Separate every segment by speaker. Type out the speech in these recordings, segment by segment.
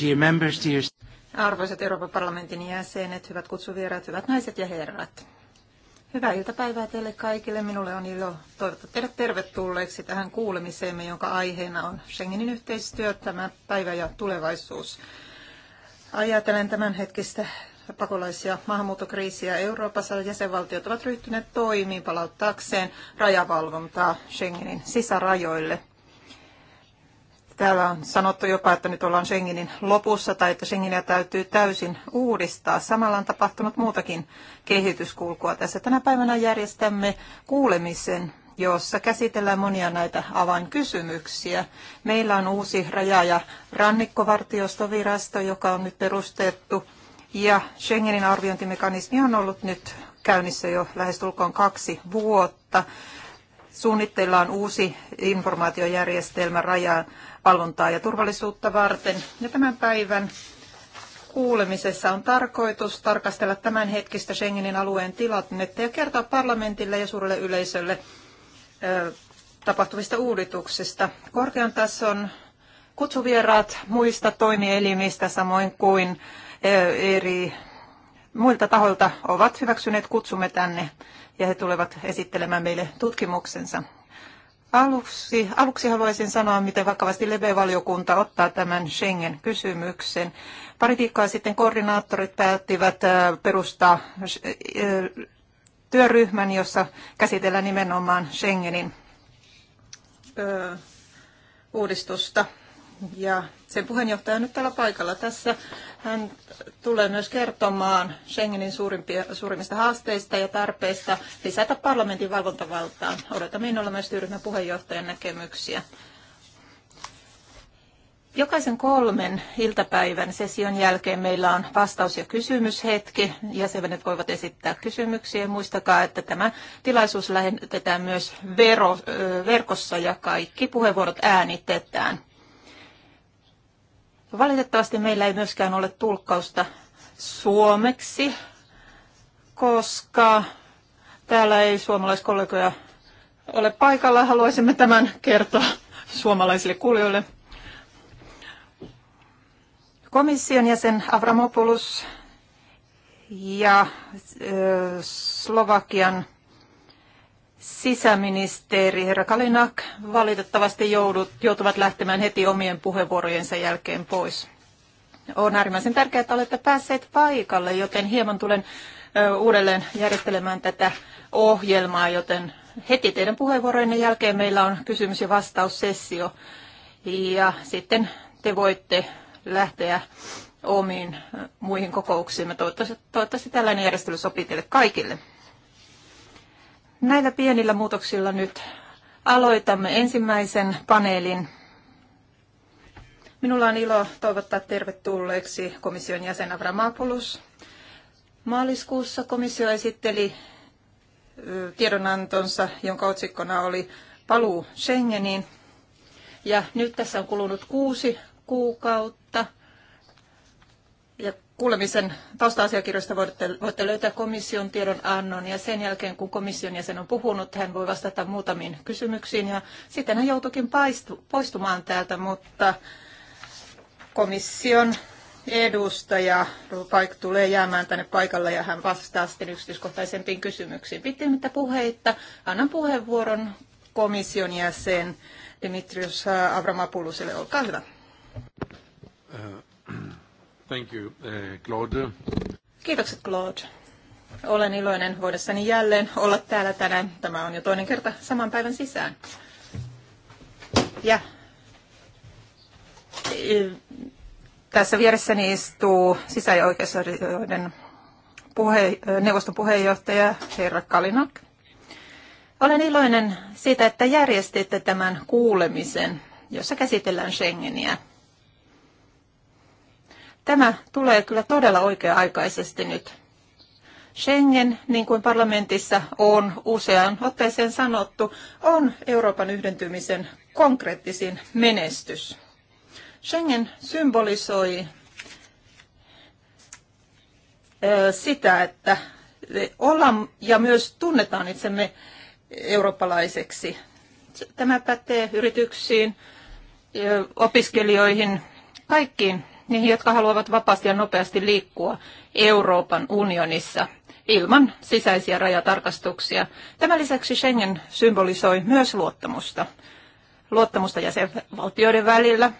Speaker 1: Dear members, dear...
Speaker 2: Arvoisat Euroopan parlamentin jäsenet, hyvät kutsuvieraat, hyvät naiset ja herrat. Hyvää iltapäivää teille kaikille. Minulle on ilo toivottaa teidät tervetulleeksi tähän kuulemiseemme, jonka aiheena on Schengenin yhteistyö, tämä päivä ja tulevaisuus. Ajatellen hetkistä pakolais- ja maahanmuuttokriisiä Euroopassa jäsenvaltiot ovat ryhtyneet toimiin palauttaakseen rajavalvontaa Schengenin sisärajoille. Täällä on sanottu jopa, että nyt ollaan Schengenin lopussa tai että Schengeniä täytyy täysin uudistaa. Samalla on tapahtunut muutakin kehityskulkua tässä. Tänä päivänä järjestämme kuulemisen jossa käsitellään monia näitä avainkysymyksiä. Meillä on uusi raja- ja rannikkovartiostovirasto, joka on nyt perustettu, ja Schengenin arviointimekanismi on ollut nyt käynnissä jo lähestulkoon kaksi vuotta. Suunnitteilla on uusi informaatiojärjestelmä rajaa valvontaa ja turvallisuutta varten. Ja tämän päivän kuulemisessa on tarkoitus tarkastella tämänhetkistä Schengenin alueen tilannetta ja kertoa parlamentille ja suurelle yleisölle tapahtuvista uudistuksista. Korkean tason kutsuvieraat muista toimielimistä samoin kuin eri muilta tahoilta ovat hyväksyneet kutsumme tänne ja he tulevat esittelemään meille tutkimuksensa. Aluksi, aluksi haluaisin sanoa, miten vakavasti Lebe-valiokunta ottaa tämän Schengen-kysymyksen. Pari viikkoa sitten koordinaattorit päättivät äh, perustaa äh, työryhmän, jossa käsitellään nimenomaan Schengenin äh, uudistusta ja sen puheenjohtaja on nyt täällä paikalla tässä. Hän tulee myös kertomaan Schengenin suurimmista haasteista ja tarpeista lisätä parlamentin valvontavaltaa. Odotamme innolla myös työryhmän puheenjohtajan näkemyksiä. Jokaisen kolmen iltapäivän session jälkeen meillä on vastaus- ja kysymyshetki. Jäsenet voivat esittää kysymyksiä. Muistakaa, että tämä tilaisuus lähetetään myös vero, verkossa ja kaikki puheenvuorot äänitetään. Valitettavasti meillä ei myöskään ole tulkkausta suomeksi, koska täällä ei suomalaiskollegoja ole paikalla. Haluaisimme tämän kertoa suomalaisille kuulijoille. Komission jäsen Avramopoulos ja Slovakian sisäministeri herra Kalinak valitettavasti joudut, joutuvat lähtemään heti omien puheenvuorojensa jälkeen pois. On äärimmäisen tärkeää, että olette päässeet paikalle, joten hieman tulen uudelleen järjestelemään tätä ohjelmaa, joten heti teidän puheenvuorojenne jälkeen meillä on kysymys- ja vastaussessio. Ja sitten te voitte lähteä omiin muihin kokouksiin. Toivottavasti, toivottavasti tällainen järjestely sopii teille kaikille. Näillä pienillä muutoksilla nyt aloitamme ensimmäisen paneelin. Minulla on ilo toivottaa tervetulleeksi komission jäsen Avramopoulos. Maaliskuussa komissio esitteli tiedonantonsa, jonka otsikkona oli Paluu Schengeniin. Ja nyt tässä on kulunut kuusi kuukautta kuulemisen tausta-asiakirjoista voitte, voitte löytää komission tiedonannon ja sen jälkeen kun komission jäsen on puhunut, hän voi vastata muutamiin kysymyksiin ja sitten hän joutuikin paistu, poistumaan täältä, mutta komission edustaja Rupaik tulee jäämään tänne paikalle ja hän vastaa sitten yksityiskohtaisempiin kysymyksiin. Pitemmittä puheitta annan puheenvuoron komission jäsen Dimitrios Avramopoulosille. Olkaa hyvä.
Speaker 1: Uh,
Speaker 3: Thank you, eh, Claude.
Speaker 2: Kiitokset, Claude. Olen iloinen voidessani jälleen olla täällä tänään. Tämä on jo toinen kerta saman päivän sisään. Ja tässä vieressäni istuu sisä- ja oikeusasioiden puhe, neuvoston puheenjohtaja herra Kalinak. Olen iloinen siitä, että järjestitte tämän kuulemisen, jossa käsitellään Schengeniä. Tämä tulee kyllä todella oikea-aikaisesti nyt. Schengen, niin kuin parlamentissa on useaan otteeseen sanottu, on Euroopan yhdentymisen konkreettisin menestys. Schengen symbolisoi sitä, että ollaan ja myös tunnetaan itsemme eurooppalaiseksi. Tämä pätee yrityksiin, opiskelijoihin, kaikkiin Niihin, jotka haluavat vapaasti ja nopeasti liikkua Euroopan unionissa ilman sisäisiä rajatarkastuksia. Tämän lisäksi Schengen symbolisoi myös luottamusta. Luottamusta jäsenvaltioiden välillä.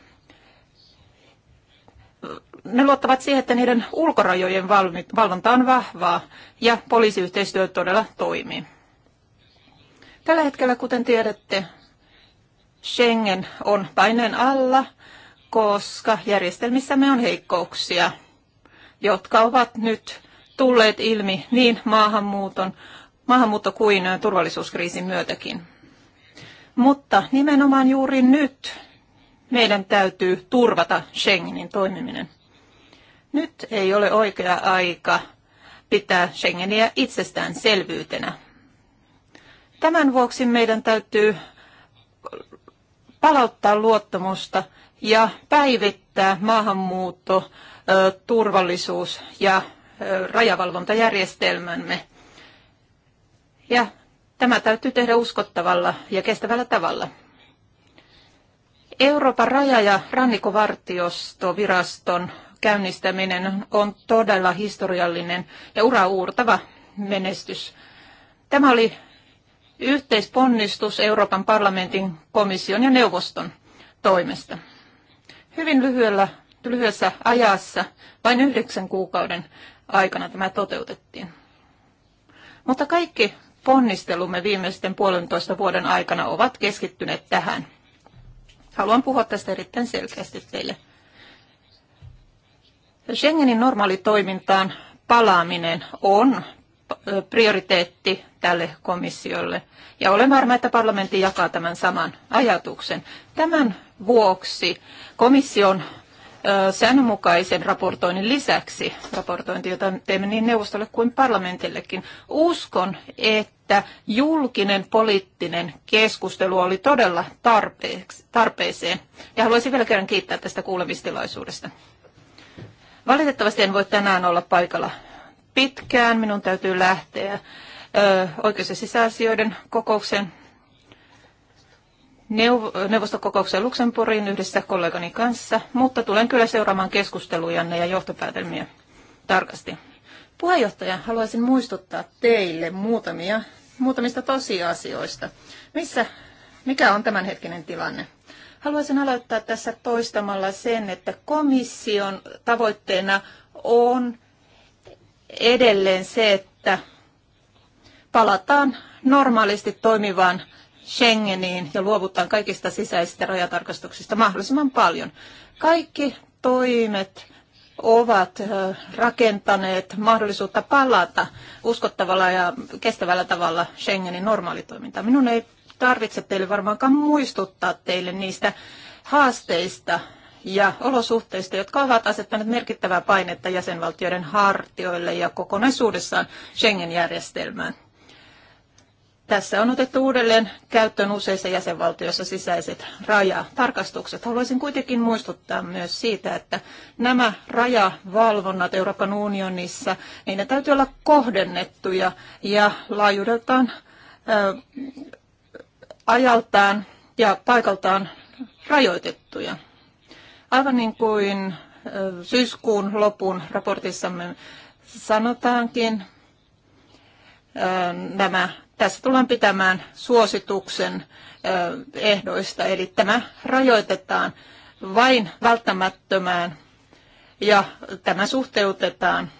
Speaker 2: Ne luottavat siihen, että niiden ulkorajojen valvonta on vahvaa ja poliisiyhteistyö todella toimii. Tällä hetkellä, kuten tiedätte, Schengen on paineen alla – koska järjestelmissämme on heikkouksia, jotka ovat nyt tulleet ilmi niin maahanmuuton, maahanmuutto kuin turvallisuuskriisin myötäkin. Mutta nimenomaan juuri nyt meidän täytyy turvata Schengenin toimiminen. Nyt ei ole oikea aika pitää Schengeniä selvyytenä. Tämän vuoksi meidän täytyy palauttaa luottamusta ja päivittää maahanmuutto, turvallisuus ja rajavalvontajärjestelmämme. Ja tämä täytyy tehdä uskottavalla ja kestävällä tavalla. Euroopan raja- ja rannikovartiostoviraston käynnistäminen on todella historiallinen ja urauurtava menestys. Tämä oli yhteisponnistus Euroopan parlamentin, komission ja neuvoston toimesta hyvin lyhyellä, lyhyessä ajassa, vain yhdeksän kuukauden aikana tämä toteutettiin. Mutta kaikki ponnistelumme viimeisten puolentoista vuoden aikana ovat keskittyneet tähän. Haluan puhua tästä erittäin selkeästi teille. Schengenin normaalitoimintaan palaaminen on prioriteetti tälle komissiolle. Ja olen varma, että parlamentti jakaa tämän saman ajatuksen. Tämän vuoksi komission säännönmukaisen raportoinnin lisäksi, raportointi, jota teemme niin neuvostolle kuin parlamentillekin, uskon, että julkinen poliittinen keskustelu oli todella tarpeeseen. Ja haluaisin vielä kerran kiittää tästä kuulemistilaisuudesta. Valitettavasti en voi tänään olla paikalla pitkään. Minun täytyy lähteä oikeus- ja sisäasioiden kokouksen neuvostokokoukseen Luxemburgiin yhdessä kollegani kanssa, mutta tulen kyllä seuraamaan keskustelujanne ja johtopäätelmiä tarkasti. Puheenjohtaja, haluaisin muistuttaa teille muutamia, muutamista tosiasioista. Missä, mikä on tämänhetkinen tilanne? Haluaisin aloittaa tässä toistamalla sen, että komission tavoitteena on edelleen se, että palataan normaalisti toimivaan Schengeniin ja luovutaan kaikista sisäisistä rajatarkastuksista mahdollisimman paljon. Kaikki toimet ovat rakentaneet mahdollisuutta palata uskottavalla ja kestävällä tavalla Schengenin normaalitoimintaan. Minun ei tarvitse teille varmaankaan muistuttaa teille niistä haasteista ja olosuhteista, jotka ovat asettaneet merkittävää painetta jäsenvaltioiden hartioille ja kokonaisuudessaan Schengen-järjestelmään. Tässä on otettu uudelleen käyttöön useissa jäsenvaltioissa sisäiset rajatarkastukset. Haluaisin kuitenkin muistuttaa myös siitä, että nämä rajavalvonnat Euroopan unionissa, niin ne täytyy olla kohdennettuja ja laajuudeltaan, ajaltaan ja paikaltaan rajoitettuja. Aivan niin kuin syyskuun lopun raportissamme sanotaankin, nämä tässä tullaan pitämään suosituksen ehdoista, eli tämä rajoitetaan vain välttämättömään ja tämä suhteutetaan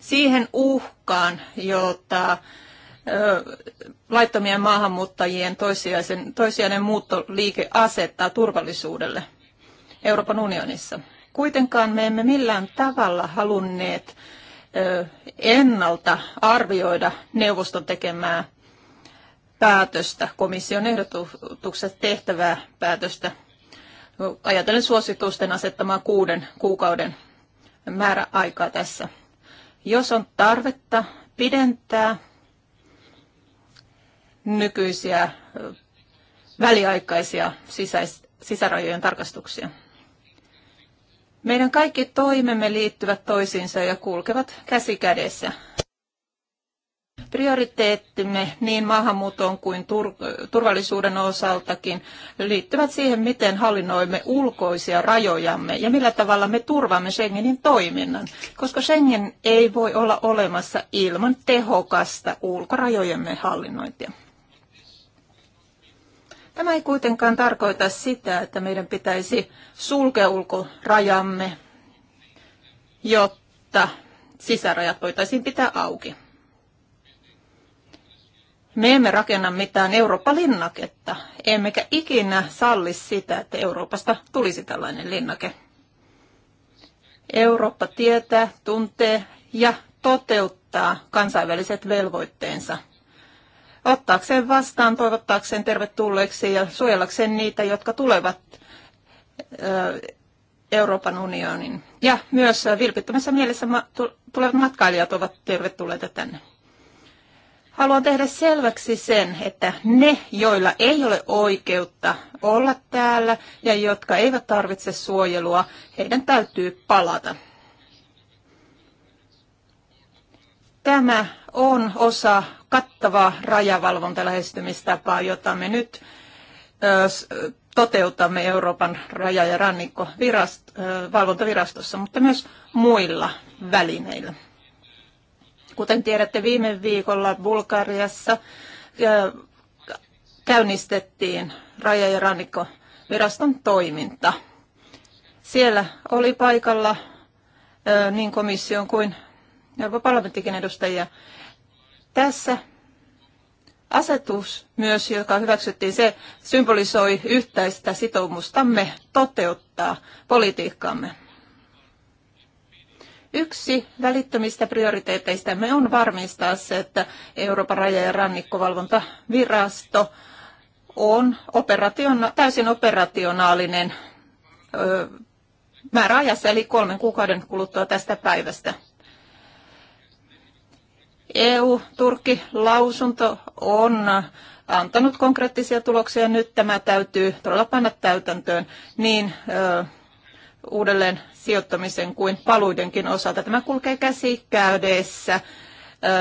Speaker 2: siihen uhkaan, jota laittomien maahanmuuttajien toissijaisen, toissijainen muuttoliike asettaa turvallisuudelle Euroopan unionissa. Kuitenkaan me emme millään tavalla halunneet ennalta arvioida neuvoston tekemää päätöstä, komission ehdotuksesta tehtävää päätöstä. Ajatellen suositusten asettamaa kuuden kuukauden määräaikaa tässä. Jos on tarvetta pidentää nykyisiä väliaikaisia sisäis- sisärajojen tarkastuksia. Meidän kaikki toimemme liittyvät toisiinsa ja kulkevat käsi kädessä. Prioriteettimme niin maahanmuuton kuin tur- turvallisuuden osaltakin liittyvät siihen, miten hallinnoimme ulkoisia rajojamme ja millä tavalla me turvaamme Schengenin toiminnan, koska Schengen ei voi olla olemassa ilman tehokasta ulkorajojemme hallinnointia. Tämä ei kuitenkaan tarkoita sitä, että meidän pitäisi sulkea ulkorajamme, jotta sisärajat voitaisiin pitää auki. Me emme rakenna mitään Eurooppa-linnaketta, emmekä ikinä salli sitä, että Euroopasta tulisi tällainen linnake. Eurooppa tietää, tuntee ja toteuttaa kansainväliset velvoitteensa – ottaakseen vastaan, toivottaakseen tervetulleeksi ja suojellakseen niitä, jotka tulevat Euroopan unionin. Ja myös vilpittömässä mielessä tulevat matkailijat ovat tervetulleita tänne. Haluan tehdä selväksi sen, että ne, joilla ei ole oikeutta olla täällä ja jotka eivät tarvitse suojelua, heidän täytyy palata. Tämä on osa kattavaa rajavalvontalähestymistapaa, jota me nyt toteutamme Euroopan raja- ja rannikkovalvontavirastossa, mutta myös muilla välineillä. Kuten tiedätte, viime viikolla Bulgariassa käynnistettiin raja- ja rannikkoviraston toiminta. Siellä oli paikalla niin komission kuin Euroopan parlamenttikin edustajia. Tässä asetus myös, joka hyväksyttiin, se symbolisoi yhteistä sitoumustamme toteuttaa politiikkaamme. Yksi välittömistä prioriteeteistamme on varmistaa se, että Euroopan raja- ja rannikkovalvontavirasto on operationa- täysin operationaalinen ö, määräajassa, eli kolmen kuukauden kuluttua tästä päivästä. EU-Turkki-lausunto on antanut konkreettisia tuloksia. Nyt tämä täytyy todella panna täytäntöön niin ö, uudelleen sijoittamisen kuin paluidenkin osalta. Tämä kulkee käsi käydessä ö,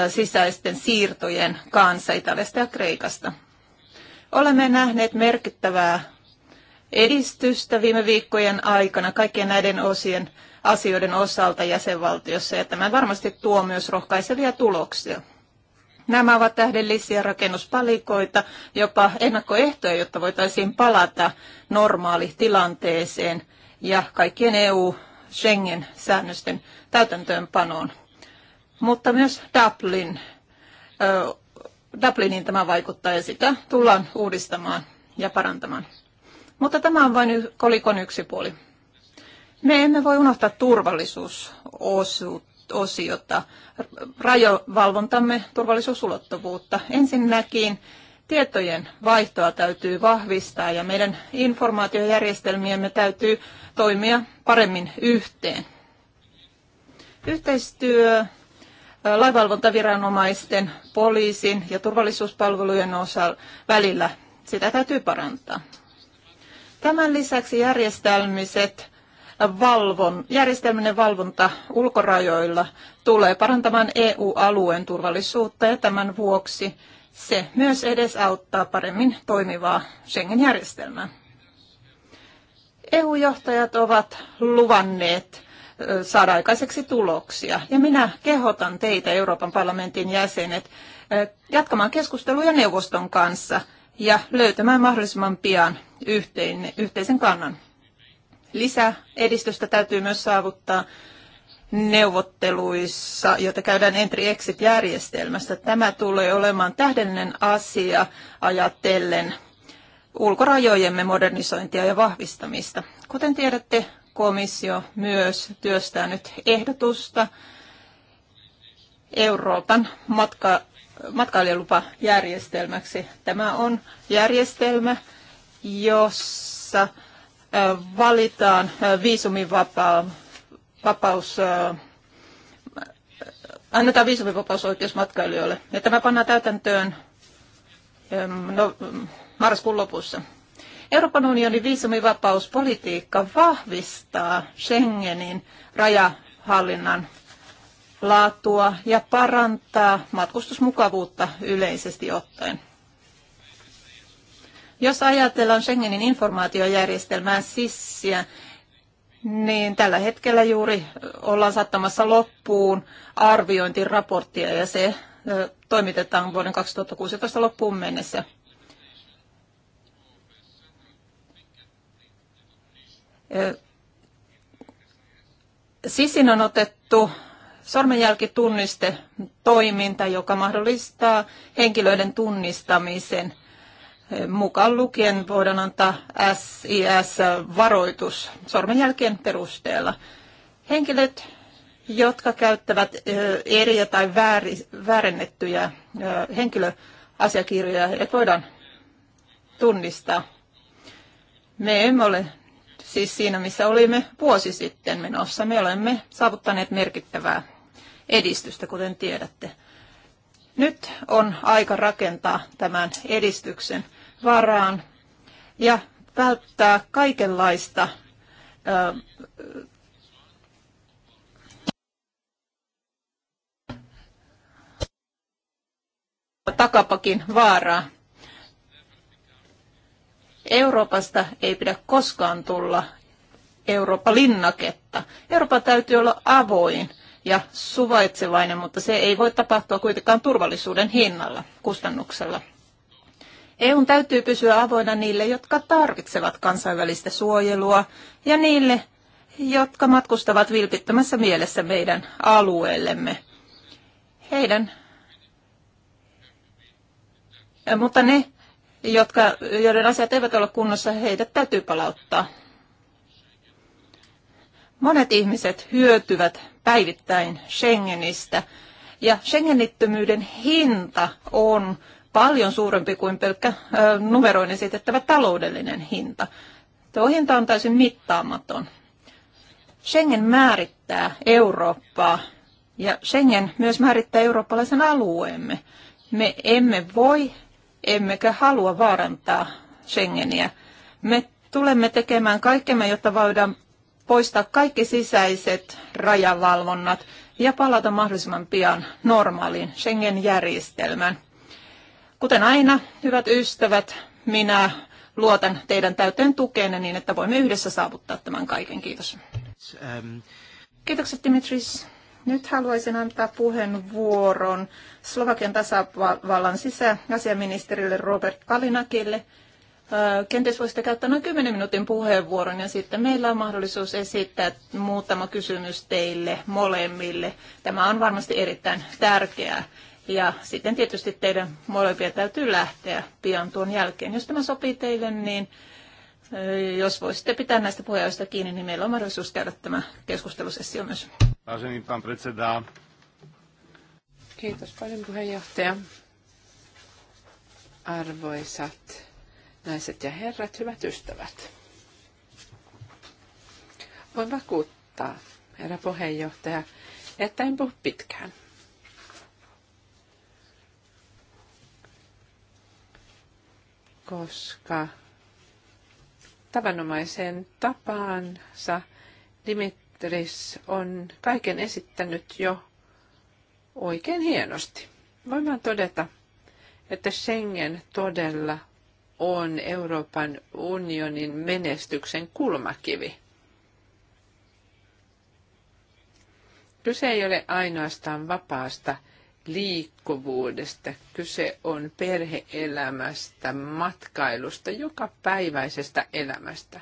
Speaker 2: sisäisten siirtojen kanssa Italiasta ja Kreikasta. Olemme nähneet merkittävää edistystä viime viikkojen aikana kaikkien näiden osien asioiden osalta jäsenvaltiossa ja tämä varmasti tuo myös rohkaisevia tuloksia. Nämä ovat tähdellisiä rakennuspalikoita, jopa ennakkoehtoja, jotta voitaisiin palata normaali tilanteeseen ja kaikkien EU-Schengen-säännösten täytäntöönpanoon. Mutta myös Dublin, Dublinin tämä vaikuttaa ja sitä tullaan uudistamaan ja parantamaan. Mutta tämä on vain kolikon yksi puoli. Me emme voi unohtaa turvallisuusosiota, rajovalvontamme turvallisuusulottuvuutta. Ensinnäkin tietojen vaihtoa täytyy vahvistaa ja meidän informaatiojärjestelmiemme täytyy toimia paremmin yhteen. Yhteistyö laivalvontaviranomaisten, poliisin ja turvallisuuspalvelujen osa välillä, sitä täytyy parantaa. Tämän lisäksi järjestelmiset valvon, valvonta ulkorajoilla tulee parantamaan EU-alueen turvallisuutta ja tämän vuoksi se myös edesauttaa paremmin toimivaa Schengen-järjestelmää. EU-johtajat ovat luvanneet saada aikaiseksi tuloksia. Ja minä kehotan teitä, Euroopan parlamentin jäsenet, jatkamaan keskusteluja neuvoston kanssa ja löytämään mahdollisimman pian yhteinen, yhteisen kannan lisäedistystä täytyy myös saavuttaa neuvotteluissa, joita käydään entry exit järjestelmässä Tämä tulee olemaan tähdellinen asia ajatellen ulkorajojemme modernisointia ja vahvistamista. Kuten tiedätte, komissio myös työstää nyt ehdotusta Euroopan matka, matkailijalupajärjestelmäksi. Tämä on järjestelmä, jossa valitaan viisumivapaus, annetaan oikeus matkailijoille. Ja tämä pannaan täytäntöön no, marraskuun lopussa. Euroopan unionin viisumivapauspolitiikka vahvistaa Schengenin rajahallinnan laatua ja parantaa matkustusmukavuutta yleisesti ottaen. Jos ajatellaan Schengenin informaatiojärjestelmää sissiä, niin tällä hetkellä juuri ollaan saattamassa loppuun arviointiraporttia ja se toimitetaan vuoden 2016 loppuun mennessä. Sisin on otettu sormenjälkitunniste toiminta, joka mahdollistaa henkilöiden tunnistamisen. Mukaan lukien voidaan antaa SIS-varoitus sormenjälkien perusteella. Henkilöt, jotka käyttävät eriä tai väärennettyjä henkilöasiakirjoja, et voidaan tunnistaa. Me emme ole siis siinä, missä olimme vuosi sitten menossa. Me olemme saavuttaneet merkittävää edistystä, kuten tiedätte. Nyt on aika rakentaa tämän edistyksen varaan ja välttää kaikenlaista takapakin vaaraa. Euroopasta ei pidä koskaan tulla Euroopan linnaketta Eurooppa täytyy olla avoin ja suvaitsevainen, mutta se ei voi tapahtua kuitenkaan turvallisuuden hinnalla, kustannuksella. EUn täytyy pysyä avoinna niille, jotka tarvitsevat kansainvälistä suojelua ja niille, jotka matkustavat vilpittömässä mielessä meidän alueellemme. Heidän, mutta ne, jotka, joiden asiat eivät ole kunnossa, heidät täytyy palauttaa. Monet ihmiset hyötyvät päivittäin Schengenistä ja Schengenittömyyden hinta on paljon suurempi kuin pelkkä numeroin esitettävä taloudellinen hinta. Tuo hinta on täysin mittaamaton. Schengen määrittää Eurooppaa ja Schengen myös määrittää eurooppalaisen alueemme. Me emme voi, emmekä halua vaarantaa Schengeniä. Me tulemme tekemään kaikkemme, jotta voidaan poistaa kaikki sisäiset rajavalvonnat ja palata mahdollisimman pian normaaliin Schengen-järjestelmään. Kuten aina, hyvät ystävät, minä luotan teidän täyteen tukeenne niin, että voimme yhdessä saavuttaa tämän kaiken. Kiitos. Ähm. Kiitokset Dimitris. Nyt haluaisin antaa puheenvuoron Slovakian tasavallan sisäasiaministerille Robert Kalinakille. Äh, kenties voisitte käyttää noin 10 minuutin puheenvuoron ja sitten meillä on mahdollisuus esittää muutama kysymys teille molemmille. Tämä on varmasti erittäin tärkeää ja sitten tietysti teidän molempia täytyy lähteä pian tuon jälkeen. Jos tämä sopii teille, niin jos voisitte pitää näistä puheenjohtajista kiinni, niin meillä on mahdollisuus käydä tämä keskustelusessio myös.
Speaker 4: Kiitos paljon puheenjohtaja. Arvoisat naiset ja herrat, hyvät ystävät. Voin vakuuttaa, herra puheenjohtaja, että en puhu pitkään. koska tavanomaiseen tapaansa Dimitris on kaiken esittänyt jo oikein hienosti. Voin vaan todeta, että Schengen todella on Euroopan unionin menestyksen kulmakivi. Kyse ei ole ainoastaan vapaasta liikkuvuudesta, kyse on perheelämästä, matkailusta, joka päiväisestä elämästä.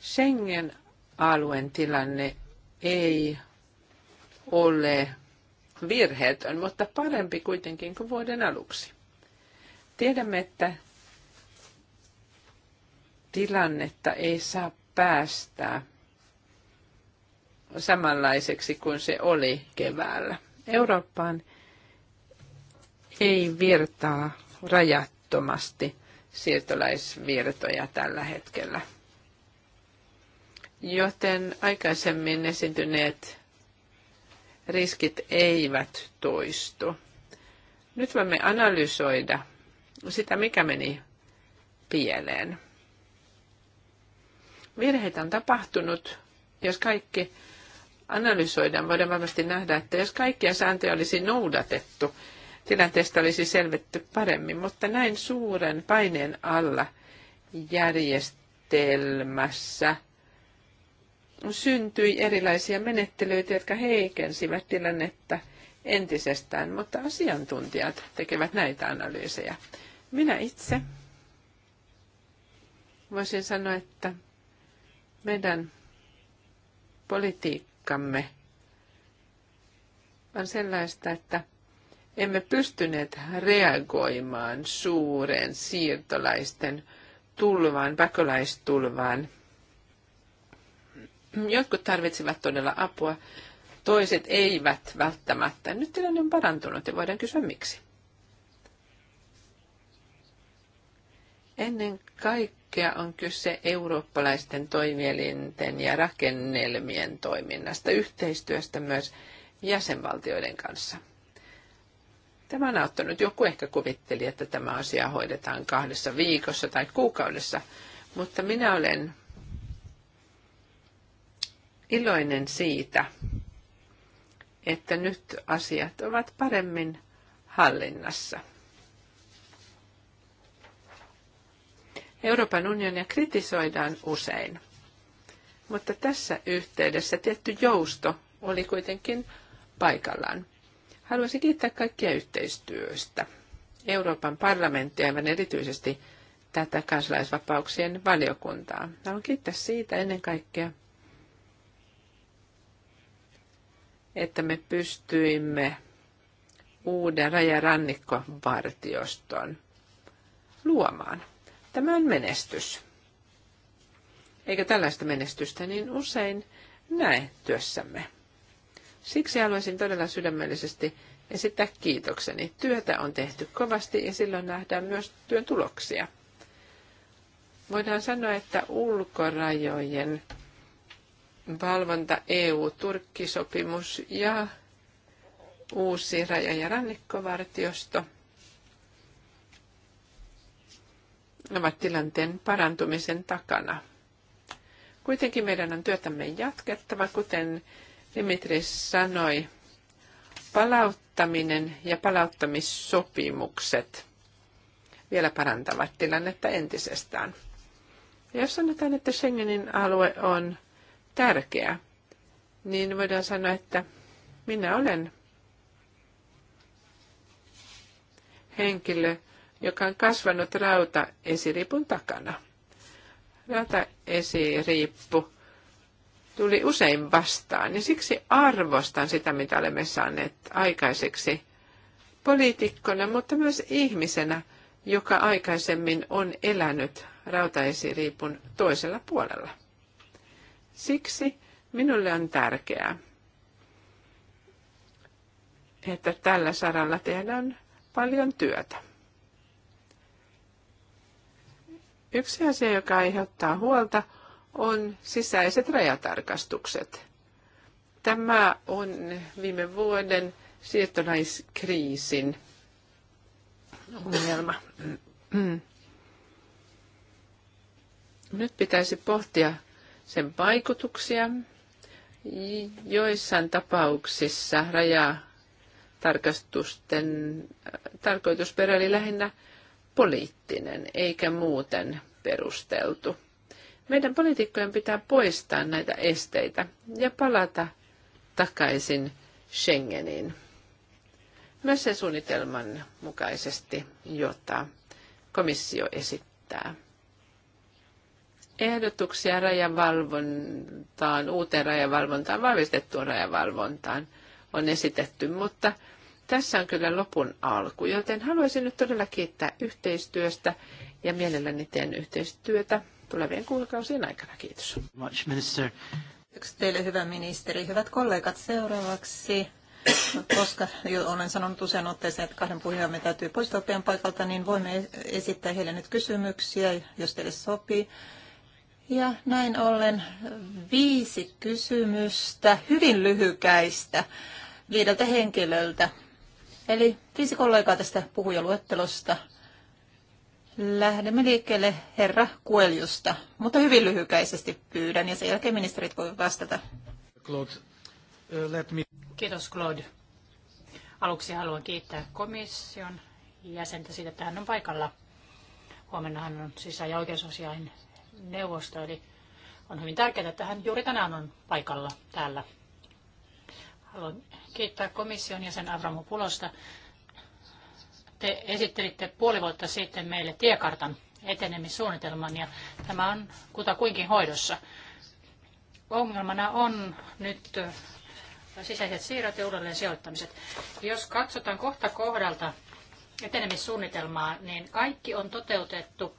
Speaker 4: Schengen-alueen tilanne ei ole virheetön, mutta parempi kuitenkin kuin vuoden aluksi. Tiedämme, että tilannetta ei saa päästää samanlaiseksi kuin se oli keväällä. Eurooppaan ei virtaa rajattomasti siirtolaisvirtoja tällä hetkellä. Joten aikaisemmin esiintyneet riskit eivät toistu. Nyt voimme analysoida sitä, mikä meni pieleen. Virheitä on tapahtunut, jos kaikki analysoidaan, voidaan varmasti nähdä, että jos kaikkia sääntöjä olisi noudatettu, tilanteesta olisi selvetty paremmin, mutta näin suuren paineen alla järjestelmässä syntyi erilaisia menettelyitä, jotka heikensivät tilannetta entisestään, mutta asiantuntijat tekevät näitä analyysejä. Minä itse voisin sanoa, että meidän politiikka matkamme, vaan sellaista, että emme pystyneet reagoimaan suuren siirtolaisten tulvaan, pakolaistulvaan. Jotkut tarvitsevat todella apua, toiset eivät välttämättä. Nyt tilanne on parantunut ja voidaan kysyä miksi. Ennen kaikkea kaikkea on kyse eurooppalaisten toimielinten ja rakennelmien toiminnasta, yhteistyöstä myös jäsenvaltioiden kanssa. Tämä on auttanut. Joku ehkä kuvitteli, että tämä asia hoidetaan kahdessa viikossa tai kuukaudessa, mutta minä olen iloinen siitä, että nyt asiat ovat paremmin hallinnassa. Euroopan unionia kritisoidaan usein, mutta tässä yhteydessä tietty jousto oli kuitenkin paikallaan. Haluaisin kiittää kaikkia yhteistyöstä. Euroopan parlamenttia, aivan erityisesti tätä kansalaisvapauksien valiokuntaa. Haluan kiittää siitä ennen kaikkea, että me pystyimme uuden rajarannikkovartioston luomaan. Tämä on menestys. Eikä tällaista menestystä niin usein näe työssämme. Siksi haluaisin todella sydämellisesti esittää kiitokseni. Työtä on tehty kovasti ja silloin nähdään myös työn tuloksia. Voidaan sanoa, että ulkorajojen valvonta EU-Turkkisopimus ja uusi raja- ja rannikkovartiosto – ovat tilanteen parantumisen takana. Kuitenkin meidän on työtämme jatkettava, kuten Dimitris sanoi, palauttaminen ja palauttamissopimukset vielä parantavat tilannetta entisestään. Ja jos sanotaan, että Schengenin alue on tärkeä, niin voidaan sanoa, että minä olen henkilö, joka on kasvanut rautaesiripun takana. Rautaesirippu tuli usein vastaan ja siksi arvostan sitä, mitä olemme saaneet aikaiseksi poliitikkona, mutta myös ihmisenä, joka aikaisemmin on elänyt rautaesiriipun toisella puolella. Siksi minulle on tärkeää, että tällä saralla tehdään paljon työtä. Yksi asia, joka aiheuttaa huolta, on sisäiset rajatarkastukset. Tämä on viime vuoden siirtolaiskriisin ongelma. Nyt pitäisi pohtia sen vaikutuksia. Joissain tapauksissa rajatarkastusten äh, tarkoitusperä oli lähinnä poliittinen eikä muuten perusteltu. Meidän poliitikkojen pitää poistaa näitä esteitä ja palata takaisin Schengeniin. Myös sen suunnitelman mukaisesti, jota komissio esittää. Ehdotuksia rajavalvontaan, uuteen rajavalvontaan, vahvistettuun rajavalvontaan on esitetty, mutta – tässä on kyllä lopun alku, joten haluaisin nyt todella kiittää yhteistyöstä ja mielelläni teen yhteistyötä tulevien kuukausien aikana. Kiitos.
Speaker 1: Much, minister.
Speaker 4: Yksi teille hyvä ministeri.
Speaker 2: Hyvät kollegat, seuraavaksi, koska jo olen sanonut usein otteeseen, että kahden puheenjohtajamme täytyy poistua pian paikalta, niin voimme esittää heille nyt kysymyksiä, jos teille sopii. Ja näin ollen viisi kysymystä, hyvin lyhykäistä, viideltä henkilöltä. Eli viisi kollegaa tästä puhujaluettelosta. Lähdemme liikkeelle herra Kueljusta, mutta hyvin lyhykäisesti pyydän ja sen jälkeen ministerit voivat vastata. Claude,
Speaker 5: uh,
Speaker 2: let me... Kiitos Claude.
Speaker 5: Aluksi haluan kiittää komission jäsentä siitä, että hän on paikalla. hän on sisä- ja oikeusasiain neuvosto, eli on hyvin tärkeää, että hän juuri tänään on paikalla täällä Haluan kiittää komission jäsen Avramopulosta. Te esittelitte puoli vuotta sitten meille tiekartan etenemissuunnitelman ja tämä on kutakuinkin hoidossa. Ongelmana on nyt sisäiset siirrot ja uudelleen sijoittamiset. Jos katsotaan kohta kohdalta etenemissuunnitelmaa, niin kaikki on toteutettu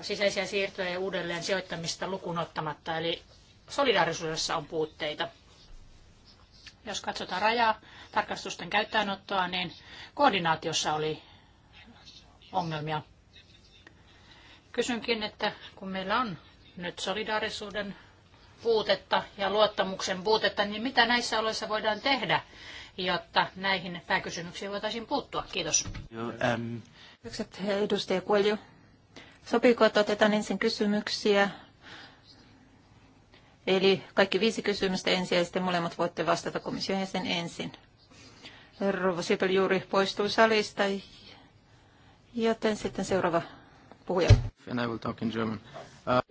Speaker 5: sisäisiä siirtoja ja uudelleen sijoittamista lukuun ottamatta, eli solidaarisuudessa on puutteita. Jos katsotaan rajaa tarkastusten käyttäänottoa, niin koordinaatiossa oli ongelmia. Kysynkin, että kun meillä on nyt solidaarisuuden puutetta ja luottamuksen puutetta, niin mitä näissä oloissa voidaan tehdä, jotta näihin pääkysymyksiin voitaisiin puuttua?
Speaker 2: Kiitos. Kiitos, edustaja Kuelju. Sopiiko, että otetaan ensin kysymyksiä Eli kaikki viisi kysymystä ensin ja sitten molemmat voitte vastata komission jäsen ensin. Rouva Sipel juuri poistui salista,
Speaker 4: joten sitten seuraava puhuja.
Speaker 1: And I will talk in German. Uh...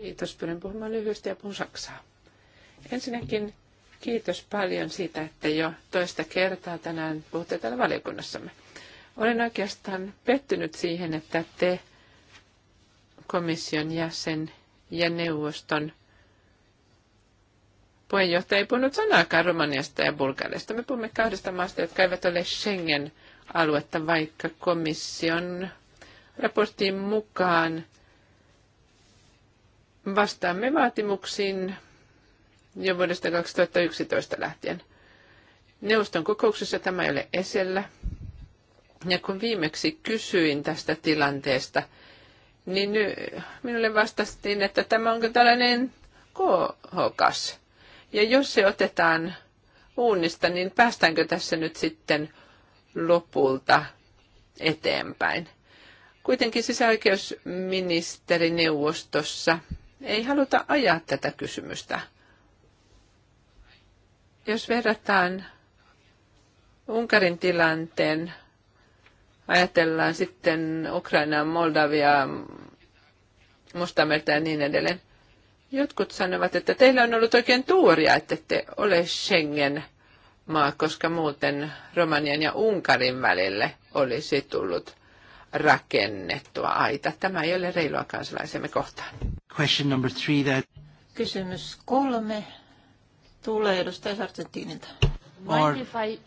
Speaker 4: Kiitos, pyrin puhumaan lyhyesti ja puhun saksaa. Ensinnäkin kiitos paljon siitä, että jo toista kertaa tänään puhutte täällä valiokunnassamme. Olen oikeastaan pettynyt siihen, että te komission jäsen ja neuvoston puheenjohtaja ei puhunut sanaakaan Romaniasta ja Bulgariasta. Me puhumme kahdesta maasta, jotka eivät ole Schengen-aluetta, vaikka komission raportin mukaan vastaamme vaatimuksiin jo vuodesta 2011 lähtien. Neuvoston kokouksessa tämä ei ole esillä. Ja kun viimeksi kysyin tästä tilanteesta, niin minulle vastattiin, että tämä onko tällainen kohokas ja jos se otetaan uunista, niin päästäänkö tässä nyt sitten lopulta eteenpäin? Kuitenkin sisäoikeusministerineuvostossa ei haluta ajaa tätä kysymystä. Jos verrataan Unkarin tilanteen, ajatellaan sitten Ukrainaa, Moldavia Mustamerta ja niin edelleen. Jotkut sanovat, että teillä on ollut oikein tuuria, että te ole Schengen maa, koska muuten Romanian ja Unkarin välille olisi tullut rakennettua aita. Tämä ei ole reilua kansalaisemme kohtaan.
Speaker 1: Question number three that...
Speaker 4: Kysymys
Speaker 2: kolme tulee edustaja Sargentinilta. Or... Mind if I...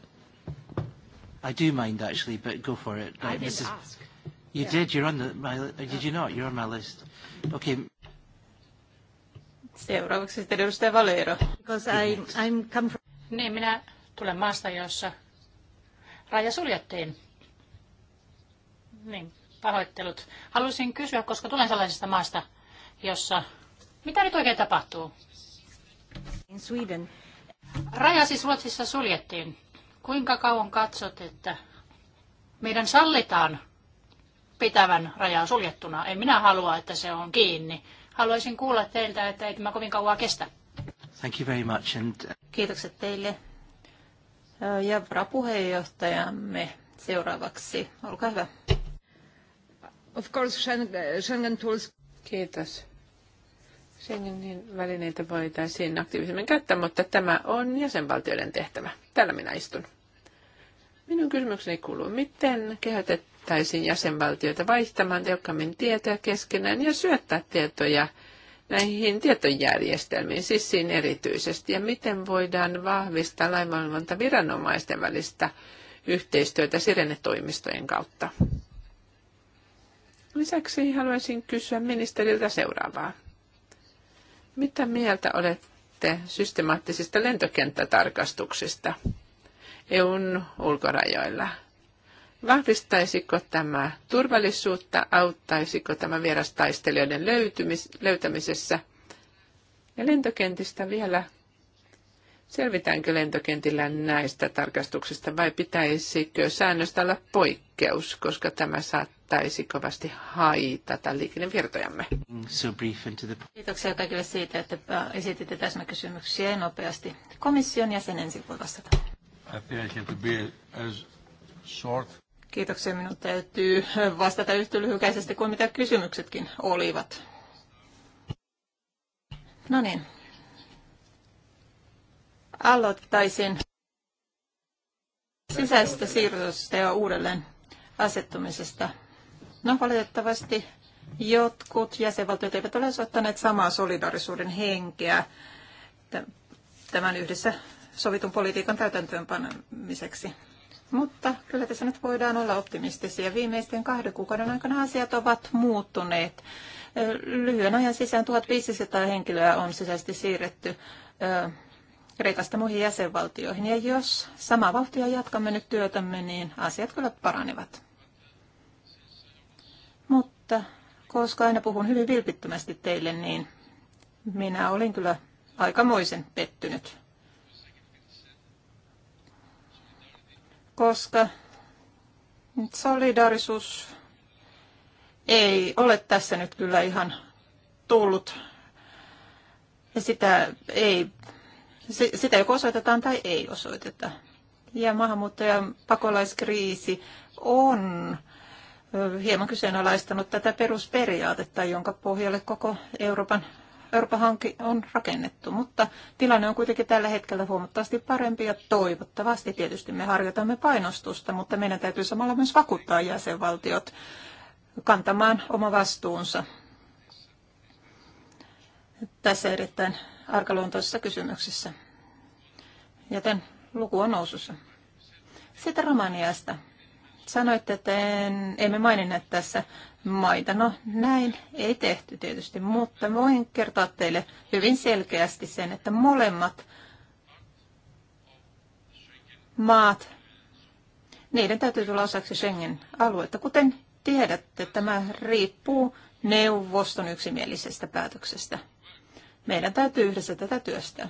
Speaker 1: I do mind actually, but go for it. Right, I didn't Mrs... ask. You yeah. did. You're on the, my. Did you not? You're on my list. Okay. Seuraavaksi sitten edustaja Valero.
Speaker 2: I, I'm come from...
Speaker 5: Niin, minä tulen maasta, jossa raja suljettiin. Niin, pahoittelut. Haluaisin kysyä, koska tulen sellaisesta maasta, jossa... Mitä nyt oikein tapahtuu? In Sweden. Raja siis Ruotsissa suljettiin. Kuinka kauan katsot, että meidän sallitaan pitävän rajaa suljettuna? En minä halua, että se on kiinni. Haluaisin kuulla teiltä, että ei tämä kovin kauan kestä.
Speaker 1: Thank you very much and... Uh,
Speaker 5: Kiitokset
Speaker 2: teille. Ja varapuheenjohtajamme seuraavaksi.
Speaker 4: Olkaa hyvä. Of course, Schengen tools. Kiitos. Schengenin välineitä voitaisiin aktiivisemmin käyttää, mutta tämä on jäsenvaltioiden tehtävä. Täällä minä istun. Minun kysymykseni kuuluu, miten kehotet kehottaisin jäsenvaltioita vaihtamaan tehokkaammin tietoja keskenään ja syöttää tietoja näihin tietojärjestelmiin, sissiin erityisesti, ja miten voidaan vahvistaa viranomaisten välistä yhteistyötä sirenetoimistojen kautta. Lisäksi haluaisin kysyä ministeriltä seuraavaa. Mitä mieltä olette systemaattisista lentokenttätarkastuksista EUn ulkorajoilla? Vahvistaisiko tämä turvallisuutta, auttaisiko tämä vierastaistelijoiden löytymis- löytämisessä? Ja lentokentistä vielä. Selvitäänkö lentokentillä näistä tarkastuksista vai pitäisikö säännöstä olla poikkeus, koska tämä saattaisi kovasti haitata liikennevirtojamme?
Speaker 2: Kiitoksia kaikille siitä, että äh, esititte täsmäkysymyksiä nopeasti. Komission jäsen ensin voi vastata.
Speaker 1: I think I short.
Speaker 2: Kiitoksia. Minun täytyy vastata yhtä lyhykäisesti kuin mitä kysymyksetkin olivat. No niin. Aloittaisin sisäisestä siirrosta ja uudelleen asettumisesta. No valitettavasti jotkut jäsenvaltiot eivät ole osoittaneet samaa solidarisuuden henkeä tämän yhdessä sovitun politiikan täytäntöönpanemiseksi. Mutta kyllä tässä nyt voidaan olla optimistisia. Viimeisten kahden kuukauden aikana asiat ovat muuttuneet. Lyhyen ajan sisään 1500 henkilöä on sisäisesti siirretty Kreikasta muihin jäsenvaltioihin. Ja jos sama vauhtia jatkamme nyt työtämme, niin asiat kyllä paranevat. Mutta koska aina puhun hyvin vilpittömästi teille, niin minä olin kyllä aikamoisen pettynyt koska solidarisuus ei ole tässä nyt kyllä ihan tullut. Ja sitä ei, sitä joko osoitetaan tai ei osoiteta. Ja maahanmuuttajan pakolaiskriisi on hieman kyseenalaistanut tätä perusperiaatetta, jonka pohjalle koko Euroopan Euroopan hanki on rakennettu, mutta tilanne on kuitenkin tällä hetkellä huomattavasti parempi ja toivottavasti tietysti me harjoitamme painostusta, mutta meidän täytyy samalla myös vakuuttaa jäsenvaltiot kantamaan oma vastuunsa tässä erittäin arkaluontoisessa kysymyksessä. Joten luku on nousussa. Sitten Romaniasta. Sanoitte, että en, emme maininneet tässä maita. No näin ei tehty tietysti, mutta voin kertoa teille hyvin selkeästi sen, että molemmat maat, niiden täytyy tulla osaksi Schengen-aluetta. Kuten tiedätte, tämä riippuu neuvoston yksimielisestä päätöksestä. Meidän täytyy yhdessä tätä työstää.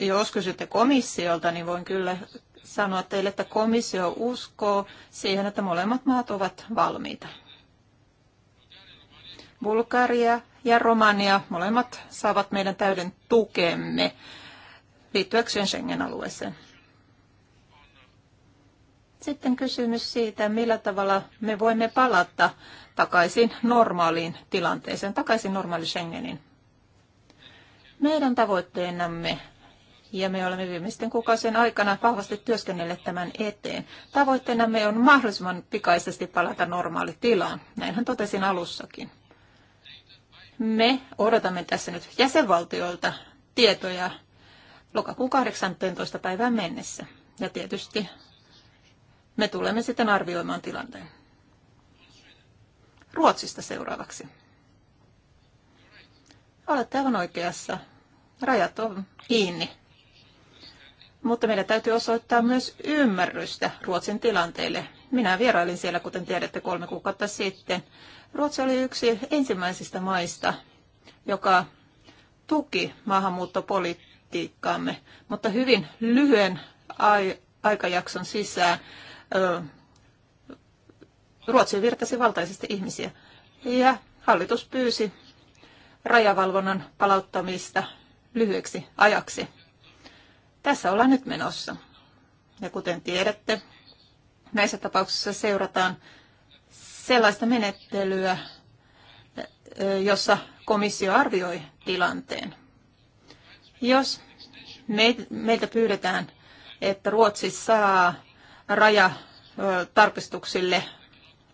Speaker 2: Jos kysytte komissiolta, niin voin kyllä sanoa teille, että komissio uskoo siihen, että molemmat maat ovat valmiita. Bulgaria ja Romania, molemmat saavat meidän täyden tukemme liittyäkseen Schengen-alueeseen. Sitten kysymys siitä, millä tavalla me voimme palata takaisin normaaliin tilanteeseen, takaisin normaali Schengenin. Meidän tavoitteenamme ja me olemme viimeisten kuukausien aikana vahvasti työskennelleet tämän eteen. Tavoitteenamme on mahdollisimman pikaisesti palata normaalitilaan, näinhän totesin alussakin. Me odotamme tässä nyt jäsenvaltioilta tietoja lokakuun 18. päivään mennessä. Ja tietysti me tulemme sitten arvioimaan tilanteen. Ruotsista seuraavaksi. Olette aivan oikeassa. Rajat on kiinni mutta meidän täytyy osoittaa myös ymmärrystä Ruotsin tilanteelle. Minä vierailin siellä, kuten tiedätte, kolme kuukautta sitten. Ruotsi oli yksi ensimmäisistä maista, joka tuki maahanmuuttopolitiikkaamme, mutta hyvin lyhyen aikajakson sisään Ruotsi virtasi valtaisesti ihmisiä. Ja hallitus pyysi rajavalvonnan palauttamista lyhyeksi ajaksi. Tässä ollaan nyt menossa. Ja kuten tiedätte, näissä tapauksissa seurataan sellaista menettelyä, jossa komissio arvioi tilanteen. Jos meiltä pyydetään, että Ruotsi saa rajatarkistuksille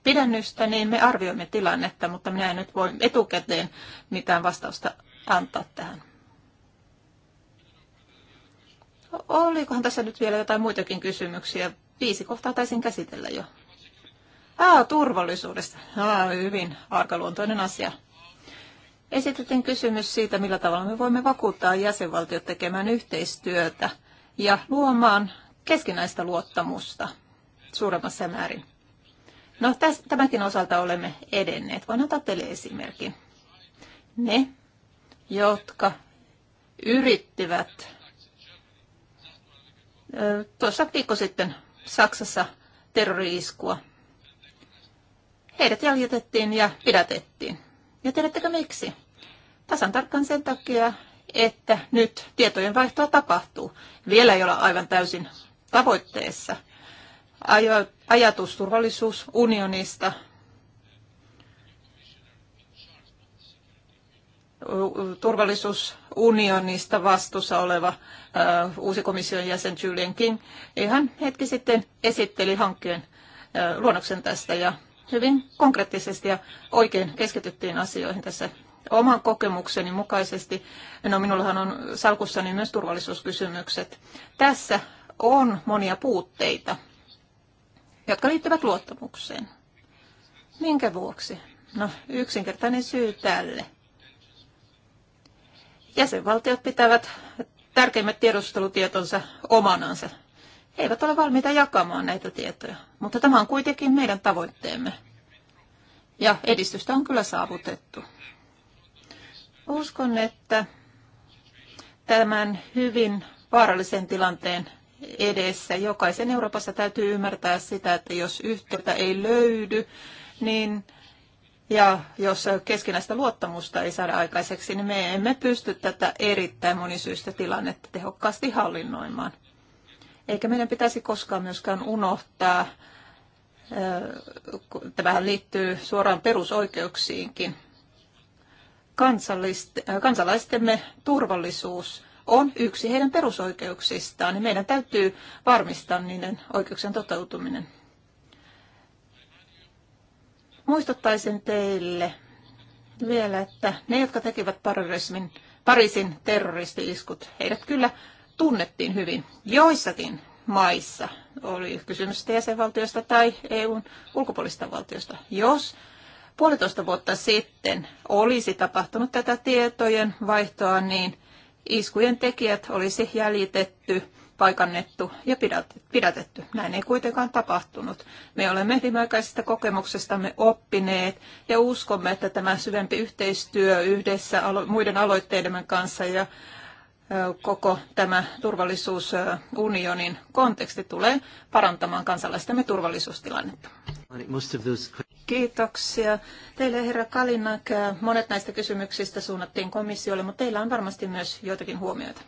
Speaker 2: pidennystä, niin me arvioimme tilannetta, mutta minä en nyt voi etukäteen mitään vastausta antaa tähän. Olikohan tässä nyt vielä jotain muitakin kysymyksiä? Viisi kohtaa taisin käsitellä jo. Ah, turvallisuudesta. Ah, hyvin arkaluontoinen asia. Esitettiin kysymys siitä, millä tavalla me voimme vakuuttaa jäsenvaltiot tekemään yhteistyötä ja luomaan keskinäistä luottamusta suuremmassa määrin. No, täs, tämänkin osalta olemme edenneet. Voin antaa teille esimerkin. Ne, jotka yrittivät tuossa viikko sitten Saksassa terrori-iskua. Heidät jäljitettiin ja pidätettiin. Ja tiedättekö miksi? Tasan tarkkaan sen takia, että nyt tietojen vaihtoa tapahtuu. Vielä ei olla aivan täysin tavoitteessa. Ajatus turvallisuusunionista turvallisuusunionista vastuussa oleva äh, uusi komission jäsen Julian King ihan hetki sitten esitteli hankkeen äh, luonnoksen tästä ja hyvin konkreettisesti ja oikein keskityttiin asioihin tässä oman kokemukseni mukaisesti. No minullahan on salkussani myös turvallisuuskysymykset. Tässä on monia puutteita, jotka liittyvät luottamukseen. Minkä vuoksi? No yksinkertainen syy tälle Jäsenvaltiot pitävät tärkeimmät tiedustelutietonsa omanansa. He eivät ole valmiita jakamaan näitä tietoja, mutta tämä on kuitenkin meidän tavoitteemme. Ja edistystä on kyllä saavutettu. Uskon, että tämän hyvin vaarallisen tilanteen edessä jokaisen Euroopassa täytyy ymmärtää sitä, että jos yhteyttä ei löydy, niin ja jos keskinäistä luottamusta ei saada aikaiseksi, niin me emme pysty tätä erittäin monisyistä tilannetta tehokkaasti hallinnoimaan. Eikä meidän pitäisi koskaan myöskään unohtaa, tämähän liittyy suoraan perusoikeuksiinkin, kansalaistemme turvallisuus on yksi heidän perusoikeuksistaan, niin meidän täytyy varmistaa niiden oikeuksien toteutuminen. Muistuttaisin teille vielä, että ne, jotka tekivät terrorismin, Pariisin terroristi-iskut, heidät kyllä tunnettiin hyvin. Joissakin maissa oli kysymys jäsenvaltiosta tai EUn ulkopuolista valtiosta. Jos puolitoista vuotta sitten olisi tapahtunut tätä tietojen vaihtoa, niin iskujen tekijät olisi jäljitetty paikannettu ja pidätetty. Näin ei kuitenkaan tapahtunut. Me olemme viimeaikaisista kokemuksestamme oppineet ja uskomme, että tämä syvempi yhteistyö yhdessä muiden aloitteidemme kanssa ja koko tämä turvallisuusunionin konteksti tulee parantamaan kansalaistemme turvallisuustilannetta. Kiitoksia. Teille herra Kalinak, monet näistä kysymyksistä suunnattiin komissiolle, mutta teillä on varmasti myös joitakin huomioita.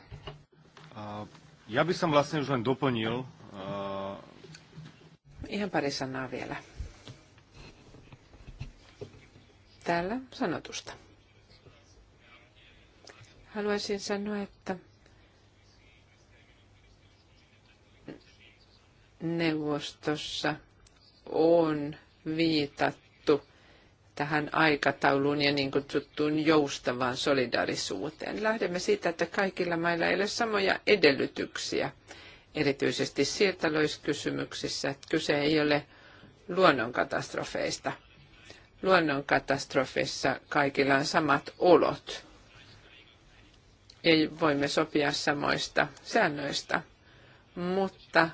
Speaker 3: Uh, ja by som vlastne už len doplnil. Uh...
Speaker 4: Ihan pari sanaa vielä. Täällä sanotusta. Haluaisin sanoa, että neuvostossa on viitat tähän aikatauluun ja niin kutsuttuun joustavaan solidarisuuteen. Lähdemme siitä, että kaikilla mailla ei ole samoja edellytyksiä, erityisesti siirtolaiskysymyksissä. Että kyse ei ole luonnonkatastrofeista. Luonnonkatastrofissa kaikilla on samat olot ei voimme sopia samoista säännöistä, mutta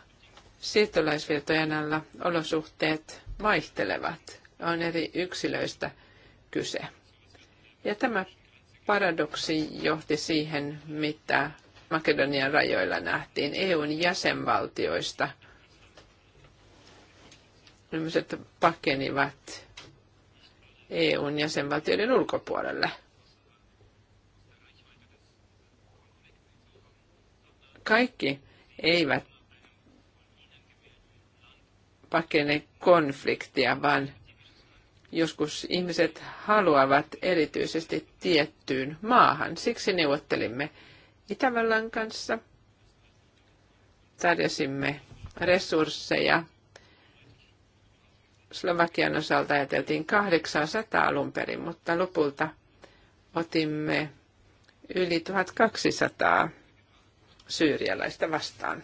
Speaker 4: siirtolaisvirtojen alla olosuhteet vaihtelevat – on eri yksilöistä kyse. Ja tämä paradoksi johti siihen, mitä Makedonian rajoilla nähtiin EUn jäsenvaltioista. Nämmöiset pakenivat EUn jäsenvaltioiden ulkopuolelle. Kaikki eivät pakene konfliktia, vaan Joskus ihmiset haluavat erityisesti tiettyyn maahan. Siksi neuvottelimme Itävallan kanssa. Tarjosimme resursseja. Slovakian osalta ajateltiin 800 alun perin, mutta lopulta otimme yli 1200 syyrialaista vastaan.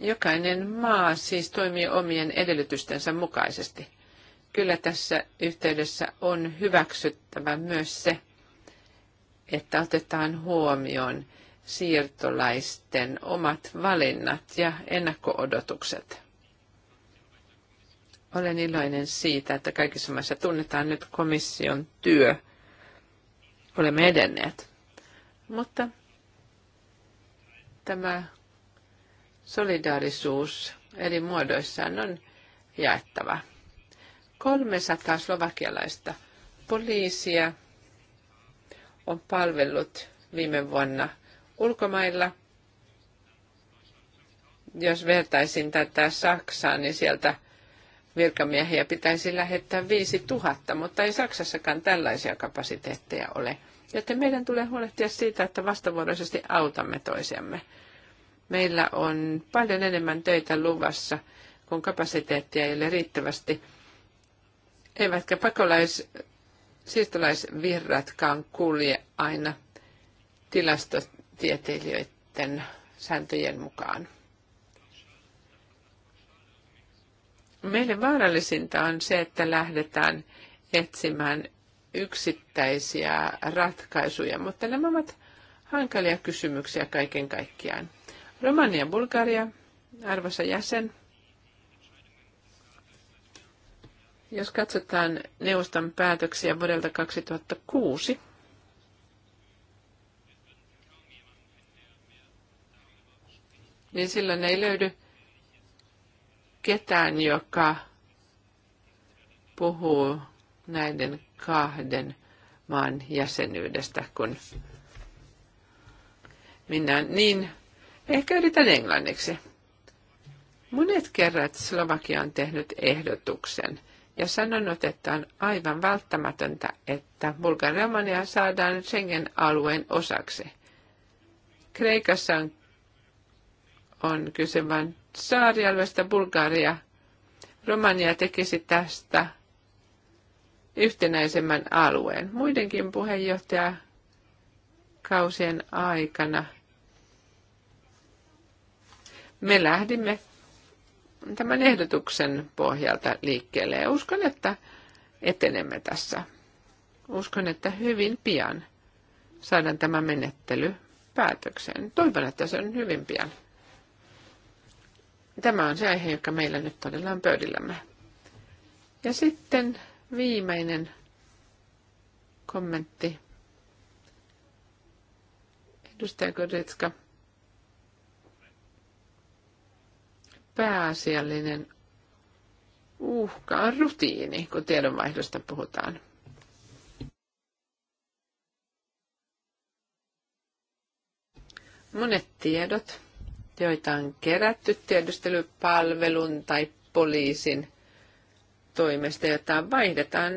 Speaker 4: Jokainen maa siis toimii omien edellytystensä mukaisesti. Kyllä tässä yhteydessä on hyväksyttävä myös se, että otetaan huomioon siirtolaisten omat valinnat ja ennakko-odotukset. Olen iloinen siitä, että kaikissa maissa tunnetaan nyt komission työ. Olemme edenneet. Mutta tämä Solidaarisuus eri muodoissaan on jaettava. 300 slovakialaista poliisia on palvellut viime vuonna ulkomailla. Jos vertaisin tätä Saksaan, niin sieltä virkamiehiä pitäisi lähettää 5000, mutta ei Saksassakaan tällaisia kapasiteetteja ole. Joten meidän tulee huolehtia siitä, että vastavuoroisesti autamme toisiamme. Meillä on paljon enemmän töitä luvassa, kun kapasiteettia ei ole riittävästi. Eivätkä pakolais siirtolaisvirratkaan kulje aina tilastotieteilijöiden sääntöjen mukaan. Meille vaarallisinta on se, että lähdetään etsimään yksittäisiä ratkaisuja, mutta nämä ovat hankalia kysymyksiä kaiken kaikkiaan. Romania ja Bulgaria, arvoisa jäsen. Jos katsotaan neuvoston päätöksiä vuodelta 2006, niin silloin ei löydy ketään, joka puhuu näiden kahden maan jäsenyydestä, kun minä niin Ehkä yritän englanniksi. Monet kerrat Slovakia on tehnyt ehdotuksen ja sanonut, että on aivan välttämätöntä, että Bulgaria saadaan Schengen-alueen osaksi. Kreikassa on, on kyse vain saarialueesta Bulgaria. Romania tekisi tästä yhtenäisemmän alueen. Muidenkin puheenjohtaja kausien aikana – me lähdimme tämän ehdotuksen pohjalta liikkeelle ja uskon, että etenemme tässä. Uskon, että hyvin pian saadaan tämä menettely päätökseen. Toivon, että se on hyvin pian. Tämä on se aihe, joka meillä nyt todella on pöydillämme. Ja sitten viimeinen kommentti. Edustaja Kodetska pääasiallinen uhka on rutiini, kun tiedonvaihdosta puhutaan. Monet tiedot, joita on kerätty tiedustelupalvelun tai poliisin toimesta, jota vaihdetaan,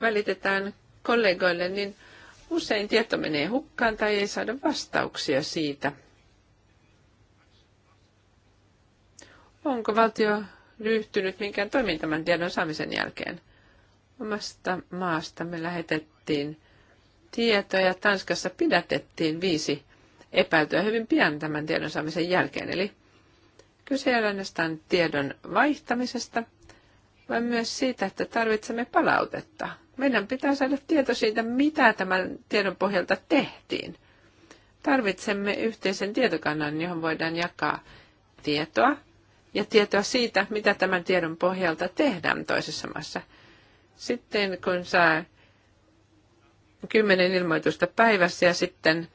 Speaker 4: välitetään kollegoille, niin usein tieto menee hukkaan tai ei saada vastauksia siitä – Onko valtio ryhtynyt minkään toimiin tämän tiedon saamisen jälkeen? Omasta maasta me lähetettiin tietoja. Tanskassa pidätettiin viisi epäiltyä hyvin pian tämän tiedon saamisen jälkeen. Eli kyse ei ole tiedon vaihtamisesta, vaan myös siitä, että tarvitsemme palautetta. Meidän pitää saada tieto siitä, mitä tämän tiedon pohjalta tehtiin. Tarvitsemme yhteisen tietokannan, johon voidaan jakaa tietoa, ja tietoa siitä, mitä tämän tiedon pohjalta tehdään toisessa maassa. Sitten kun saa kymmenen ilmoitusta päivässä ja sitten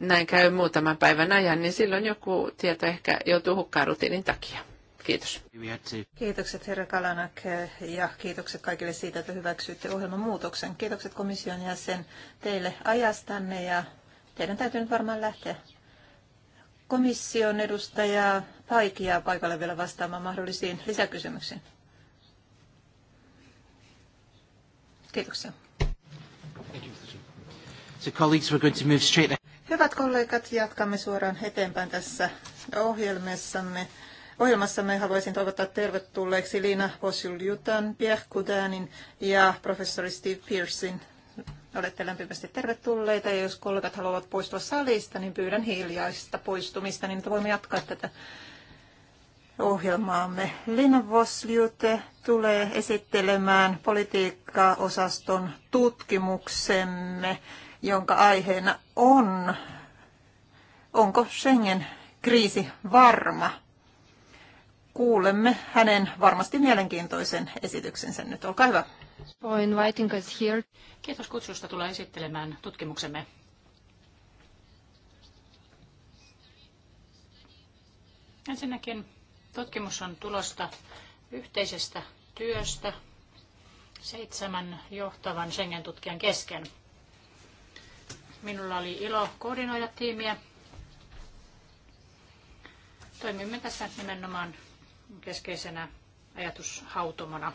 Speaker 4: näin käy muutaman päivän ajan, niin silloin joku tieto ehkä joutuu hukkaan rutiinin takia. Kiitos. Kiitokset
Speaker 2: herra Kalanak ja kiitokset kaikille siitä, että hyväksyitte ohjelman muutoksen. Kiitokset komission jäsen teille ajastanne ja teidän täytyy nyt varmaan lähteä komission edustaja Paikia paikalle vielä vastaamaan mahdollisiin lisäkysymyksiin. Kiitoksia. Hyvät kollegat, jatkamme suoraan eteenpäin tässä ohjelmassamme. Ohjelmassamme haluaisin toivottaa tervetulleeksi Liina Posiljutan, Pierre Kudanin ja professori Steve Pearson Olette lämpimästi tervetulleita ja jos kollegat haluavat poistua salista, niin pyydän hiljaista poistumista, niin voimme jatkaa tätä ohjelmaamme. Lina Vosliute tulee esittelemään politiikkaosaston tutkimuksemme, jonka aiheena on, onko Schengen kriisi varma? Kuulemme hänen varmasti mielenkiintoisen esityksensä nyt. Olkaa hyvä. For inviting us
Speaker 5: here. Kiitos kutsusta tulla esittelemään tutkimuksemme. Ensinnäkin tutkimus on tulosta yhteisestä työstä seitsemän johtavan Schengen-tutkijan kesken. Minulla oli ilo koordinoida tiimiä. Toimimme tässä nimenomaan keskeisenä ajatushautomana.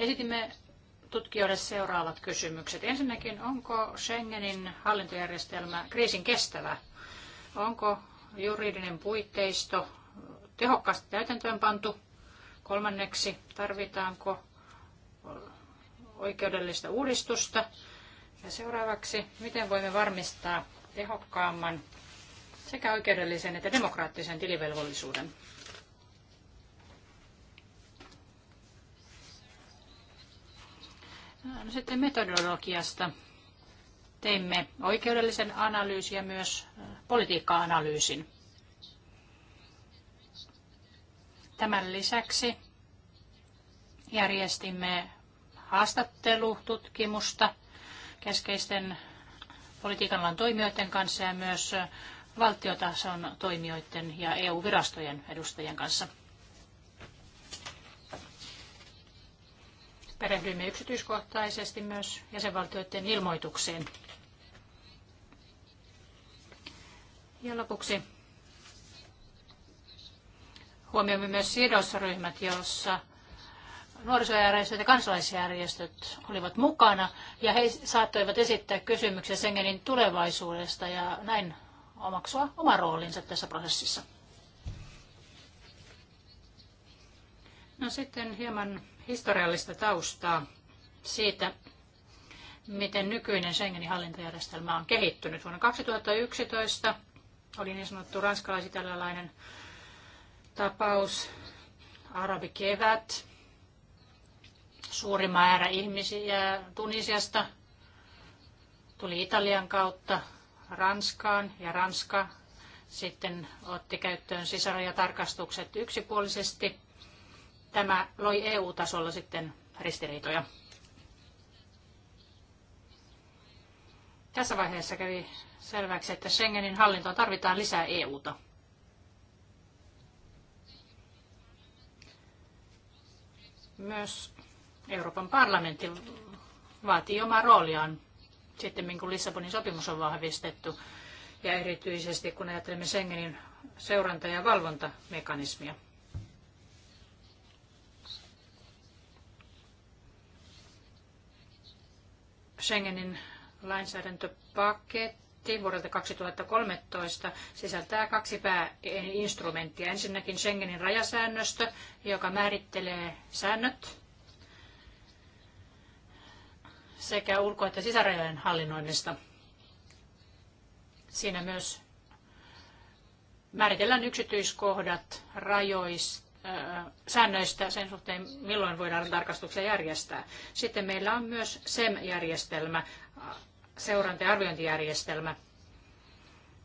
Speaker 5: Esitimme tutkijoille seuraavat kysymykset. Ensinnäkin, onko Schengenin hallintojärjestelmä kriisin kestävä? Onko juridinen puitteisto tehokkaasti täytäntöön pantu? Kolmanneksi, tarvitaanko oikeudellista uudistusta? Ja seuraavaksi, miten voimme varmistaa tehokkaamman sekä oikeudellisen että demokraattisen tilivelvollisuuden? No, no, sitten metodologiasta. Teimme oikeudellisen analyysin ja myös politiikka-analyysin. Tämän lisäksi järjestimme haastattelututkimusta keskeisten politiikan toimijoiden kanssa ja myös valtiotason toimijoiden ja EU-virastojen edustajien kanssa. Perehdyimme yksityiskohtaisesti myös jäsenvaltioiden ilmoituksiin. Ja lopuksi huomioimme myös sidosryhmät, joissa nuorisojärjestöt ja kansalaisjärjestöt olivat mukana ja he saattoivat esittää kysymyksiä Schengenin tulevaisuudesta ja näin omaksua oma roolinsa tässä prosessissa. No sitten hieman historiallista taustaa siitä, miten nykyinen Schengenin hallintajärjestelmä on kehittynyt. Vuonna 2011 oli niin sanottu ranskalaisitalialainen tapaus, arabikevät, suuri määrä ihmisiä Tunisiasta tuli Italian kautta Ranskaan ja Ranska sitten otti käyttöön sisärajatarkastukset yksipuolisesti tämä loi EU-tasolla sitten ristiriitoja. Tässä vaiheessa kävi selväksi, että Schengenin hallintoa tarvitaan lisää EUta. Myös Euroopan parlamentti vaatii omaa rooliaan sitten kun Lissabonin sopimus on vahvistettu ja erityisesti kun ajattelemme Schengenin seuranta- ja valvontamekanismia. Schengenin lainsäädäntöpaketti vuodelta 2013 sisältää kaksi pääinstrumenttia. Ensinnäkin Schengenin rajasäännöstö, joka määrittelee säännöt sekä ulko- että sisärajojen hallinnoinnista. Siinä myös määritellään yksityiskohdat rajoista säännöistä sen suhteen, milloin voidaan tarkastuksia järjestää. Sitten meillä on myös SEM-järjestelmä, seuranta- ja arviointijärjestelmä,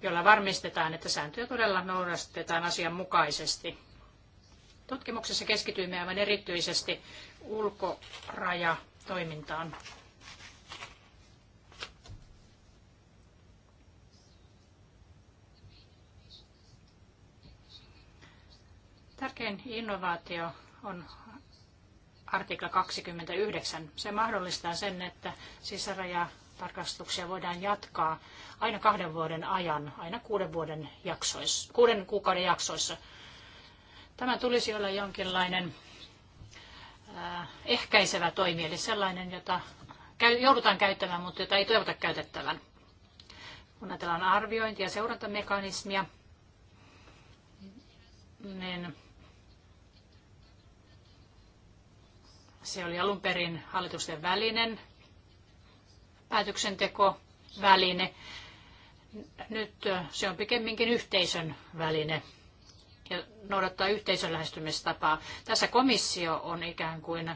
Speaker 5: jolla varmistetaan, että sääntöjä todella noudatetaan asianmukaisesti. Tutkimuksessa keskityimme aivan erityisesti ulkorajatoimintaan. toimintaan. Tärkein innovaatio on artikla 29. Se mahdollistaa sen, että sisärajatarkastuksia voidaan jatkaa aina kahden vuoden ajan, aina kuuden, vuoden jaksoissa, kuuden kuukauden jaksoissa. Tämä tulisi olla jonkinlainen äh, ehkäisevä toimi, eli sellainen, jota joudutaan käyttämään, mutta jota ei toivota käytettävän. Kun ajatellaan arviointia ja seurantamekanismia, niin Se oli alun perin hallitusten välinen päätöksentekoväline. Nyt se on pikemminkin yhteisön väline ja noudattaa yhteisön lähestymistapaa. Tässä komissio on ikään kuin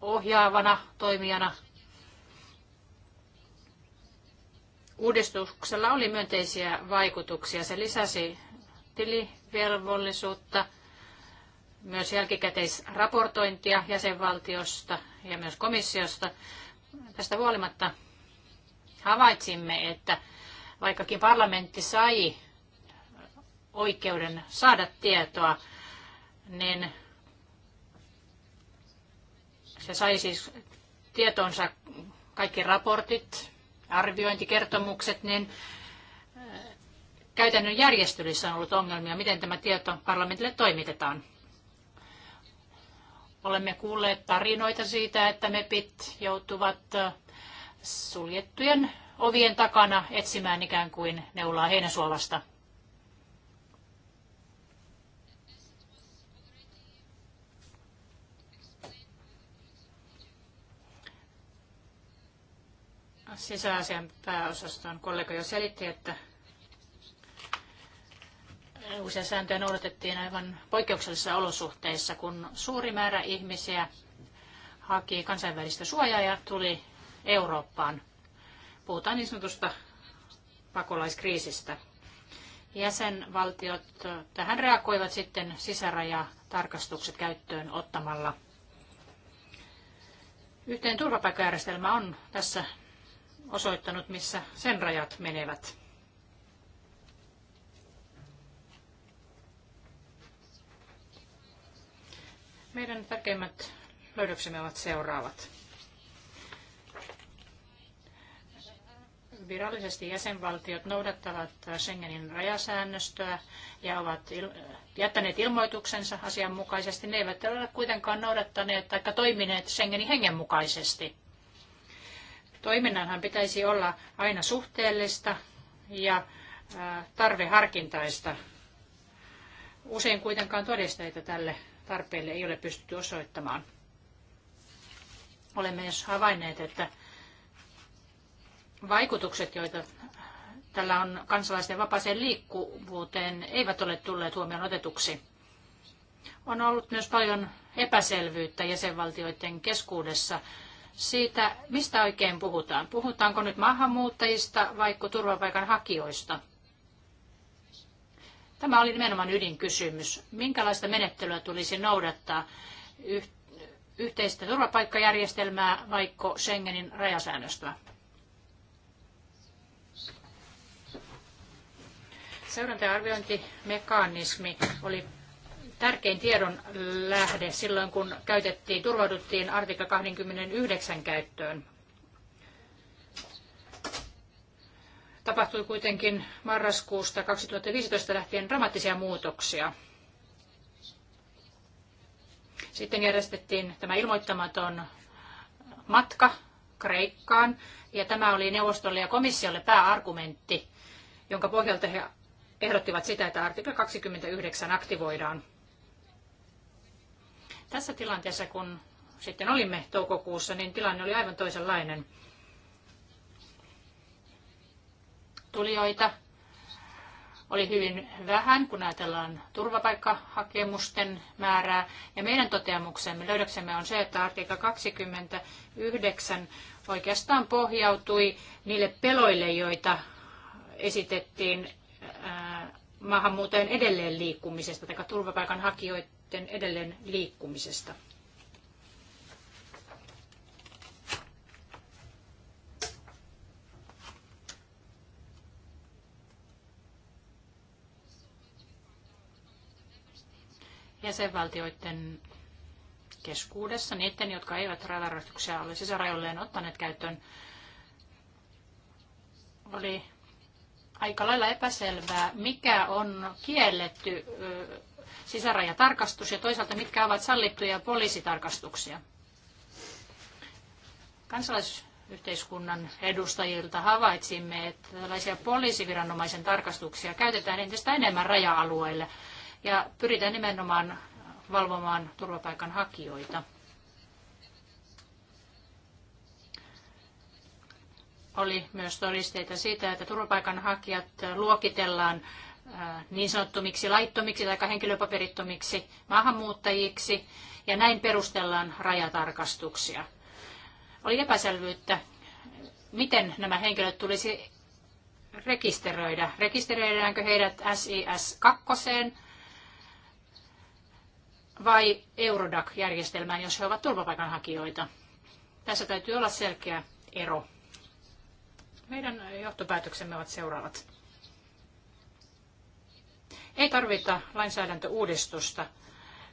Speaker 5: ohjaavana toimijana. Uudistuksella oli myönteisiä vaikutuksia. Se lisäsi tilivelvollisuutta – myös jälkikäteisraportointia jäsenvaltiosta ja myös komissiosta. Tästä huolimatta havaitsimme, että vaikkakin parlamentti sai oikeuden saada tietoa, niin se sai siis tietonsa kaikki raportit, arviointikertomukset, niin käytännön järjestelyissä on ollut ongelmia, miten tämä tieto parlamentille toimitetaan. Olemme kuulleet tarinoita siitä, että mepit joutuvat suljettujen ovien takana etsimään ikään kuin neulaa heinäsuolasta. sisäasian pääosaston kollega jo selitti, että uusia sääntöjä noudatettiin aivan poikkeuksellisissa olosuhteissa, kun suuri määrä ihmisiä haki kansainvälistä suojaa ja tuli Eurooppaan. Puhutaan niin sanotusta pakolaiskriisistä. Jäsenvaltiot tähän reagoivat sitten sisärajatarkastukset käyttöön ottamalla. Yhteen turvapaikkajärjestelmä on tässä osoittanut, missä sen rajat menevät. Meidän tärkeimmät löydöksemme ovat
Speaker 4: seuraavat.
Speaker 5: Virallisesti jäsenvaltiot noudattavat Schengenin rajasäännöstöä ja ovat il- jättäneet ilmoituksensa asianmukaisesti. Ne eivät ole kuitenkaan noudattaneet tai toimineet Schengenin hengen mukaisesti. Toiminnanhan pitäisi olla aina suhteellista ja tarveharkintaista. Usein kuitenkaan todisteita tälle tarpeelle ei ole pystytty osoittamaan. Olemme myös havainneet, että vaikutukset, joita tällä on kansalaisten vapaaseen liikkuvuuteen, eivät ole tulleet huomioon otetuksi. On ollut myös paljon epäselvyyttä jäsenvaltioiden keskuudessa siitä, mistä oikein puhutaan. Puhutaanko nyt maahanmuuttajista vai turvapaikanhakijoista? Tämä oli nimenomaan ydinkysymys. Minkälaista menettelyä tulisi noudattaa? yhteistä turvapaikkajärjestelmää vaikka Schengenin rajasäännöstöä? Seuranta- ja arviointimekanismi oli tärkein tiedon lähde silloin, kun käytettiin, turvauduttiin artikla 29 käyttöön. Tapahtui kuitenkin marraskuusta 2015 lähtien dramaattisia muutoksia. Sitten järjestettiin tämä ilmoittamaton matka Kreikkaan, ja tämä oli neuvostolle ja komissiolle pääargumentti, jonka pohjalta he ehdottivat sitä, että artikla 29 aktivoidaan. Tässä tilanteessa, kun sitten olimme toukokuussa, niin tilanne oli aivan toisenlainen. tulijoita oli hyvin vähän, kun ajatellaan turvapaikkahakemusten määrää. Ja meidän toteamuksemme, löydöksemme on se, että artikla 29 oikeastaan pohjautui niille peloille, joita esitettiin maahanmuuttajien edelleen liikkumisesta tai turvapaikanhakijoiden edelleen liikkumisesta. jäsenvaltioiden keskuudessa, niiden, jotka eivät rajatarkastuksia ole sisärajoilleen ottaneet käyttöön, oli aika lailla epäselvää, mikä on kielletty sisärajatarkastus ja toisaalta mitkä ovat sallittuja poliisitarkastuksia. Kansalaisyhteiskunnan edustajilta havaitsimme, että tällaisia poliisiviranomaisen tarkastuksia käytetään entistä enemmän raja-alueille – ja pyritään nimenomaan valvomaan turvapaikanhakijoita. Oli myös todisteita siitä, että turvapaikanhakijat luokitellaan niin sanottomiksi laittomiksi tai henkilöpaperittomiksi maahanmuuttajiksi, ja näin perustellaan rajatarkastuksia. Oli epäselvyyttä, miten nämä henkilöt tulisi rekisteröidä. Rekisteröidäänkö heidät SIS-2 vai Eurodac-järjestelmään, jos he ovat turvapaikanhakijoita. Tässä täytyy olla selkeä ero. Meidän johtopäätöksemme ovat seuraavat. Ei tarvita lainsäädäntöuudistusta.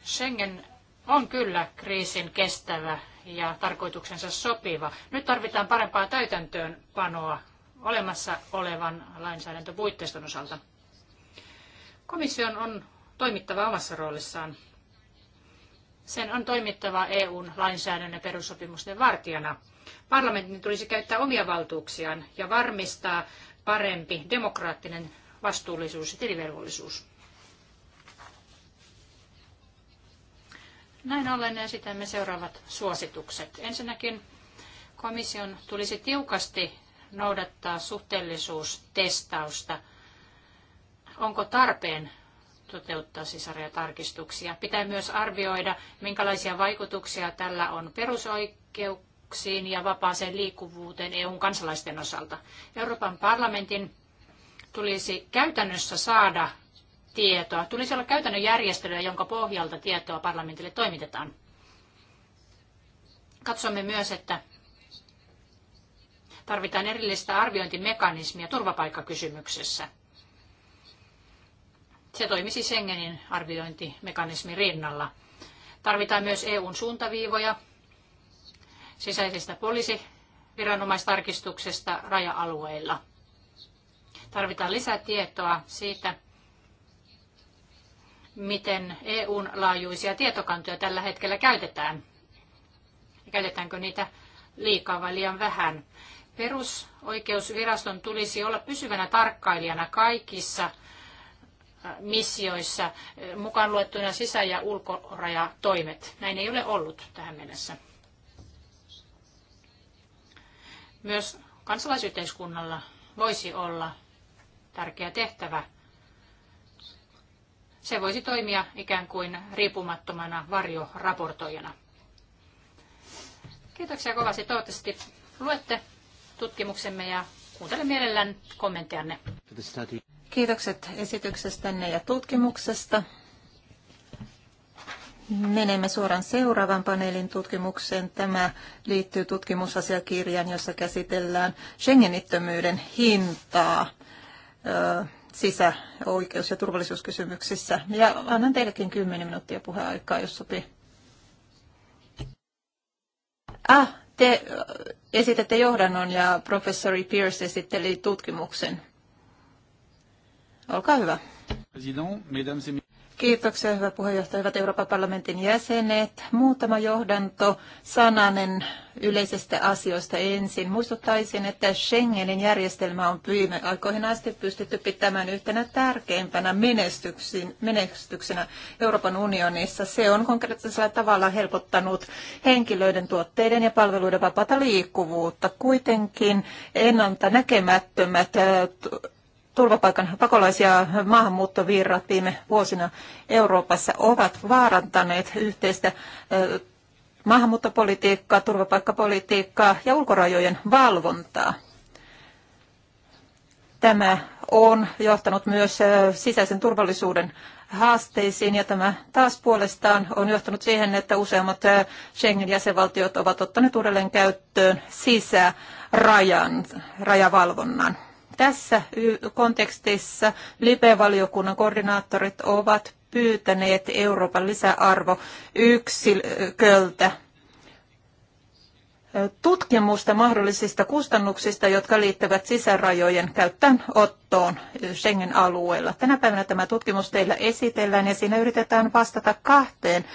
Speaker 5: Schengen on kyllä kriisin kestävä ja tarkoituksensa sopiva. Nyt tarvitaan parempaa täytäntöönpanoa olemassa olevan lainsäädäntöpuitteiston osalta. Komission on toimittava omassa roolissaan. Sen on toimittava EUn lainsäädännön perussopimusten vartijana. Parlamentin tulisi käyttää omia valtuuksiaan ja varmistaa parempi demokraattinen vastuullisuus ja tilivelvollisuus. Näin ollen esitämme seuraavat suositukset. Ensinnäkin komission tulisi tiukasti noudattaa suhteellisuustestausta. Onko tarpeen toteuttaa sisarjatarkistuksia. Pitää myös arvioida, minkälaisia vaikutuksia tällä on perusoikeuksiin ja vapaaseen liikkuvuuteen EUn kansalaisten osalta. Euroopan parlamentin tulisi käytännössä saada tietoa. Tulisi olla käytännön järjestelyä, jonka pohjalta tietoa parlamentille toimitetaan. Katsomme myös, että tarvitaan erillistä arviointimekanismia turvapaikkakysymyksessä. Se toimisi Schengenin arviointimekanismin rinnalla. Tarvitaan myös EUn suuntaviivoja sisäisestä poliisiviranomaistarkistuksesta raja-alueilla. Tarvitaan lisätietoa siitä, miten EUn laajuisia tietokantoja tällä hetkellä käytetään. Käytetäänkö niitä liikaa vai liian vähän? Perusoikeusviraston tulisi olla pysyvänä tarkkailijana kaikissa missioissa mukaan luettuna sisä- ja ulkorajatoimet. Näin ei ole ollut tähän mennessä. Myös kansalaisyhteiskunnalla voisi olla tärkeä tehtävä. Se voisi toimia ikään kuin riippumattomana varjoraportoijana. Kiitoksia kovasti. Toivottavasti luette tutkimuksemme ja kuuntele mielellään
Speaker 2: kommenttianne. Kiitokset esityksestänne ja tutkimuksesta. Menemme suoraan seuraavan paneelin tutkimukseen. Tämä liittyy tutkimusasiakirjaan, jossa käsitellään Schengenittömyyden hintaa sisäoikeus- ja turvallisuuskysymyksissä. Ja annan teillekin 10 minuuttia puheaikaa, jos sopii. Ah, te esitätte johdannon ja professori Pierce esitteli tutkimuksen. Olkaa hyvä. Kiitoksia, hyvä puheenjohtaja, hyvät Euroopan parlamentin jäsenet. Muutama johdanto sananen yleisistä asioista ensin. Muistuttaisin, että Schengenin järjestelmä on viime aikoihin asti pystytty pitämään yhtenä tärkeimpänä menestyksenä Euroopan unionissa. Se on konkreettisella tavalla helpottanut henkilöiden, tuotteiden ja palveluiden vapaata liikkuvuutta. Kuitenkin ennalta näkemättömät turvapaikan pakolaisia maahanmuuttovirrat viime vuosina Euroopassa ovat vaarantaneet yhteistä maahanmuuttopolitiikkaa, turvapaikkapolitiikkaa ja ulkorajojen valvontaa. Tämä on johtanut myös sisäisen turvallisuuden haasteisiin ja tämä taas puolestaan on johtanut siihen, että useammat Schengen-jäsenvaltiot ovat ottaneet uudelleen käyttöön sisärajan, rajavalvonnan. Tässä kontekstissa LIBE-valiokunnan koordinaattorit ovat pyytäneet Euroopan lisäarvo yksilöltä tutkimusta mahdollisista kustannuksista, jotka liittyvät sisärajojen käyttöönottoon Schengen-alueella. Tänä päivänä tämä tutkimus teillä esitellään ja siinä yritetään vastata kahteen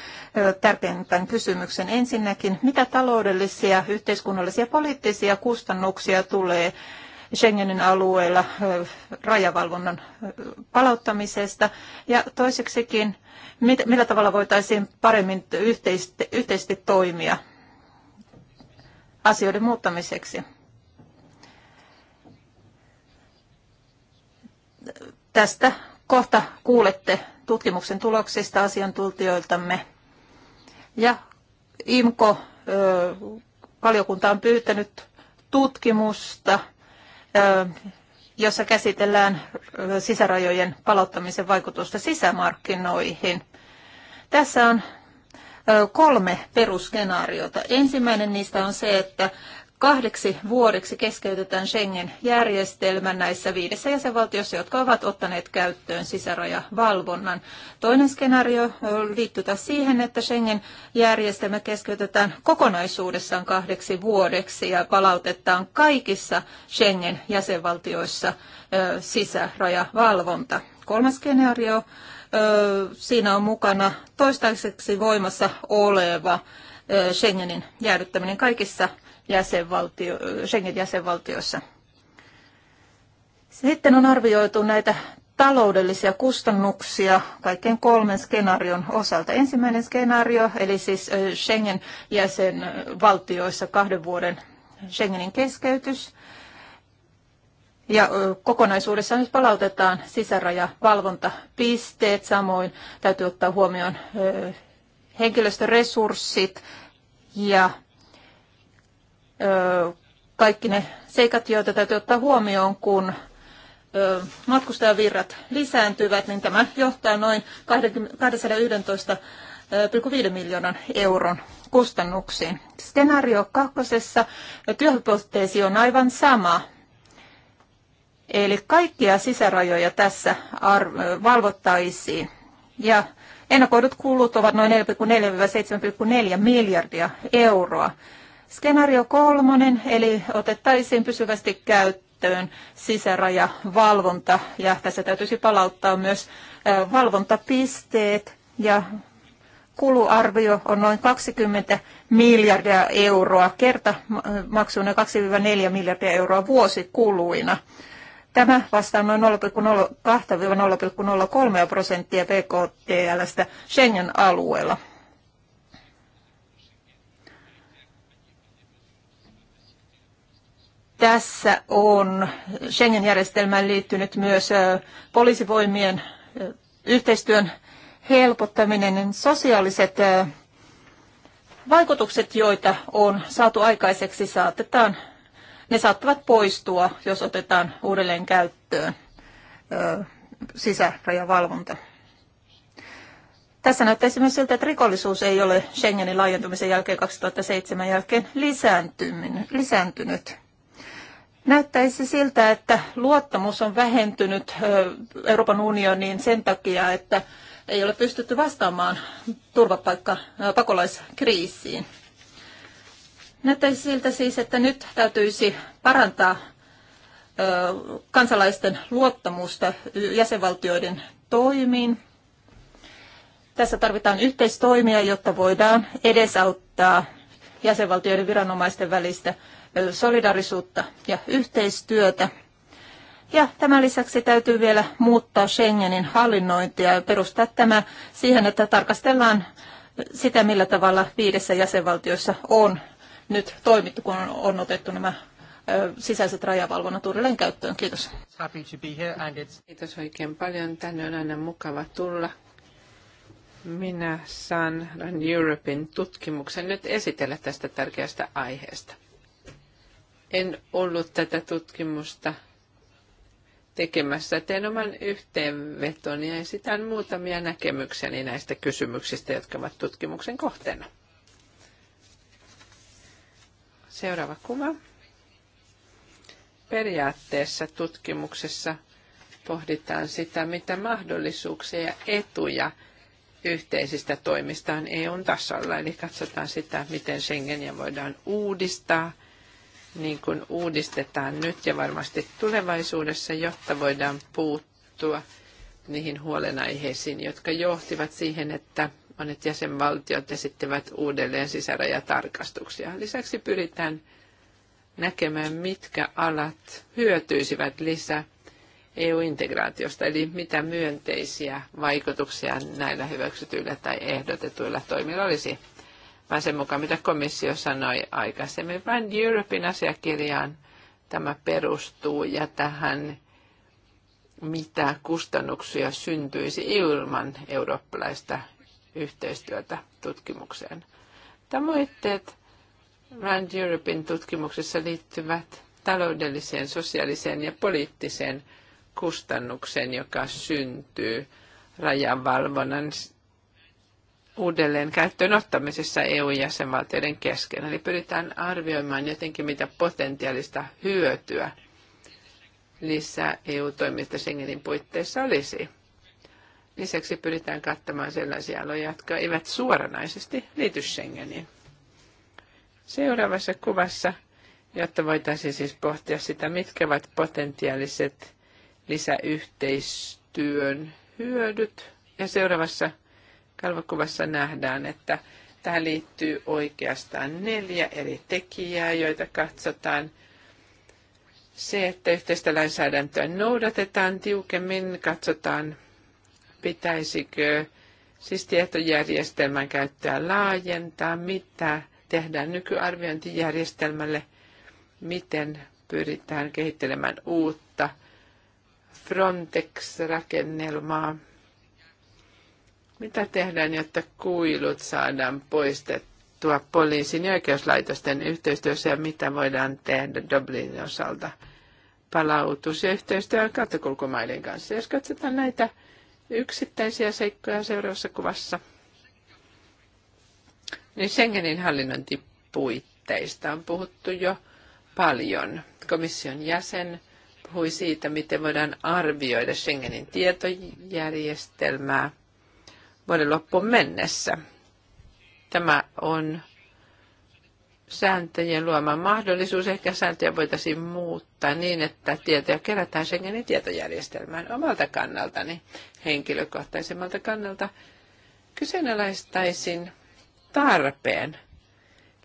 Speaker 2: tärkeimpään kysymykseen. Ensinnäkin, mitä taloudellisia, yhteiskunnallisia ja poliittisia kustannuksia tulee Schengenin alueella rajavalvonnan palauttamisesta ja toiseksikin, millä tavalla voitaisiin paremmin yhteisesti, yhteisesti toimia asioiden muuttamiseksi. Tästä kohta kuulette tutkimuksen tuloksista asiantuntijoiltamme. Ja IMKO valiokunta on pyytänyt tutkimusta jossa käsitellään sisärajojen palauttamisen vaikutusta sisämarkkinoihin. Tässä on kolme perusskenaariota. Ensimmäinen niistä on se, että kahdeksi vuodeksi keskeytetään Schengen-järjestelmä näissä viidessä jäsenvaltiossa, jotka ovat ottaneet käyttöön sisärajavalvonnan. Toinen skenaario liittyy taas siihen, että Schengen-järjestelmä keskeytetään kokonaisuudessaan kahdeksi vuodeksi ja palautetaan kaikissa Schengen-jäsenvaltioissa sisärajavalvonta. Kolmas skenaario, siinä on mukana toistaiseksi voimassa oleva Schengenin jäädyttäminen kaikissa jäsenvaltio, Schengen-jäsenvaltiossa. Sitten on arvioitu näitä taloudellisia kustannuksia kaiken kolmen skenaarion osalta. Ensimmäinen skenaario, eli siis Schengen-jäsenvaltioissa kahden vuoden Schengenin keskeytys. Ja kokonaisuudessaan nyt palautetaan sisärajavalvontapisteet, samoin täytyy ottaa huomioon henkilöstöresurssit ja kaikki ne seikat, joita täytyy ottaa huomioon, kun matkustajavirrat lisääntyvät, niin tämä johtaa noin 211,5 miljoonan euron kustannuksiin. Skenaario kakkosessa työhypoteesi on aivan sama. Eli kaikkia sisärajoja tässä valvottaisiin. Ja ennakoidut kulut ovat noin 4,4-7,4 miljardia euroa. Skenaario kolmonen, eli otettaisiin pysyvästi käyttöön sisärajavalvonta, ja tässä täytyisi palauttaa myös valvontapisteet, ja kuluarvio on noin 20 miljardia euroa, kerta maksuina 2-4 miljardia euroa vuosikuluina. Tämä vastaa noin 0,2-0,03 prosenttia BKTLstä Schengen-alueella. Tässä on Schengen-järjestelmään liittynyt myös poliisivoimien yhteistyön helpottaminen, sosiaaliset vaikutukset, joita on saatu aikaiseksi, saatetaan, ne saattavat poistua, jos otetaan uudelleen käyttöön sisärajavalvonta. Tässä näyttäisi myös siltä, että rikollisuus ei ole Schengenin laajentumisen jälkeen 2007 jälkeen lisääntynyt. Näyttäisi siltä, että luottamus on vähentynyt Euroopan unioniin sen takia, että ei ole pystytty vastaamaan turvapaikka pakolaiskriisiin. Näyttäisi siltä siis, että nyt täytyisi parantaa kansalaisten luottamusta jäsenvaltioiden toimiin. Tässä tarvitaan yhteistoimia, jotta voidaan edesauttaa jäsenvaltioiden viranomaisten välistä solidarisuutta ja yhteistyötä. Ja tämän lisäksi täytyy vielä muuttaa Schengenin hallinnointia ja perustaa tämä siihen, että tarkastellaan sitä, millä tavalla viidessä jäsenvaltiossa on nyt toimittu, kun on otettu nämä sisäiset rajavalvonnat uudelleen käyttöön. Kiitos.
Speaker 4: Kiitos oikein paljon. Tänne on aina mukava tulla. Minä saan Europein tutkimuksen nyt esitellä tästä tärkeästä aiheesta en ollut tätä tutkimusta tekemässä. Teen oman yhteenvetoni ja esitän muutamia näkemykseni näistä kysymyksistä, jotka ovat tutkimuksen kohteena. Seuraava kuva. Periaatteessa tutkimuksessa pohditaan sitä, mitä mahdollisuuksia ja etuja yhteisistä toimistaan EUn tasolla. Eli katsotaan sitä, miten Schengenia voidaan uudistaa, niin kuin uudistetaan nyt ja varmasti tulevaisuudessa, jotta voidaan puuttua niihin huolenaiheisiin, jotka johtivat siihen, että monet jäsenvaltiot esittävät uudelleen sisärajatarkastuksia. Lisäksi pyritään näkemään, mitkä alat hyötyisivät lisää EU-integraatiosta, eli mitä myönteisiä vaikutuksia näillä hyväksytyillä tai ehdotetuilla toimilla olisi vaan sen mukaan, mitä komissio sanoi aikaisemmin. Van Europein asiakirjaan tämä perustuu ja tähän, mitä kustannuksia syntyisi ilman eurooppalaista yhteistyötä tutkimukseen. Tavoitteet Van Europein tutkimuksessa liittyvät taloudelliseen, sosiaaliseen ja poliittiseen kustannukseen, joka syntyy rajavalvonnan uudelleen käyttöön ottamisessa EU-jäsenvaltioiden kesken. Eli pyritään arvioimaan jotenkin, mitä potentiaalista hyötyä lisää EU-toimista Schengenin puitteissa olisi. Lisäksi pyritään kattamaan sellaisia aloja, jotka eivät suoranaisesti liity Schengeniin. Seuraavassa kuvassa, jotta voitaisiin siis pohtia sitä, mitkä ovat potentiaaliset lisäyhteistyön hyödyt. Ja seuraavassa Kalvokuvassa nähdään, että tähän liittyy oikeastaan neljä eri tekijää, joita katsotaan. Se, että yhteistä lainsäädäntöä noudatetaan tiukemmin, katsotaan pitäisikö siis tietojärjestelmän käyttöä laajentaa, mitä tehdään nykyarviointijärjestelmälle, miten pyritään kehittelemään uutta Frontex-rakennelmaa mitä tehdään, jotta kuilut saadaan poistettua poliisin ja oikeuslaitosten yhteistyössä ja mitä voidaan tehdä Dublinin osalta? Palautus ja yhteistyö kauttakulkumaiden kanssa. Jos katsotaan näitä yksittäisiä seikkoja seuraavassa kuvassa, niin Schengenin hallinnointipuitteista on puhuttu jo paljon. Komission jäsen puhui siitä, miten voidaan arvioida Schengenin tietojärjestelmää vuoden loppuun mennessä. Tämä on sääntöjen luoma mahdollisuus. Ehkä sääntöjä voitaisiin muuttaa niin, että tietoja kerätään Schengenin tietojärjestelmään omalta kannaltani, henkilökohtaisemmalta kannalta. Kyseenalaistaisin tarpeen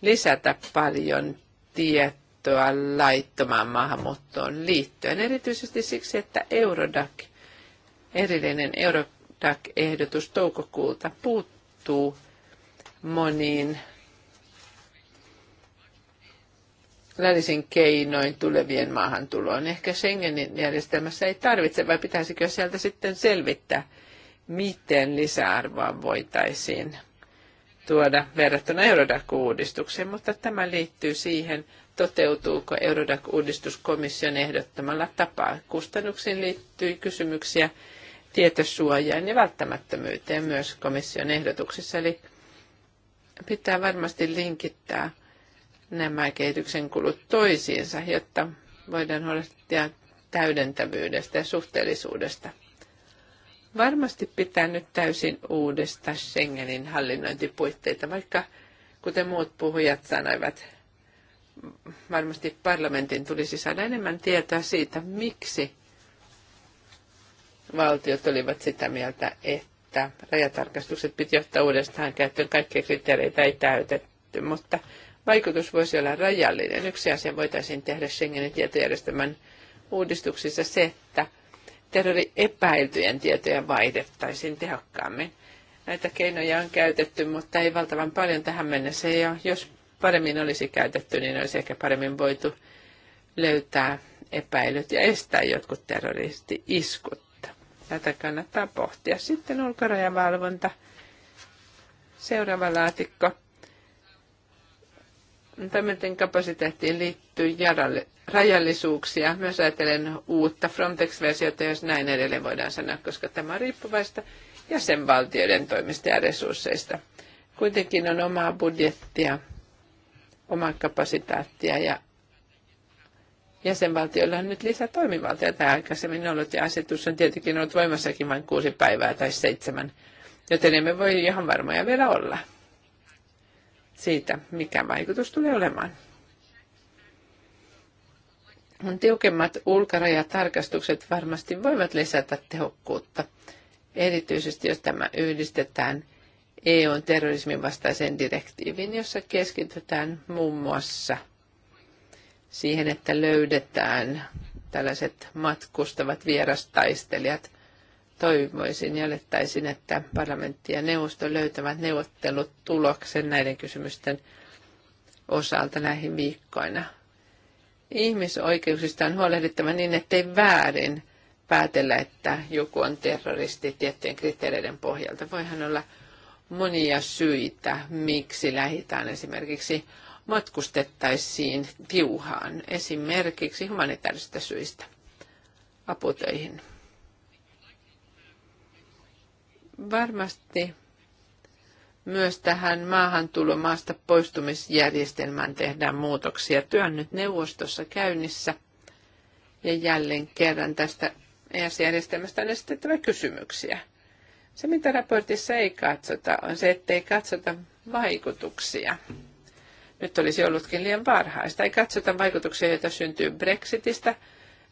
Speaker 4: lisätä paljon tietoa laittomaan maahanmuuttoon liittyen, erityisesti siksi, että Eurodac, erillinen Euroopan DAC-ehdotus toukokuulta puuttuu moniin länsin keinoin tulevien maahantuloon. Ehkä Schengenin järjestelmässä ei tarvitse, vai pitäisikö sieltä sitten selvittää, miten lisäarvoa voitaisiin tuoda verrattuna Eurodac-uudistukseen, mutta tämä liittyy siihen, toteutuuko Eurodac-uudistus komission ehdottamalla tapaa. Kustannuksiin liittyy kysymyksiä, tietosuojaan ja välttämättömyyteen myös komission ehdotuksissa. Eli pitää varmasti linkittää nämä kehityksen kulut toisiinsa, jotta voidaan huolehtia täydentävyydestä ja suhteellisuudesta. Varmasti pitää nyt täysin uudesta Schengenin hallinnointipuitteita, vaikka kuten muut puhujat sanoivat, varmasti parlamentin tulisi saada enemmän tietoa siitä, miksi valtiot olivat sitä mieltä, että rajatarkastukset piti ottaa uudestaan käyttöön. Kaikkia kriteereitä ei täytetty, mutta vaikutus voisi olla rajallinen. Yksi asia voitaisiin tehdä Schengenin tietojärjestelmän uudistuksissa se, että terroriepäiltyjen tietoja vaihdettaisiin tehokkaammin. Näitä keinoja on käytetty, mutta ei valtavan paljon tähän mennessä. Ja jos paremmin olisi käytetty, niin olisi ehkä paremmin voitu löytää epäilyt ja estää jotkut terroristi-iskut. Tätä kannattaa pohtia. Sitten ulkorajavalvonta. Seuraava laatikko. Tämmöiden kapasiteettiin liittyy jaralle, rajallisuuksia. Myös ajatellen uutta Frontex-versiota, jos näin edelleen voidaan sanoa, koska tämä on riippuvaista jäsenvaltioiden toimista ja resursseista. Kuitenkin on omaa budjettia, omaa kapasitaattia ja jäsenvaltioilla on nyt lisää toimivaltaa. Tämä aikaisemmin ollut ja asetus on tietenkin ollut voimassakin vain kuusi päivää tai seitsemän, joten emme voi ihan varmoja vielä olla siitä, mikä vaikutus tulee olemaan. Tiukemmat ulkorajatarkastukset varmasti voivat lisätä tehokkuutta, erityisesti jos tämä yhdistetään EUn terrorismin vastaiseen direktiiviin, jossa keskitytään muun muassa – siihen, että löydetään tällaiset matkustavat vierastaistelijat. Toivoisin ja olettaisin, että parlamentti ja neuvosto löytävät neuvottelut tuloksen näiden kysymysten osalta näihin viikkoina. Ihmisoikeuksista on huolehdittava niin, ettei väärin päätellä, että joku on terroristi tiettyjen kriteereiden pohjalta. Voihan olla monia syitä, miksi lähitään esimerkiksi matkustettaisiin tiuhaan, esimerkiksi humanitaarisista syistä aputöihin. Varmasti myös tähän maahantulomaasta poistumisjärjestelmään tehdään muutoksia. Työ nyt neuvostossa käynnissä ja jälleen kerran tästä ES-järjestelmästä on esitettävä kysymyksiä. Se, mitä raportissa ei katsota, on se, ettei katsota vaikutuksia nyt olisi ollutkin liian varhaista. Ei katsota vaikutuksia, joita syntyy Brexitistä,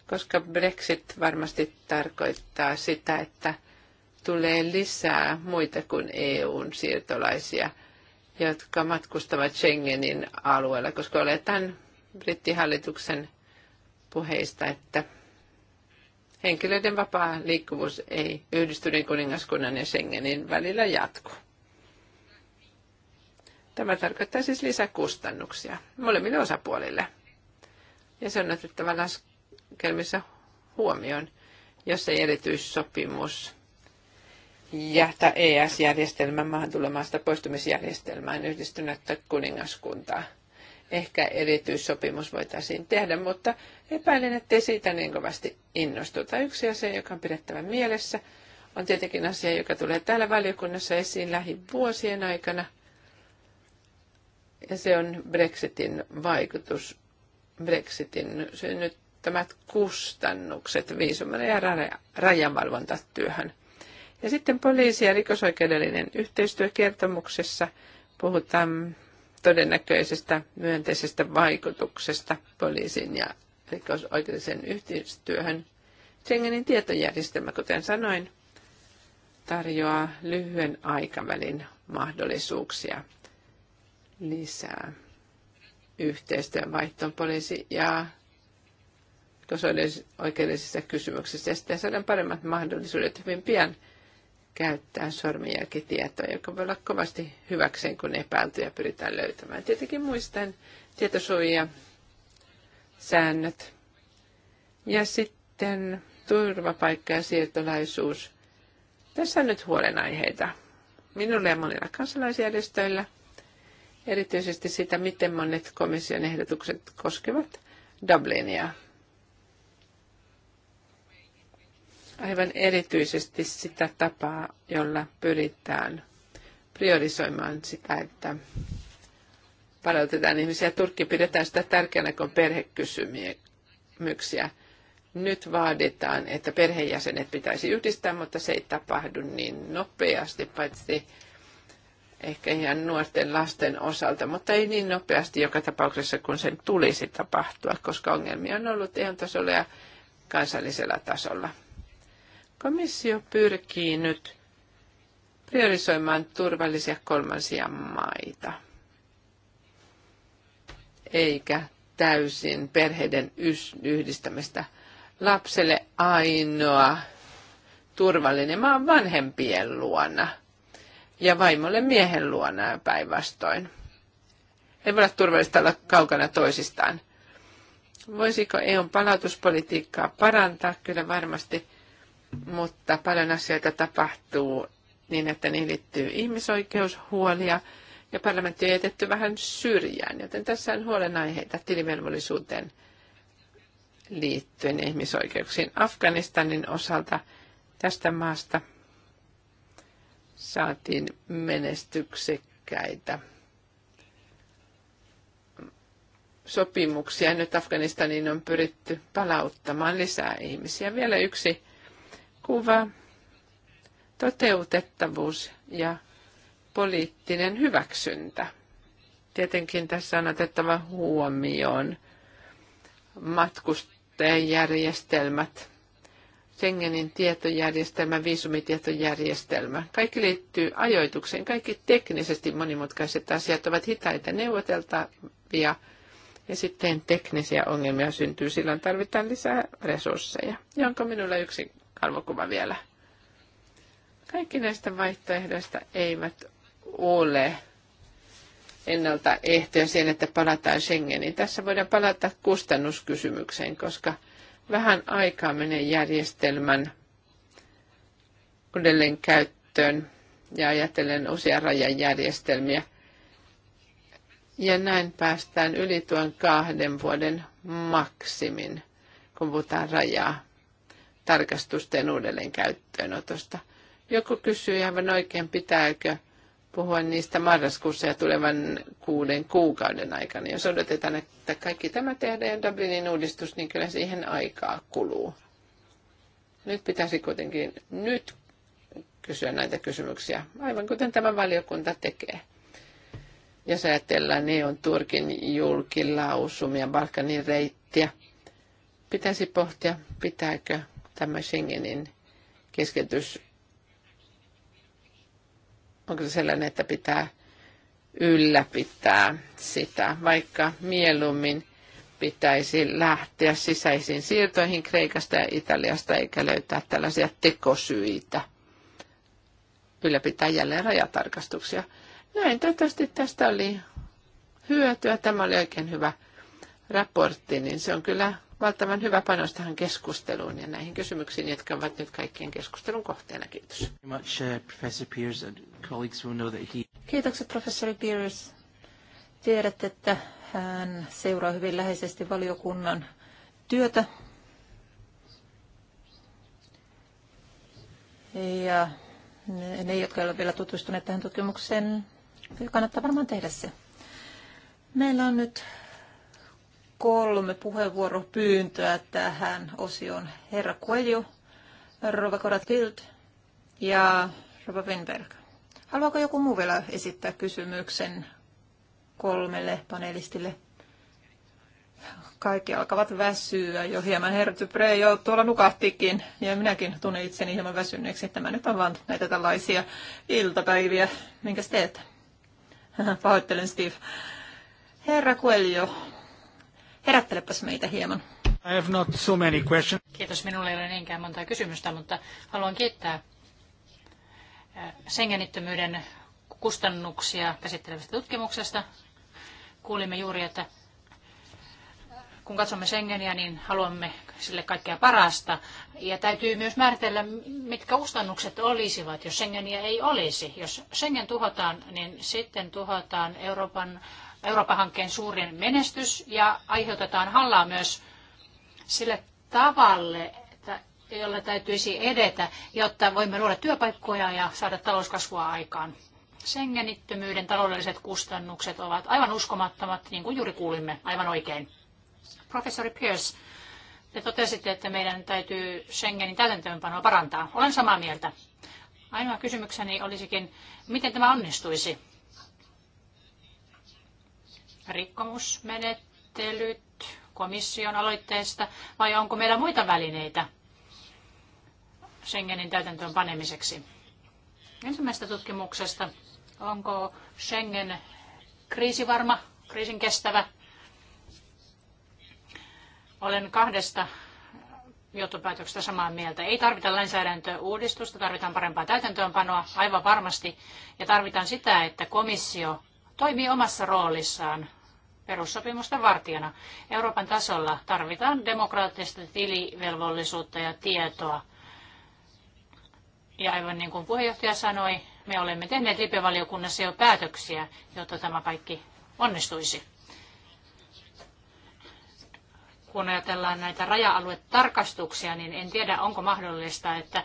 Speaker 4: koska Brexit varmasti tarkoittaa sitä, että tulee lisää muita kuin EUn siirtolaisia, jotka matkustavat Schengenin alueella, koska oletan brittihallituksen puheista, että henkilöiden vapaa liikkuvuus ei yhdistyneen kuningaskunnan ja Schengenin välillä jatku. Tämä tarkoittaa siis lisäkustannuksia molemmille osapuolille. Ja se on otettava laskelmissa huomioon, jos ei erityissopimus jätä ES-järjestelmän tulemasta poistumisjärjestelmään yhdistynyttä kuningaskuntaa. Ehkä erityissopimus voitaisiin tehdä, mutta epäilen, ettei siitä niin kovasti innostuta. Yksi asia, joka on pidettävä mielessä, on tietenkin asia, joka tulee täällä valiokunnassa esiin lähivuosien aikana – ja se on Brexitin vaikutus, Brexitin synnyttämät kustannukset viisumman ja rajanvalvontatyöhön. Ja sitten poliisi- ja rikosoikeudellinen yhteistyökertomuksessa puhutaan todennäköisestä myönteisestä vaikutuksesta poliisin ja rikosoikeudellisen yhteistyöhön. Schengenin tietojärjestelmä, kuten sanoin, tarjoaa lyhyen aikavälin mahdollisuuksia lisää yhteistyön vaihtoon poliisi- ja oikeudellisissa kysymyksissä. Ja sitten saadaan paremmat mahdollisuudet hyvin pian käyttää sormenjälkitietoa, joka voi olla kovasti hyväkseen, kun epäiltyjä pyritään löytämään. Tietenkin muistan tietosuoja säännöt. Ja sitten turvapaikka ja siirtolaisuus. Tässä on nyt huolenaiheita. Minulle ja monilla kansalaisjärjestöillä – erityisesti sitä, miten monet komission ehdotukset koskevat Dublinia. Aivan erityisesti sitä tapaa, jolla pyritään priorisoimaan sitä, että palautetaan ihmisiä. Turkki pidetään sitä tärkeänä kuin perhekysymyksiä. Nyt vaaditaan, että perheenjäsenet pitäisi yhdistää, mutta se ei tapahdu niin nopeasti, paitsi ehkä ihan nuorten lasten osalta, mutta ei niin nopeasti joka tapauksessa, kun sen tulisi tapahtua, koska ongelmia on ollut ihan tasolla ja kansallisella tasolla. Komissio pyrkii nyt priorisoimaan turvallisia kolmansia maita, eikä täysin perheiden yhdistämistä. Lapselle ainoa turvallinen maa vanhempien luona – ja vaimolle miehen luona päinvastoin. Ei voi olla turvallista olla kaukana toisistaan. Voisiko EUn palautuspolitiikkaa parantaa? Kyllä varmasti, mutta paljon asioita tapahtuu niin, että niihin liittyy ihmisoikeushuolia ja parlamentti on jätetty vähän syrjään, joten tässä on huolenaiheita tilivelvollisuuteen liittyen ihmisoikeuksiin Afganistanin osalta tästä maasta – saatiin menestyksekkäitä sopimuksia. Nyt Afganistaniin on pyritty palauttamaan lisää ihmisiä. Vielä yksi kuva, toteutettavuus ja poliittinen hyväksyntä. Tietenkin tässä on otettava huomioon matkustajajärjestelmät, Schengenin tietojärjestelmä, viisumitietojärjestelmä. Kaikki liittyy ajoitukseen. Kaikki teknisesti monimutkaiset asiat ovat hitaita neuvoteltavia ja sitten teknisiä ongelmia syntyy. Silloin tarvitaan lisää resursseja. Ja onko minulla yksi arvokuva vielä? Kaikki näistä vaihtoehdoista eivät ole ennalta ehtoja siihen, että palataan Schengeniin. Tässä voidaan palata kustannuskysymykseen, koska – vähän aikaa menee järjestelmän uudelleen käyttöön ja ajatellen rajan rajajärjestelmiä. Ja näin päästään yli tuon kahden vuoden maksimin, kun puhutaan rajaa tarkastusten uudelleen käyttöönotosta. Joku kysyy aivan oikein, pitääkö puhua niistä marraskuussa ja tulevan kuuden kuukauden aikana. Jos odotetaan, että kaikki tämä tehdään ja Dublinin uudistus, niin kyllä siihen aikaa kuluu. Nyt pitäisi kuitenkin nyt kysyä näitä kysymyksiä, aivan kuten tämä valiokunta tekee. Jos ajatellaan niin on Turkin julkilausumia Balkanin reittiä, pitäisi pohtia, pitääkö tämä Schengenin keskitys onko se sellainen, että pitää ylläpitää sitä, vaikka mieluummin pitäisi lähteä sisäisiin siirtoihin Kreikasta ja Italiasta eikä löytää tällaisia tekosyitä. Ylläpitää jälleen rajatarkastuksia. Näin toivottavasti tästä oli hyötyä. Tämä oli oikein hyvä raportti, niin se on kyllä valtavan hyvä panos tähän keskusteluun ja näihin kysymyksiin, jotka ovat nyt kaikkien keskustelun kohteena. Kiitos.
Speaker 1: Uh,
Speaker 2: Kiitokset professori Pierce. Tiedät, että hän seuraa hyvin läheisesti valiokunnan työtä. Ja ne, jotka eivät ole vielä tutustuneet tähän tutkimukseen, kannattaa varmaan tehdä se. Meillä on nyt kolme puheenvuoropyyntöä tähän osioon. Herra Kuelju, Rova Koratild ja Rova Winberg. Haluaako joku muu vielä esittää kysymyksen kolmelle panelistille? Kaikki alkavat väsyä jo hieman. Herra Typre jo tuolla nukahtikin ja minäkin tunnen itseni hieman väsyneeksi. Tämä nyt on vaan näitä tällaisia iltapäiviä. Minkäs teet? Pahoittelen Steve. Herra Kuelio, Herättelepäs meitä hieman.
Speaker 3: I have not so many questions.
Speaker 5: Kiitos. Minulla ei ole niinkään monta kysymystä, mutta haluan kiittää sengenittömyyden kustannuksia käsittelevästä tutkimuksesta. Kuulimme juuri, että kun katsomme Schengenia, niin haluamme sille kaikkea parasta. Ja täytyy myös määritellä, mitkä kustannukset olisivat, jos Schengenia ei olisi. Jos Schengen tuhotaan, niin sitten tuhotaan Euroopan Eurooppa-hankkeen suurin menestys ja aiheutetaan hallaa myös sille tavalle, jolla täytyisi edetä, jotta voimme luoda työpaikkoja ja saada talouskasvua aikaan. Sengenittömyyden taloudelliset kustannukset ovat aivan uskomattomat, niin kuin juuri kuulimme, aivan oikein. Professori Pierce, te totesitte, että meidän täytyy Schengenin täytäntöönpanoa parantaa. Olen samaa mieltä. Ainoa kysymykseni olisikin, miten tämä onnistuisi? rikkomusmenettelyt komission aloitteesta vai onko meillä muita välineitä Schengenin täytäntöön panemiseksi? Ensimmäisestä tutkimuksesta, onko Schengen kriisivarma, kriisin kestävä? Olen kahdesta johtopäätöksestä samaa mieltä. Ei tarvita lainsäädäntöuudistusta, tarvitaan parempaa täytäntöönpanoa aivan varmasti ja tarvitaan sitä, että komissio toimii omassa roolissaan perussopimusten vartijana. Euroopan tasolla tarvitaan demokraattista tilivelvollisuutta ja tietoa. Ja aivan niin kuin puheenjohtaja sanoi, me olemme tehneet IP-valiokunnassa jo päätöksiä, jotta tämä kaikki onnistuisi. Kun ajatellaan näitä raja-aluetarkastuksia, niin en tiedä, onko mahdollista, että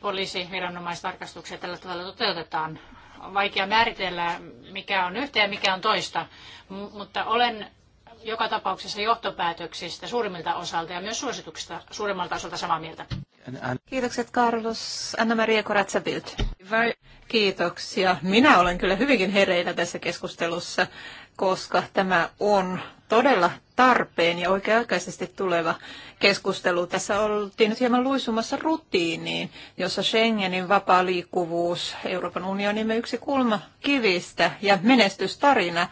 Speaker 5: poliisiviranomaistarkastuksia tällä tavalla toteutetaan. On vaikea määritellä, mikä on yhtä ja mikä on toista, mutta olen joka tapauksessa johtopäätöksistä suurimmilta osalta ja myös suosituksista suurimmalta osalta samaa mieltä.
Speaker 2: Kiitokset Carlos. Anna-Maria koratsa Kiitoksia. Minä olen kyllä hyvinkin hereillä tässä keskustelussa, koska tämä on todella tarpeen ja oikea-aikaisesti tuleva keskustelu. Tässä oltiin nyt hieman luisumassa rutiiniin, jossa Schengenin vapaa liikkuvuus Euroopan unionimme yksi kulma kivistä ja menestystarina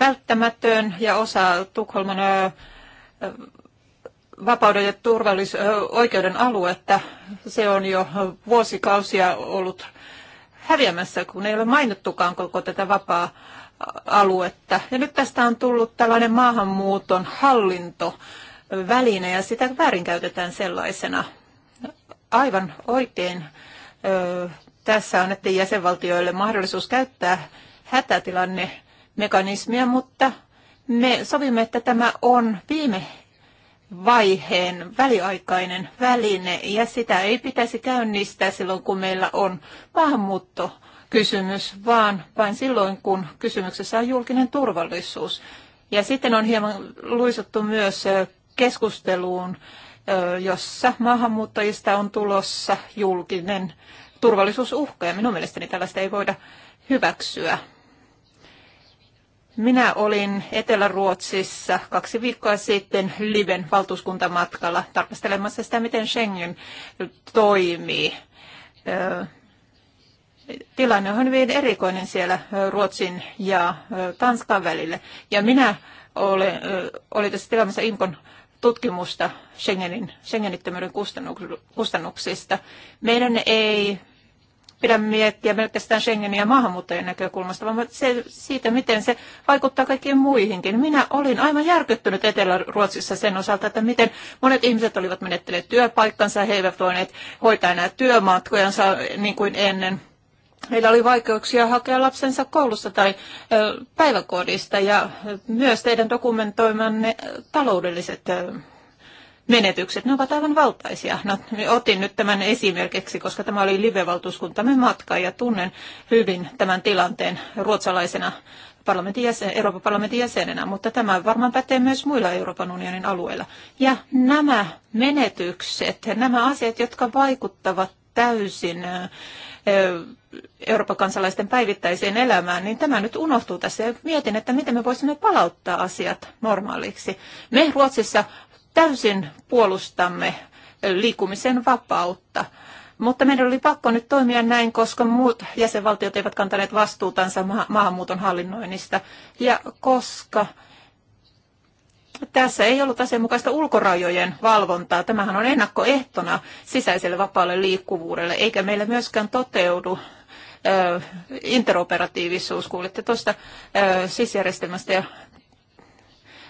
Speaker 2: välttämätön ja osa Tukholman vapauden ja turvallis- oikeuden aluetta. Se on jo vuosikausia ollut häviämässä, kun ei ole mainittukaan koko tätä vapaa aluetta. Ja nyt tästä on tullut tällainen maahanmuuton hallintoväline ja sitä väärinkäytetään sellaisena. Aivan oikein tässä annettiin jäsenvaltioille mahdollisuus käyttää hätätilanne mekanismia, mutta me sovimme, että tämä on viime vaiheen väliaikainen väline ja sitä ei pitäisi käynnistää silloin, kun meillä on maahanmuutto kysymys, vaan vain silloin, kun kysymyksessä on julkinen turvallisuus. Ja sitten on hieman luisuttu myös keskusteluun, jossa maahanmuuttajista on tulossa julkinen turvallisuusuhka, ja minun mielestäni tällaista ei voida hyväksyä. Minä olin Etelä-Ruotsissa kaksi viikkoa sitten Liven valtuuskuntamatkalla tarkastelemassa sitä, miten Schengen toimii tilanne on hyvin erikoinen siellä Ruotsin ja Tanskan välille. Ja minä olen, olin tässä tilanteessa Inkon tutkimusta Schengenin, Schengenittömyyden kustannuksista. Meidän ei pidä miettiä pelkästään ja maahanmuuttajien näkökulmasta, vaan se, siitä, miten se vaikuttaa kaikkiin muihinkin. Minä olin aivan järkyttynyt Etelä-Ruotsissa sen osalta, että miten monet ihmiset olivat menettäneet työpaikkansa, he eivät voineet hoitaa enää työmatkojansa niin kuin ennen. Heillä oli vaikeuksia hakea lapsensa koulusta tai päiväkodista ja myös teidän dokumentoimanne taloudelliset menetykset, ne ovat aivan valtaisia. No, otin nyt tämän esimerkiksi, koska tämä oli live-valtuuskuntamme matka ja tunnen hyvin tämän tilanteen ruotsalaisena parlamentin jäsen, Euroopan parlamentin jäsenenä, mutta tämä varmaan pätee myös muilla Euroopan unionin alueilla. Ja nämä menetykset, nämä asiat, jotka vaikuttavat täysin Euroopan kansalaisten päivittäiseen elämään, niin tämä nyt unohtuu tässä ja mietin, että miten me voisimme palauttaa asiat normaaliksi. Me Ruotsissa täysin puolustamme liikkumisen vapautta. Mutta meidän oli pakko nyt toimia näin, koska muut jäsenvaltiot eivät kantaneet vastuutansa ma- maahanmuuton hallinnoinnista. Ja koska tässä ei ollut asianmukaista ulkorajojen valvontaa, tämähän on ennakkoehtona sisäiselle vapaalle liikkuvuudelle, eikä meillä myöskään toteudu interoperatiivisuus. Kuulitte tuosta sisjärjestelmästä ja,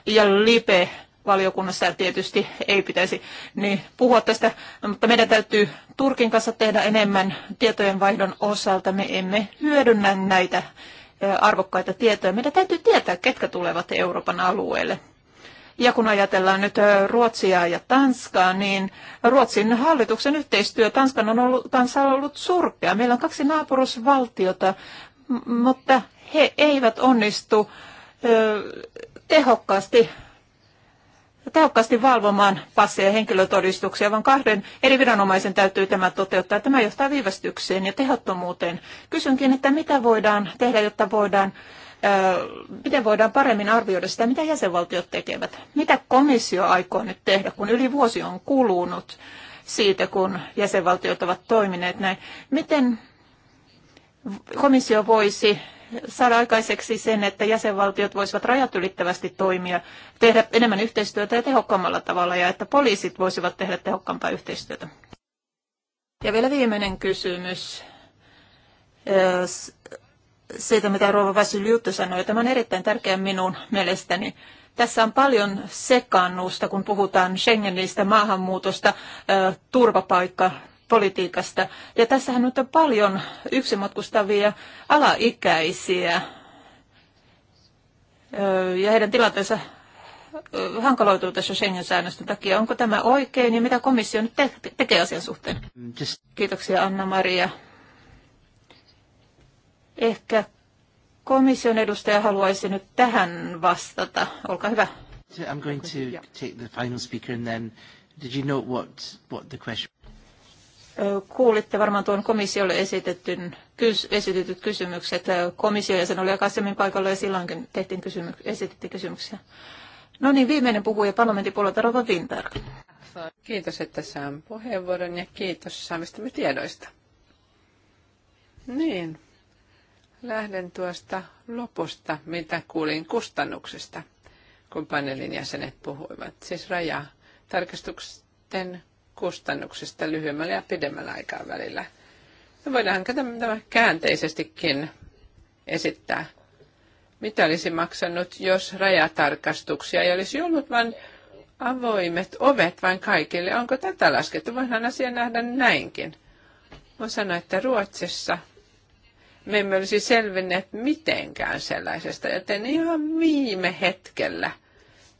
Speaker 2: ja LIPE valiokunnassa tietysti ei pitäisi niin puhua tästä, mutta meidän täytyy Turkin kanssa tehdä enemmän tietojenvaihdon osalta. Me emme hyödynnä näitä arvokkaita tietoja. Meidän täytyy tietää, ketkä tulevat Euroopan alueelle. Ja kun ajatellaan nyt Ruotsia ja Tanskaa, niin Ruotsin hallituksen yhteistyö Tanskan on ollut, Tanska on ollut surkea. Meillä on kaksi naapurusvaltiota, mutta he eivät onnistu tehokkaasti tehokkaasti valvomaan passeja ja henkilötodistuksia, vaan kahden eri viranomaisen täytyy tämä toteuttaa. Tämä johtaa viivästykseen ja tehottomuuteen. Kysynkin, että mitä voidaan tehdä, jotta voidaan miten voidaan paremmin arvioida sitä, mitä jäsenvaltiot tekevät? Mitä komissio aikoo nyt tehdä, kun yli vuosi on kulunut siitä, kun jäsenvaltiot ovat toimineet näin? Miten komissio voisi saada aikaiseksi sen, että jäsenvaltiot voisivat rajat ylittävästi toimia, tehdä enemmän yhteistyötä ja tehokkaammalla tavalla, ja että poliisit voisivat tehdä tehokkaampaa yhteistyötä. Ja vielä viimeinen kysymys siitä, mitä Rova Vasiljuttu sanoi. Tämä on erittäin tärkeä minun mielestäni. Tässä on paljon sekannusta, kun puhutaan Schengenistä, maahanmuutosta, turvapaikka, politiikasta. Ja tässähän nyt on paljon yksimatkustavia alaikäisiä ja heidän tilanteensa hankaloituu tässä Schengen-säännösten takia. Onko tämä oikein ja mitä komissio nyt te- tekee asian suhteen? Kiitoksia Anna-Maria. Ehkä komission
Speaker 1: edustaja haluaisi nyt tähän vastata. Olkaa hyvä. I'm going to take the final speaker and then did you note what, what the question Kuulitte
Speaker 2: varmaan tuon komissiolle esitetyn, kys, esitetyt kysymykset. Komissio ja sen oli aikaisemmin paikalla ja silloinkin tehtiin kysymyk- esitettiin kysymyksiä. No niin, viimeinen puhuja parlamentin puolelta
Speaker 4: Rova Winter. Kiitos, että saan puheenvuoron ja kiitos saamistamme tiedoista. Niin, Lähden tuosta lopusta, mitä kuulin kustannuksista, kun paneelin jäsenet puhuivat. Siis rajatarkastuksen tarkastusten kustannuksista lyhyemmällä ja pidemmällä aikavälillä. No voidaan tämä käänteisestikin esittää. Mitä olisi maksanut, jos rajatarkastuksia ei olisi ollut, vain avoimet ovet vain kaikille? Onko tätä laskettu? Voidaan asia nähdä näinkin. Voin sanoa, että Ruotsissa me emme olisi selvinneet mitenkään sellaisesta, joten ihan viime hetkellä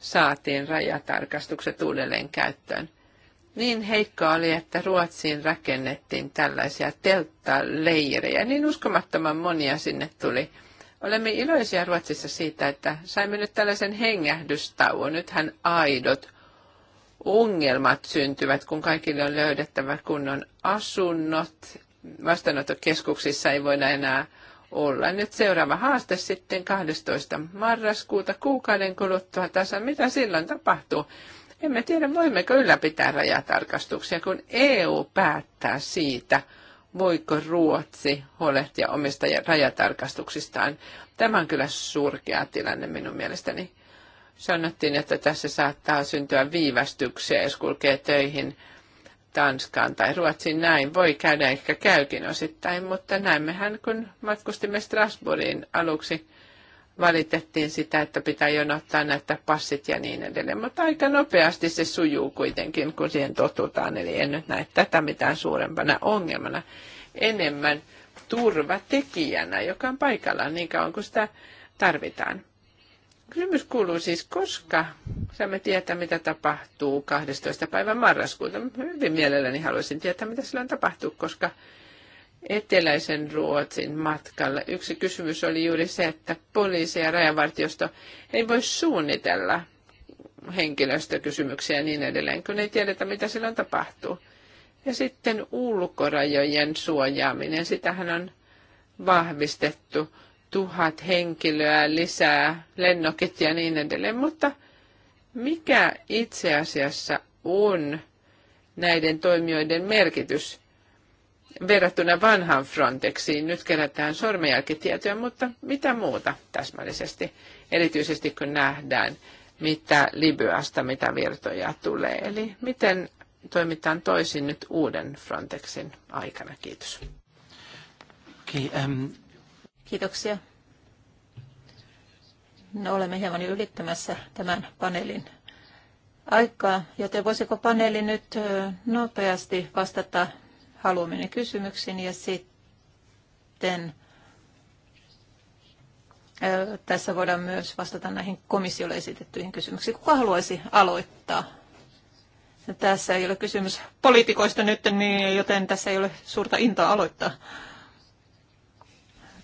Speaker 4: saatiin rajatarkastukset uudelleen käyttöön. Niin heikko oli, että Ruotsiin rakennettiin tällaisia telttaleirejä, niin uskomattoman monia sinne tuli. Olemme iloisia Ruotsissa siitä, että saimme nyt tällaisen hengähdystauon. Nythän aidot ongelmat syntyvät, kun kaikille on löydettävä kunnon asunnot vastaanottokeskuksissa ei voida enää olla. Nyt seuraava haaste sitten 12. marraskuuta kuukauden kuluttua tässä. Mitä silloin tapahtuu? Emme tiedä, voimmeko ylläpitää rajatarkastuksia, kun EU päättää siitä, voiko Ruotsi huolehtia omista rajatarkastuksistaan. Tämä on kyllä surkea tilanne minun mielestäni. Sanottiin, että tässä saattaa syntyä viivästyksiä, jos kulkee töihin – Tanskaan tai Ruotsiin näin. Voi käydä ehkä käykin osittain, mutta näimmehän kun matkustimme Strasbourgin aluksi valitettiin sitä, että pitää jonottaa näitä passit ja niin edelleen. Mutta aika nopeasti se sujuu kuitenkin, kun siihen totutaan. Eli en nyt näe tätä mitään suurempana ongelmana. Enemmän turvatekijänä, joka on paikallaan niin kauan kuin sitä tarvitaan. Kysymys kuuluu siis, koska saamme tietää, mitä tapahtuu 12. päivän marraskuuta. Hyvin mielelläni haluaisin tietää, mitä silloin tapahtuu, koska eteläisen Ruotsin matkalla yksi kysymys oli juuri se, että poliisi ja rajavartiosto ei voi suunnitella henkilöstökysymyksiä ja niin edelleen, kun ei tiedetä, mitä silloin tapahtuu. Ja sitten ulkorajojen suojaaminen, sitähän on vahvistettu tuhat henkilöä lisää, lennokit ja niin edelleen, mutta mikä itse asiassa on näiden toimijoiden merkitys verrattuna vanhaan Frontexiin? Nyt kerätään sormenjälkitietoja, mutta mitä muuta täsmällisesti, erityisesti kun nähdään, mitä Libyasta, mitä virtoja tulee. Eli miten toimitaan toisin nyt uuden Frontexin aikana? Kiitos.
Speaker 1: Okay, um,
Speaker 4: Kiitoksia.
Speaker 2: No, olemme hieman ylittämässä tämän paneelin aikaa, joten voisiko paneeli nyt nopeasti vastata haluamiini kysymyksiin ja sitten tässä voidaan myös vastata näihin komissiolle esitettyihin kysymyksiin. Kuka haluaisi aloittaa? Tässä ei ole kysymys poliitikoista nyt, niin joten tässä ei ole suurta intoa aloittaa.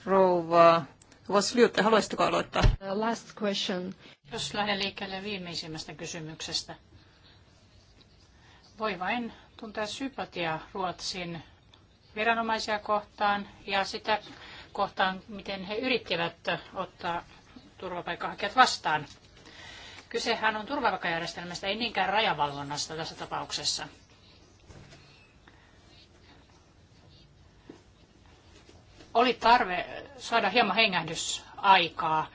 Speaker 2: Rouva Vasliute, haluaisitteko aloittaa? Last question.
Speaker 5: Jos lähden liikkeelle viimeisimmästä kysymyksestä. Voi vain tuntea sympatia Ruotsin viranomaisia kohtaan ja sitä kohtaan, miten he yrittivät ottaa turvapaikanhakijat vastaan. Kysehän on turvapaikkajärjestelmästä, ei niinkään rajavalvonnasta tässä tapauksessa. oli tarve saada hieman hengähdysaikaa,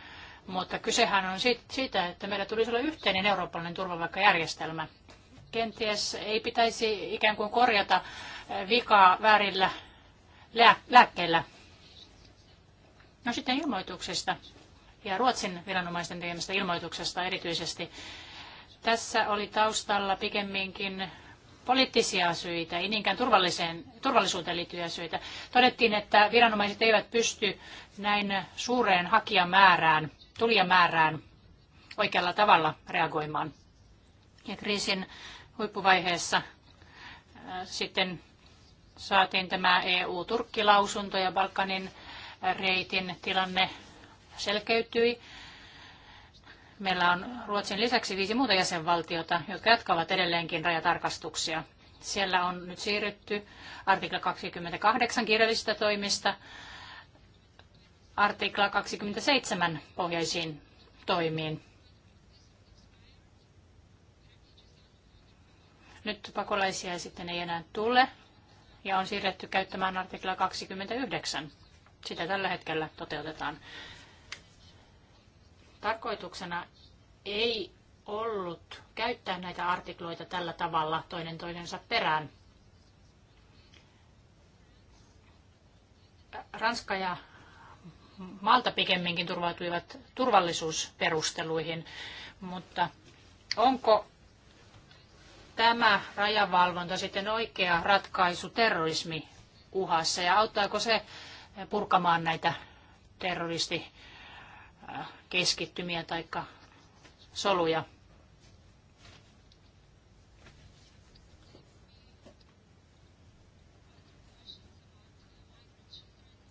Speaker 5: mutta kysehän on siitä, että meillä tulisi olla yhteinen eurooppalainen turvapaikkajärjestelmä. Kenties ei pitäisi ikään kuin korjata eh, vikaa väärillä lääkkeillä. No sitten ilmoituksesta ja Ruotsin viranomaisten tekemästä ilmoituksesta erityisesti. Tässä oli taustalla pikemminkin poliittisia syitä, ei niinkään turvallisuuteen liittyviä syitä. Todettiin, että viranomaiset eivät pysty näin suureen hakijamäärään, tulijamäärään oikealla tavalla reagoimaan. Ja kriisin huippuvaiheessa äh, sitten saatiin tämä EU-Turkki-lausunto ja Balkanin reitin tilanne selkeytyi. Meillä on Ruotsin lisäksi viisi muuta jäsenvaltiota, jotka jatkavat edelleenkin rajatarkastuksia. Siellä on nyt siirrytty artikla 28 kirjallisista toimista artikla 27 pohjaisiin toimiin. Nyt pakolaisia sitten ei enää tule ja on siirretty käyttämään artikla 29. Sitä tällä hetkellä toteutetaan. Tarkoituksena ei ollut käyttää näitä artikloita tällä tavalla toinen toisensa perään. Ranska ja Malta pikemminkin turvautuivat turvallisuusperusteluihin, mutta onko tämä rajavalvonta sitten oikea ratkaisu terrorismi uhassa ja auttaako se purkamaan näitä terroristi Äh, keskittymiä tai soluja.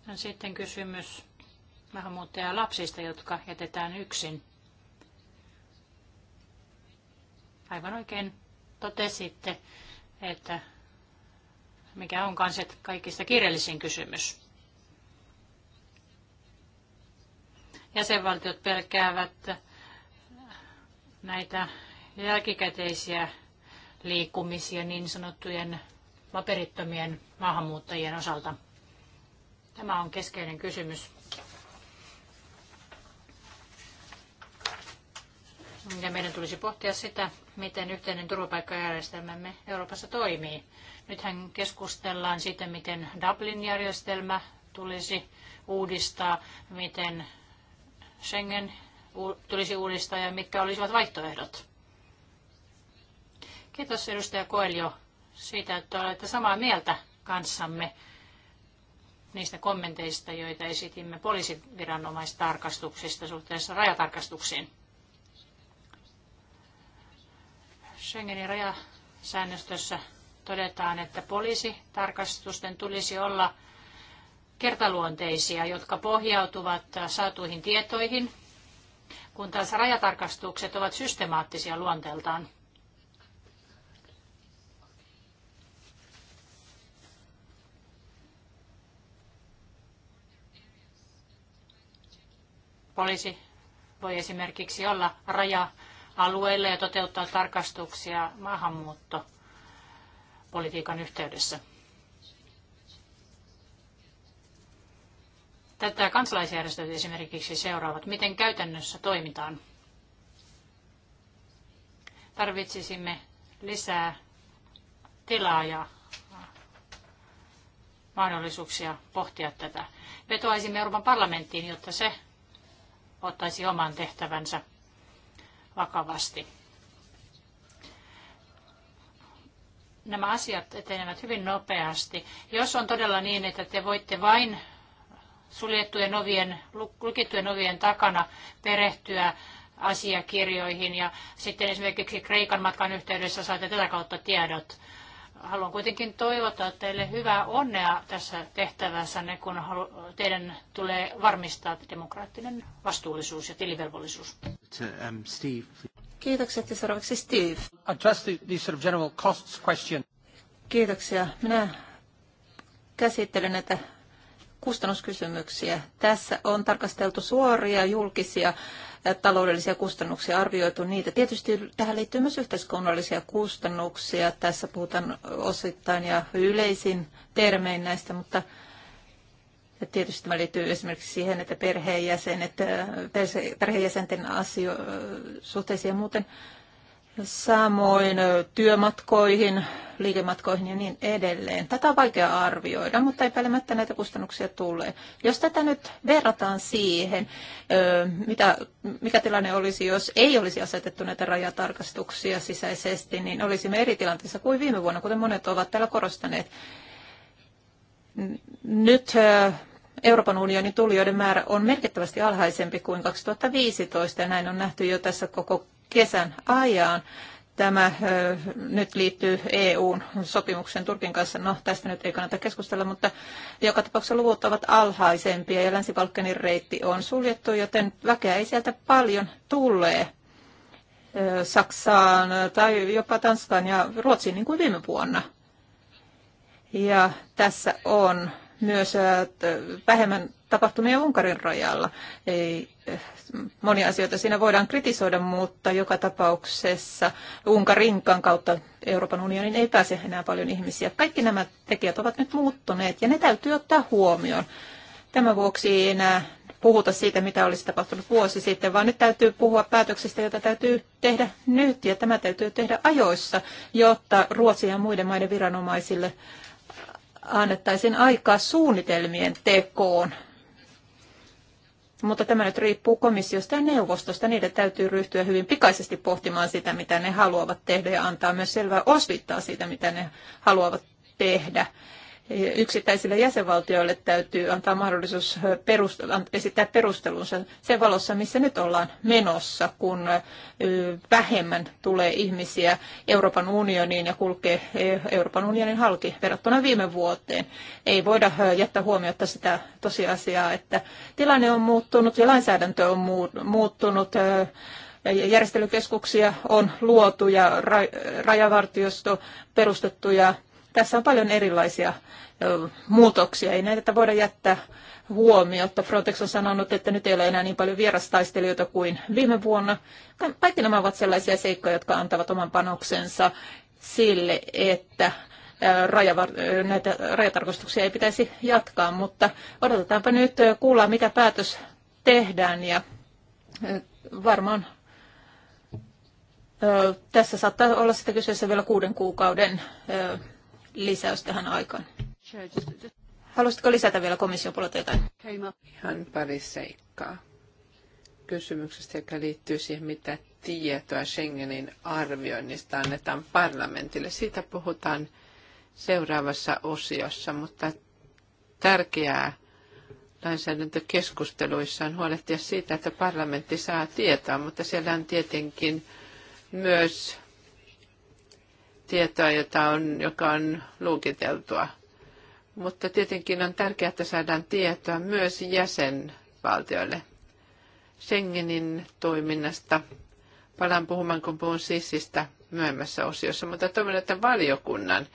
Speaker 5: Ja sitten kysymys maahanmuuttaja lapsista, jotka jätetään yksin. Aivan oikein totesitte, että mikä onkaan se kaikista kirjallisin kysymys. jäsenvaltiot pelkäävät näitä jälkikäteisiä liikkumisia niin sanottujen paperittomien maahanmuuttajien osalta. Tämä on keskeinen kysymys. Ja meidän tulisi pohtia sitä, miten yhteinen turvapaikkajärjestelmämme Euroopassa toimii. Nythän keskustellaan siitä, miten Dublin-järjestelmä tulisi uudistaa, miten Schengen tulisi uudistaa ja mitkä olisivat vaihtoehdot. Kiitos edustaja Koelio siitä, että olette samaa mieltä kanssamme niistä kommenteista, joita esitimme poliisiviranomaistarkastuksista suhteessa rajatarkastuksiin. Schengenin rajasäännöstössä todetaan, että poliisitarkastusten tulisi olla kertaluonteisia, jotka pohjautuvat saatuihin tietoihin, kun taas rajatarkastukset ovat systemaattisia luonteeltaan. Poliisi voi esimerkiksi olla raja-alueilla ja toteuttaa tarkastuksia maahanmuuttopolitiikan yhteydessä. Tätä kansalaisjärjestöt esimerkiksi seuraavat. Miten käytännössä toimitaan? Tarvitsisimme lisää tilaa ja mahdollisuuksia pohtia tätä. Vetoaisimme Euroopan parlamenttiin, jotta se ottaisi oman tehtävänsä vakavasti. Nämä asiat etenevät hyvin nopeasti. Jos on todella niin, että te voitte vain suljettujen ovien, lukittujen ovien takana perehtyä asiakirjoihin ja sitten esimerkiksi Kreikan matkan yhteydessä saatte tätä kautta tiedot. Haluan kuitenkin toivottaa teille hyvää onnea tässä tehtävässänne, kun teidän tulee varmistaa demokraattinen vastuullisuus
Speaker 2: ja tilivelvollisuus. Um, Steve. Kiitokset ja seuraavaksi Steve.
Speaker 1: Address the, the sort of general costs question.
Speaker 2: Kiitoksia. Minä käsittelen näitä kustannuskysymyksiä. Tässä on tarkasteltu suoria julkisia taloudellisia kustannuksia, arvioitu niitä. Tietysti tähän liittyy myös yhteiskunnallisia kustannuksia. Tässä puhutaan osittain ja yleisin termein näistä, mutta ja tietysti tämä liittyy esimerkiksi siihen, että perheenjäsenet, perheenjäsenten asio, suhteisiin ja muuten samoin työmatkoihin, liikematkoihin ja niin edelleen. Tätä on vaikea arvioida, mutta epäilemättä näitä kustannuksia tulee. Jos tätä nyt verrataan siihen, mitä, mikä tilanne olisi, jos ei olisi asetettu näitä rajatarkastuksia sisäisesti, niin olisimme eri tilanteessa kuin viime vuonna, kuten monet ovat täällä korostaneet. Nyt Euroopan unionin tulijoiden määrä on merkittävästi alhaisempi kuin 2015, ja näin on nähty jo tässä koko kesän ajan. Tämä nyt liittyy EUn sopimuksen Turkin kanssa. No, tästä nyt ei kannata keskustella, mutta joka tapauksessa luvut ovat alhaisempia ja länsi reitti on suljettu, joten väkeä ei sieltä paljon tulee. Saksaan tai jopa Tanskaan ja Ruotsiin niin kuin viime vuonna. Ja tässä on myös vähemmän tapahtumia Unkarin rajalla. Ei, eh, monia asioita siinä voidaan kritisoida, mutta joka tapauksessa Unkarinkan kautta Euroopan unionin ei pääse enää paljon ihmisiä. Kaikki nämä tekijät ovat nyt muuttuneet ja ne täytyy ottaa huomioon. Tämän vuoksi ei enää puhuta siitä, mitä olisi tapahtunut vuosi sitten, vaan nyt täytyy puhua päätöksistä, joita täytyy tehdä nyt, ja tämä täytyy tehdä ajoissa, jotta Ruotsin ja muiden maiden viranomaisille annettaisiin aikaa suunnitelmien tekoon mutta tämä nyt riippuu komissiosta ja neuvostosta. Niiden täytyy ryhtyä hyvin pikaisesti pohtimaan sitä, mitä ne haluavat tehdä ja antaa myös selvää osvittaa siitä, mitä ne haluavat tehdä yksittäisille jäsenvaltioille täytyy antaa mahdollisuus esittää perustelunsa sen valossa, missä nyt ollaan menossa, kun vähemmän tulee ihmisiä Euroopan unioniin ja kulkee Euroopan unionin halki verrattuna viime vuoteen. Ei voida jättää huomiota sitä tosiasiaa, että tilanne on muuttunut ja lainsäädäntö on muuttunut järjestelykeskuksia on luotu ja rajavartiosto perustettu ja tässä on paljon erilaisia muutoksia. Ei näitä voida jättää huomiota. Frontex on sanonut, että nyt ei ole enää niin paljon vierastaistelijoita kuin viime vuonna. Kaikki nämä ovat sellaisia seikkoja, jotka antavat oman panoksensa sille, että rajavar- näitä rajatarkastuksia ei pitäisi jatkaa, mutta odotetaanpa nyt kuulla, mikä päätös tehdään ja varmaan tässä saattaa olla sitä kyseessä vielä kuuden kuukauden lisäys tähän aikaan.
Speaker 4: Haluaisitko lisätä vielä komission puolelta jotain? Ihan pari seikkaa kysymyksestä, joka liittyy siihen, mitä tietoa Schengenin arvioinnista annetaan parlamentille. Siitä puhutaan seuraavassa osiossa, mutta tärkeää lainsäädäntökeskusteluissa on huolehtia siitä, että parlamentti saa tietoa, mutta siellä on tietenkin myös tietoa, jota on, joka on luokiteltua. Mutta tietenkin on tärkeää, että saadaan tietoa myös jäsenvaltioille Schengenin toiminnasta. Palaan puhumaan, kun puhun sissistä myöhemmässä osiossa, mutta toivon, että valiokunnan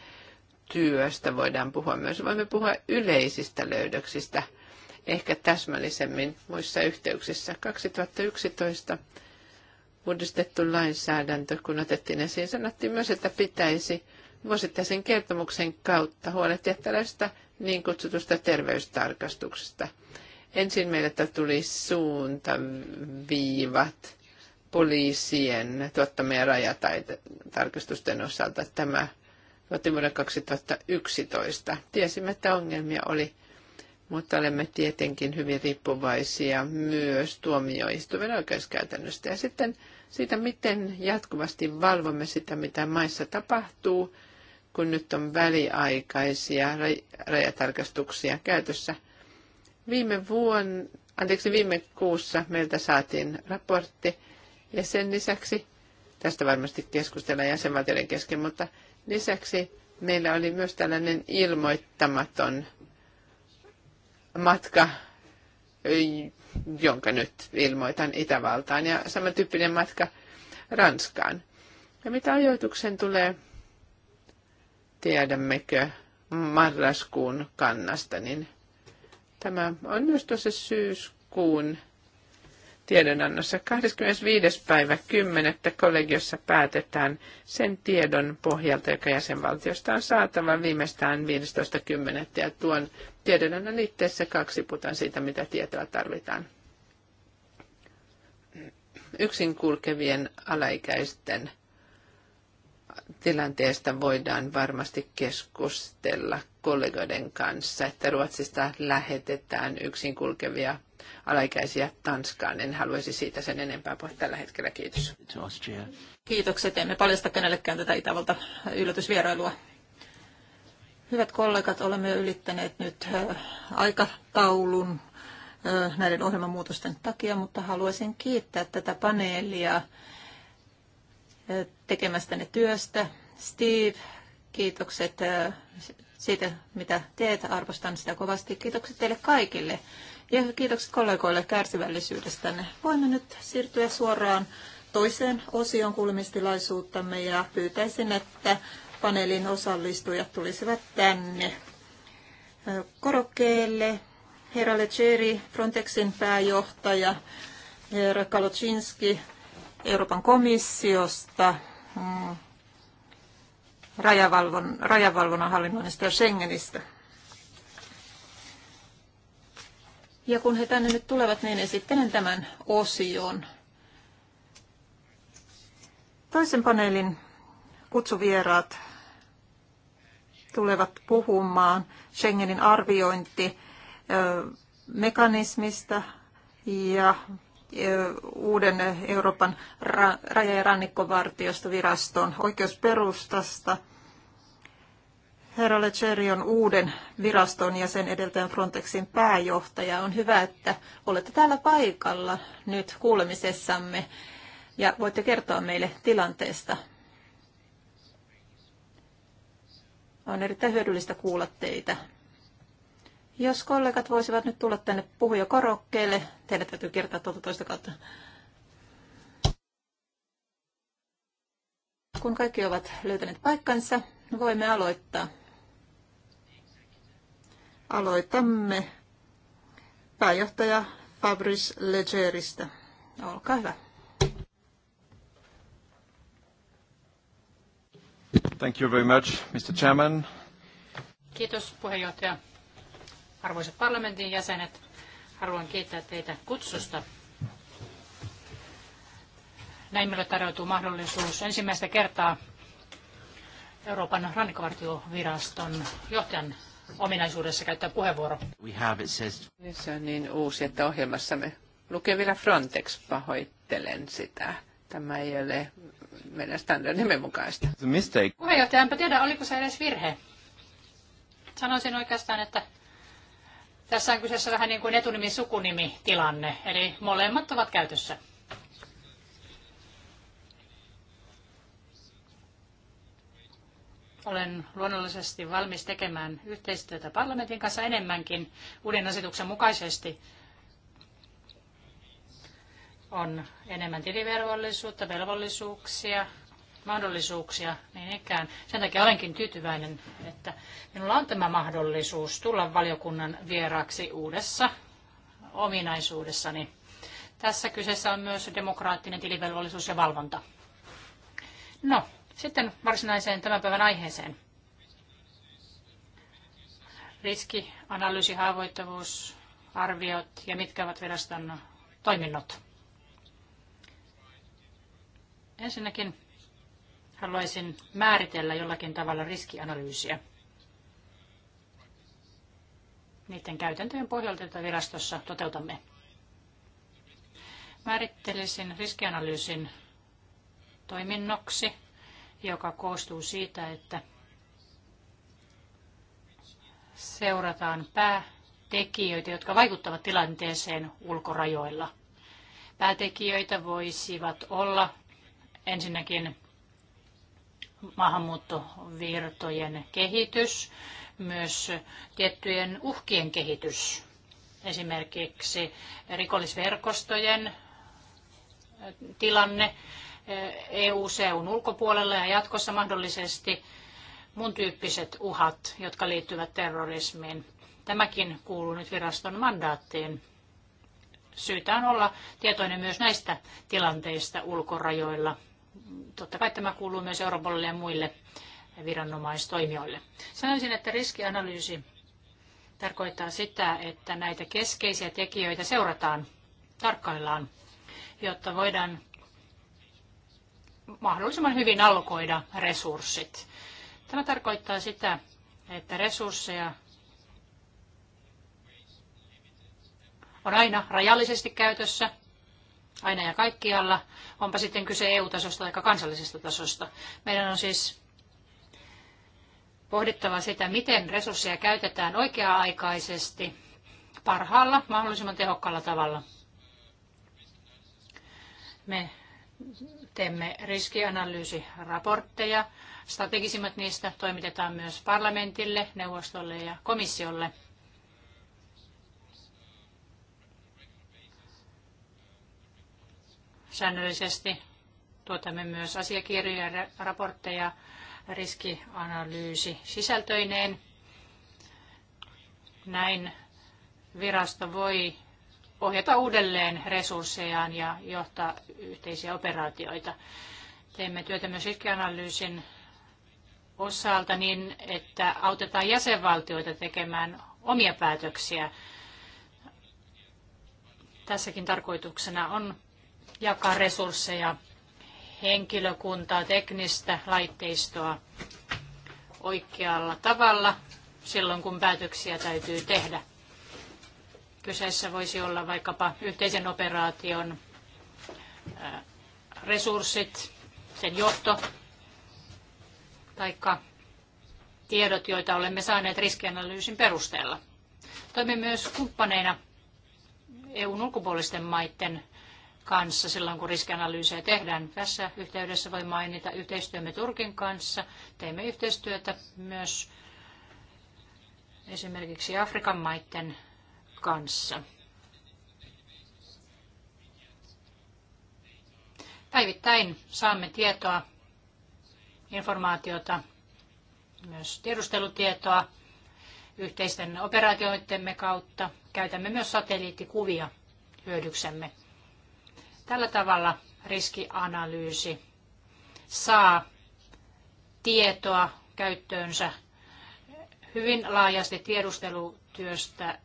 Speaker 4: työstä voidaan puhua myös. Voimme puhua yleisistä löydöksistä, ehkä täsmällisemmin muissa yhteyksissä. 2011 uudistettu lainsäädäntö, kun otettiin esiin, sanottiin myös, että pitäisi vuosittaisen kertomuksen kautta huolehtia tällaista niin kutsutusta terveystarkastuksesta. Ensin meiltä tuli suuntaviivat poliisien tuottamia rajatarkastusten osalta. Tämä vuoden 2011. Tiesimme, että ongelmia oli, mutta olemme tietenkin hyvin riippuvaisia myös tuomioistuimen oikeuskäytännöstä. Ja sitten siitä, miten jatkuvasti valvomme sitä, mitä maissa tapahtuu, kun nyt on väliaikaisia rajatarkastuksia käytössä. Viime, vuon, anteeksi, viime kuussa meiltä saatiin raportti ja sen lisäksi, tästä varmasti keskustellaan jäsenvaltioiden kesken, mutta lisäksi meillä oli myös tällainen ilmoittamaton matka jonka nyt ilmoitan Itävaltaan, ja samantyyppinen matka Ranskaan. Ja mitä ajoituksen tulee, tiedämmekö marraskuun kannasta, niin tämä on myös tuossa syyskuun tiedonannossa 25. päivä 10. kollegiossa päätetään sen tiedon pohjalta, joka jäsenvaltiosta on saatava viimeistään 15.10. ja tuon Tiedonannon liitteessä kaksi puhutaan siitä, mitä tietoa tarvitaan. Yksin kulkevien alaikäisten tilanteesta voidaan varmasti keskustella kollegoiden kanssa, että Ruotsista lähetetään yksin kulkevia alaikäisiä Tanskaan. En haluaisi siitä sen enempää puhua tällä hetkellä. Kiitos. Kiitokset. Emme paljasta kenellekään tätä
Speaker 2: Itävalta yllätysvierailua. Hyvät kollegat, olemme jo ylittäneet nyt aikataulun näiden ohjelmamuutosten takia, mutta haluaisin kiittää tätä paneelia tekemästäne työstä. Steve, kiitokset siitä, mitä teet. Arvostan sitä kovasti. Kiitokset teille kaikille ja kiitokset kollegoille kärsivällisyydestänne. Voimme nyt siirtyä suoraan toiseen osioon kuulemistilaisuuttamme ja pyytäisin, että paneelin osallistujat tulisivat tänne korokkeelle. Herra Leceri, Frontexin pääjohtaja, herra Kalocinski Euroopan komissiosta, mm, rajavalvon, rajavalvonnan hallinnoinnista ja Schengenistä. Ja kun he tänne nyt tulevat, niin esittelen tämän osion. Toisen paneelin kutsuvieraat tulevat puhumaan Schengenin arviointi mekanismista ja uuden Euroopan raja- ja rannikkovartiosta viraston oikeusperustasta. Herra Leggeri on uuden viraston ja sen edeltäjän Frontexin pääjohtaja. On hyvä, että olette täällä paikalla nyt kuulemisessamme ja voitte kertoa meille tilanteesta. On erittäin hyödyllistä kuulla teitä. Jos kollegat voisivat nyt tulla tänne puhujakorokkeelle, teidät täytyy kiertää tuolta toista kautta. Kun kaikki ovat löytäneet paikkansa, voimme aloittaa. Aloitamme pääjohtaja Fabrice Legeristä. Olkaa hyvä.
Speaker 4: Thank you very much, Mr. Chairman.
Speaker 5: Kiitos puheenjohtaja. Arvoisat parlamentin jäsenet, haluan kiittää teitä kutsusta. Näin meillä tarjoutuu mahdollisuus ensimmäistä kertaa Euroopan rannikkovartioviraston johtajan ominaisuudessa käyttää puheenvuoro.
Speaker 4: We
Speaker 1: have, it says...
Speaker 4: Se on niin uusi, että ohjelmassamme lukee vielä Frontex, pahoittelen sitä. Tämä ei ole meidän standardimme mukaista.
Speaker 5: Puheenjohtaja, enpä tiedä, oliko se edes virhe. Sanoisin oikeastaan, että tässä on kyseessä vähän niin kuin etunimi-sukunimi-tilanne, eli molemmat ovat käytössä. Olen luonnollisesti valmis tekemään yhteistyötä parlamentin kanssa enemmänkin uuden asetuksen mukaisesti on enemmän tilivelvollisuutta, velvollisuuksia, mahdollisuuksia niin ikään. Sen takia olenkin tyytyväinen, että minulla on tämä mahdollisuus tulla valiokunnan vieraaksi uudessa ominaisuudessani. Tässä kyseessä on myös demokraattinen tilivelvollisuus ja valvonta. No, sitten varsinaiseen tämän päivän aiheeseen. Riski, analyysi, haavoittuvuus, arviot ja mitkä ovat viraston toiminnot. Ensinnäkin haluaisin määritellä jollakin tavalla riskianalyysiä niiden käytäntöjen pohjalta, joita virastossa toteutamme. Määrittelisin riskianalyysin toiminnoksi, joka koostuu siitä, että seurataan päätekijöitä, jotka vaikuttavat tilanteeseen ulkorajoilla. Päätekijöitä voisivat olla Ensinnäkin maahanmuuttovirtojen kehitys, myös tiettyjen uhkien kehitys, esimerkiksi rikollisverkostojen eh, tilanne EU-seun eh, e ulkopuolella ja jatkossa mahdollisesti mun tyyppiset uhat, jotka liittyvät terrorismiin. Tämäkin kuuluu nyt viraston mandaattiin. Syytä on olla tietoinen myös näistä tilanteista ulkorajoilla totta kai tämä kuuluu myös Europolille ja muille viranomaistoimijoille. Sanoisin, että riskianalyysi tarkoittaa sitä, että näitä keskeisiä tekijöitä seurataan, tarkkaillaan, jotta voidaan mahdollisimman hyvin allokoida resurssit. Tämä tarkoittaa sitä, että resursseja on aina rajallisesti käytössä aina ja kaikkialla, onpa sitten kyse EU-tasosta tai kansallisesta tasosta. Meidän on siis pohdittava sitä, miten resursseja käytetään oikea-aikaisesti parhaalla, mahdollisimman tehokkaalla tavalla. Me teemme riskianalyysiraportteja. Strategisimmat niistä toimitetaan myös parlamentille, neuvostolle ja komissiolle – Säännöllisesti tuotamme myös asiakirjoja, raportteja, riskianalyysi sisältöineen. Näin virasto voi ohjata uudelleen resurssejaan ja johtaa yhteisiä operaatioita. Teemme työtä myös riskianalyysin osalta niin, että autetaan jäsenvaltioita tekemään omia päätöksiä. Tässäkin tarkoituksena on jakaa resursseja, henkilökuntaa, teknistä laitteistoa oikealla tavalla silloin, kun päätöksiä täytyy tehdä. Kyseessä voisi olla vaikkapa yhteisen operaation resurssit, sen johto, taikka tiedot, joita olemme saaneet riskianalyysin perusteella. Toimimme myös kumppaneina EUn ulkopuolisten maiden kanssa silloin, kun riskianalyysejä tehdään. Tässä yhteydessä voi mainita yhteistyömme Turkin kanssa. Teemme yhteistyötä myös esimerkiksi Afrikan maiden kanssa. Päivittäin saamme tietoa, informaatiota, myös tiedustelutietoa yhteisten operaatioidemme kautta. Käytämme myös satelliittikuvia hyödyksemme. Tällä tavalla riskianalyysi saa tietoa käyttöönsä hyvin laajasti tiedustelutyöstä,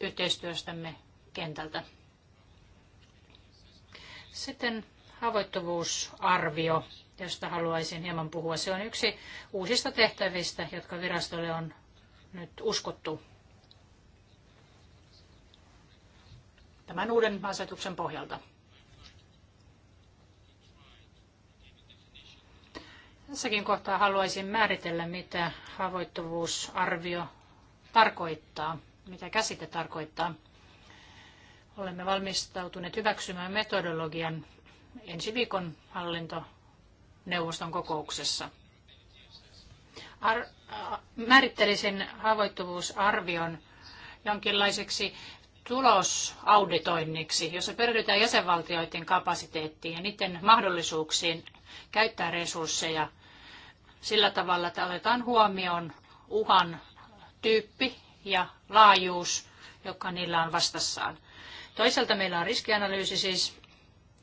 Speaker 5: yhteistyöstämme kentältä. Sitten haavoittuvuusarvio, josta haluaisin hieman puhua. Se on yksi uusista tehtävistä, jotka virastolle on nyt uskottu. tämän uuden asetuksen pohjalta. Tässäkin kohtaa haluaisin määritellä, mitä haavoittuvuusarvio tarkoittaa, mitä käsite tarkoittaa. Olemme valmistautuneet hyväksymään metodologian ensi viikon hallintoneuvoston kokouksessa. Ar- määrittelisin haavoittuvuusarvion jonkinlaiseksi tulosauditoinniksi, jossa perehdytään jäsenvaltioiden kapasiteettiin ja niiden mahdollisuuksiin käyttää resursseja sillä tavalla, että otetaan huomioon uhan tyyppi ja laajuus, joka niillä on vastassaan. Toisaalta meillä on riskianalyysi siis,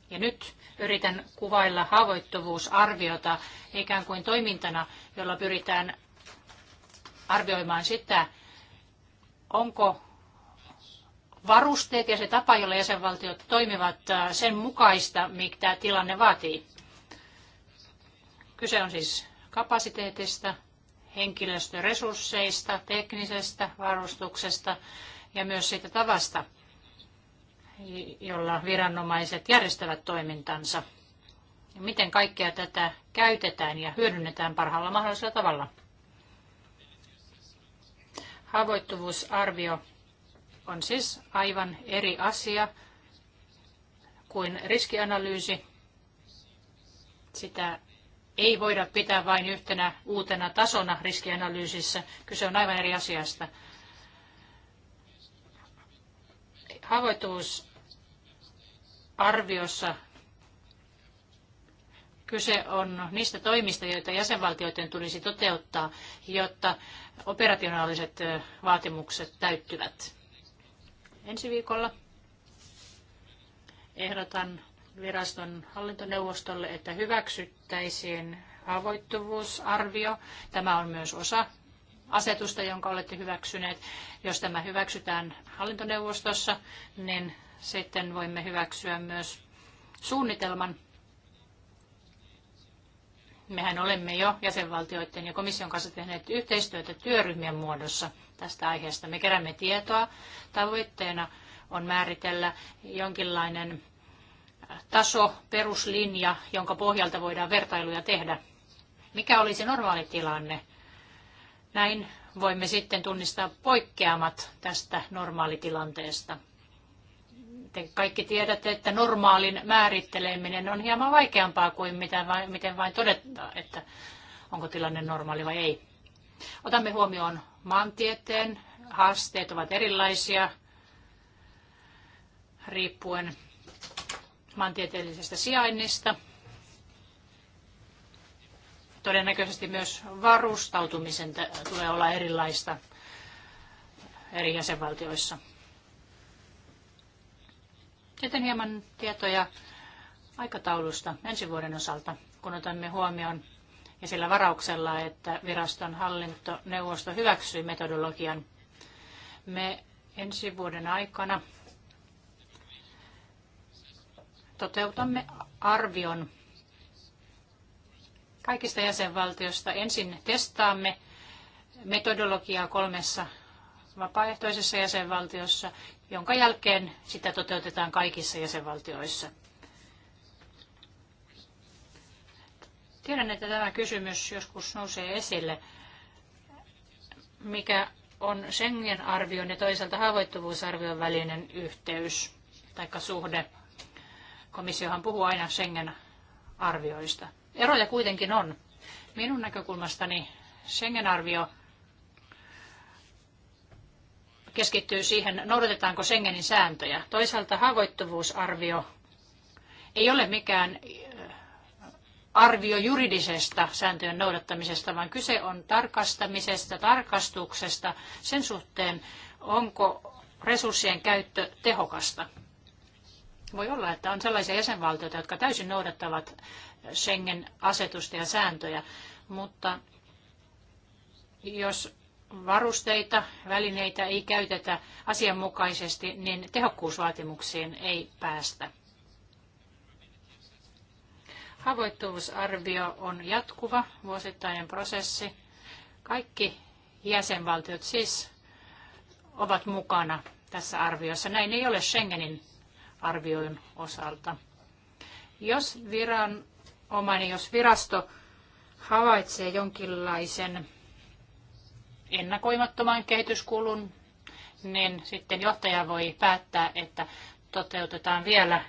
Speaker 5: ja nyt yritän kuvailla haavoittuvuusarviota ikään kuin toimintana, jolla pyritään arvioimaan sitä, onko varusteet ja se tapa, jolla jäsenvaltiot toimivat äh, sen mukaista, mitä tilanne vaatii. Kyse on siis kapasiteetista, henkilöstöresursseista, teknisestä varustuksesta ja myös siitä tavasta, jolla viranomaiset järjestävät toimintansa. Ja miten kaikkea tätä käytetään ja hyödynnetään parhaalla mahdollisella tavalla. Haavoittuvuusarvio on siis aivan eri asia kuin riskianalyysi. Sitä ei voida pitää vain yhtenä uutena tasona riskianalyysissä. Kyse on aivan eri asiasta. Havoituusarviossa kyse on niistä toimista, joita jäsenvaltioiden tulisi toteuttaa, jotta operationaaliset vaatimukset täyttyvät ensi viikolla. Ehdotan viraston hallintoneuvostolle, että hyväksyttäisiin haavoittuvuusarvio. Tämä on myös osa asetusta, jonka olette hyväksyneet. Jos tämä hyväksytään hallintoneuvostossa, niin sitten voimme hyväksyä myös suunnitelman Mehän olemme jo jäsenvaltioiden ja komission kanssa tehneet yhteistyötä työryhmien muodossa tästä aiheesta. Me keräämme tietoa. Tavoitteena on määritellä jonkinlainen taso, peruslinja, jonka pohjalta voidaan vertailuja tehdä. Mikä olisi normaali tilanne? Näin voimme sitten tunnistaa poikkeamat tästä normaalitilanteesta. Te kaikki tiedätte, että normaalin määritteleminen on hieman vaikeampaa kuin mitä vai, miten vain todettaa, että onko tilanne normaali vai ei. Otamme huomioon maantieteen, haasteet ovat erilaisia riippuen maantieteellisestä sijainnista. Todennäköisesti myös varustautumisen tulee olla erilaista eri jäsenvaltioissa. Sitten hieman tietoja aikataulusta ensi vuoden osalta, kun otamme huomioon ja sillä varauksella, että viraston hallintoneuvosto hyväksyy metodologian. Me ensi vuoden aikana toteutamme arvion kaikista jäsenvaltioista. Ensin testaamme metodologiaa kolmessa vapaaehtoisessa jäsenvaltiossa jonka jälkeen sitä toteutetaan kaikissa jäsenvaltioissa. Tiedän, että tämä kysymys joskus nousee esille. Mikä on Schengen-arvion ja toisaalta haavoittuvuusarvion välinen yhteys tai suhde? Komissiohan puhuu aina Schengen-arvioista. Eroja kuitenkin on. Minun näkökulmastani Schengen-arvio keskittyy siihen, noudatetaanko Schengenin sääntöjä. Toisaalta haavoittuvuusarvio ei ole mikään äh, arvio juridisesta sääntöjen noudattamisesta, vaan kyse on tarkastamisesta, tarkastuksesta sen suhteen, onko resurssien käyttö tehokasta. Voi olla, että on sellaisia jäsenvaltioita, jotka täysin noudattavat Schengen-asetusta ja sääntöjä, mutta jos varusteita, välineitä ei käytetä asianmukaisesti, niin tehokkuusvaatimuksiin ei päästä. Haavoittuvuusarvio on jatkuva vuosittainen prosessi. Kaikki jäsenvaltiot siis ovat mukana tässä arviossa. Näin ei ole Schengenin arvioin osalta. Jos viranomainen, jos virasto havaitsee jonkinlaisen ennakoimattoman kehityskulun, niin sitten johtaja voi päättää, että toteutetaan vielä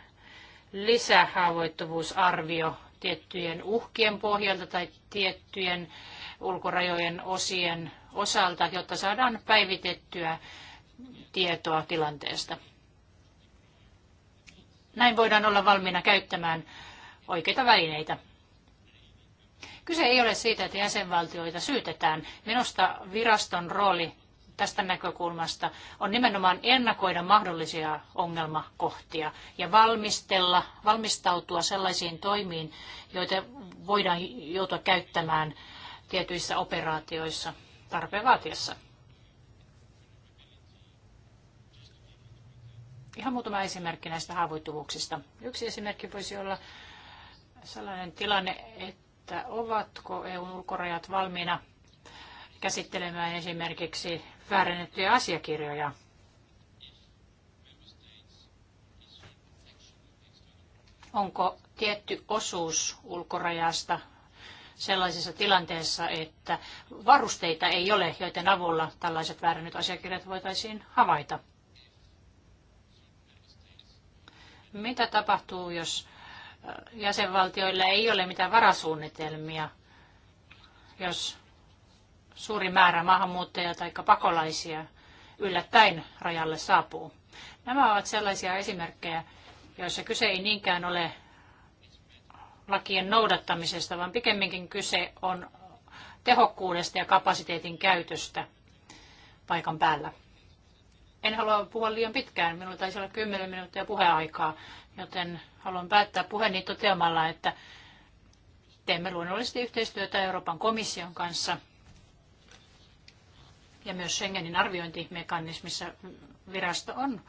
Speaker 5: lisähaavoittuvuusarvio tiettyjen uhkien pohjalta tai tiettyjen ulkorajojen osien osalta, jotta saadaan päivitettyä tietoa tilanteesta. Näin voidaan olla valmiina käyttämään oikeita välineitä. Kyse ei ole siitä, että jäsenvaltioita syytetään. Minusta viraston rooli tästä näkökulmasta on nimenomaan ennakoida mahdollisia ongelmakohtia ja valmistella, valmistautua sellaisiin toimiin, joita voidaan joutua käyttämään tietyissä operaatioissa tarpeen vaatiessa. Ihan muutama esimerkki näistä haavoittuvuuksista. Yksi esimerkki voisi olla sellainen tilanne, että että ovatko EUn ulkorajat valmiina käsittelemään esimerkiksi väärennettyjä asiakirjoja. Onko tietty osuus ulkorajasta sellaisessa tilanteessa, että varusteita ei ole, joiden avulla tällaiset väärännyt asiakirjat voitaisiin havaita? Mitä tapahtuu, jos jäsenvaltioilla ei ole mitään varasuunnitelmia, jos suuri määrä maahanmuuttajia tai pakolaisia yllättäen rajalle saapuu. Nämä ovat sellaisia esimerkkejä, joissa kyse ei niinkään ole lakien noudattamisesta, vaan pikemminkin kyse on tehokkuudesta ja kapasiteetin käytöstä paikan päällä. En halua puhua liian pitkään, minulla taisi olla 10 minuuttia puheaikaa joten haluan päättää puheeni toteamalla, että teemme luonnollisesti yhteistyötä Euroopan komission kanssa ja myös Schengenin arviointimekanismissa virasto on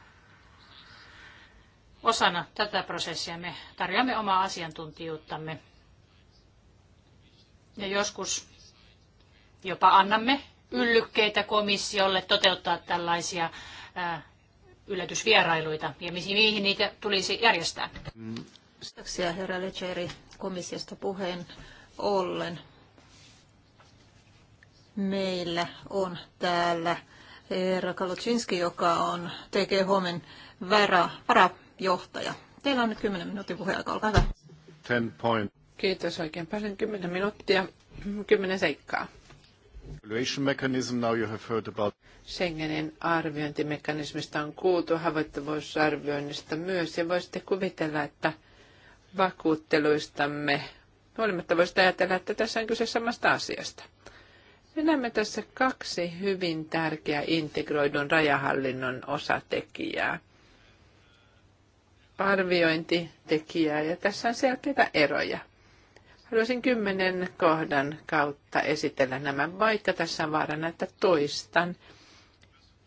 Speaker 5: osana tätä prosessia. Me tarjoamme omaa asiantuntijuuttamme ja joskus jopa annamme yllykkeitä komissiolle toteuttaa tällaisia yllätysvierailuita ja mihin niitä tulisi järjestää.
Speaker 2: Kiitoksia herra Legeri komissiosta puheen ollen. Meillä on täällä herra Kalutsinski, joka on TG Homen vara, varajohtaja.
Speaker 4: Teillä on nyt 10 minuutin puheaika, olkaa hyvä.
Speaker 3: Ten point.
Speaker 4: Kiitos oikein paljon. 10 minuuttia, 10 seikkaa. Schengenin arviointimekanismista on kuultu haavoittuvuusarvioinnista myös, ja voisitte kuvitella, että vakuutteluistamme huolimatta voisi ajatella, että tässä on kyse samasta asiasta. Me näemme tässä kaksi hyvin tärkeää integroidun rajahallinnon osatekijää. Arviointitekijää ja tässä on selkeitä eroja. Haluaisin kymmenen kohdan kautta esitellä nämä, vaikka tässä on vaarana, että toistan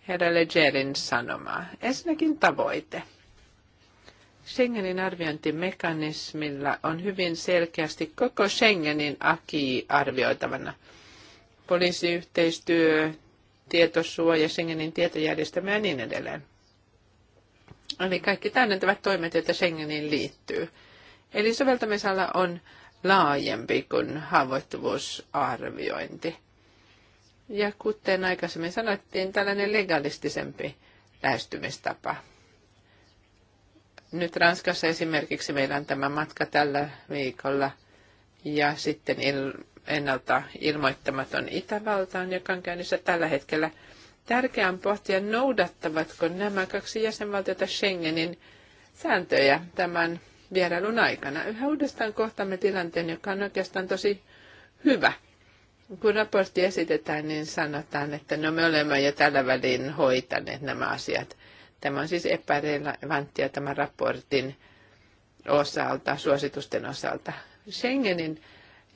Speaker 4: herra Legerin sanomaa. Ensinnäkin tavoite. Schengenin arviointimekanismilla on hyvin selkeästi koko Schengenin aki arvioitavana. Poliisiyhteistyö, tietosuoja, Schengenin tietojärjestelmä ja niin edelleen. Eli kaikki täydentävät toimet, joita Schengeniin liittyy. Eli soveltamisalla on laajempi kuin haavoittuvuusarviointi. Ja kuten aikaisemmin sanottiin, tällainen legalistisempi lähestymistapa. Nyt Ranskassa esimerkiksi meillä on tämä matka tällä viikolla ja sitten il- ennalta ilmoittamaton Itävaltaan, joka on käynnissä tällä hetkellä. Tärkeää on pohtia, noudattavatko nämä kaksi jäsenvaltiota Schengenin sääntöjä tämän vierailun aikana. Yhä uudestaan kohtamme tilanteen, joka on oikeastaan tosi hyvä. Kun raportti esitetään, niin sanotaan, että no me olemme jo tällä välin hoitaneet nämä asiat. Tämä on siis epärelevanttia tämän raportin osalta, suositusten osalta. Schengenin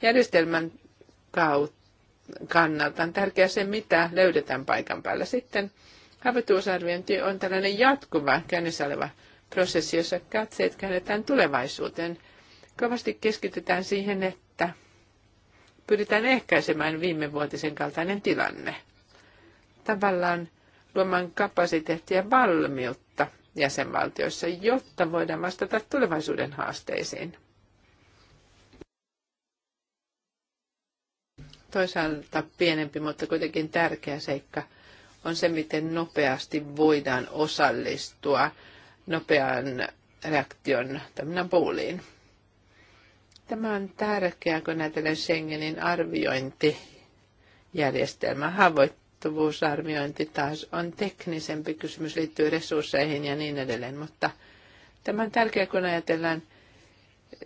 Speaker 4: järjestelmän kannalta on tärkeää se, mitä löydetään paikan päällä. Sitten hävytuusarviointi on tällainen jatkuva käynnissä oleva prosessi, jossa katseet käännetään tulevaisuuteen. Kovasti keskitytään siihen, että pyritään ehkäisemään viimevuotisen kaltainen tilanne. Tavallaan luomaan kapasiteettia ja valmiutta jäsenvaltioissa, jotta voidaan vastata tulevaisuuden haasteisiin. Toisaalta pienempi, mutta kuitenkin tärkeä seikka on se, miten nopeasti voidaan osallistua nopean reaktion tämän puuliin. Tämä on tärkeää, kun ajatellaan Schengenin arviointijärjestelmä. Haavoittuvuusarviointi taas on teknisempi kysymys, liittyy resursseihin ja niin edelleen, mutta tämä on tärkeää, kun ajatellaan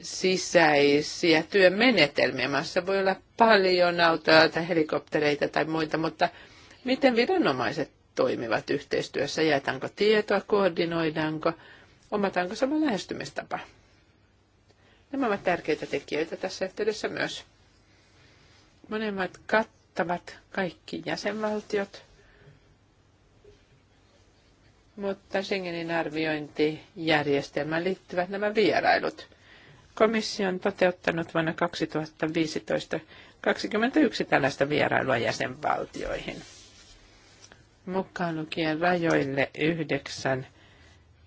Speaker 4: sisäisiä työmenetelmiä. Maassa voi olla paljon autoja tai helikoptereita tai muita, mutta miten viranomaiset toimivat yhteistyössä? Jaetaanko tietoa, koordinoidaanko, omataanko sama lähestymistapa? Nämä ovat tärkeitä tekijöitä tässä yhteydessä myös. Monemmat kattavat kaikki jäsenvaltiot, mutta Schengenin arviointijärjestelmään liittyvät nämä vierailut. Komissio on toteuttanut vuonna 2015 21 tällaista vierailua jäsenvaltioihin mukaan lukien rajoille yhdeksän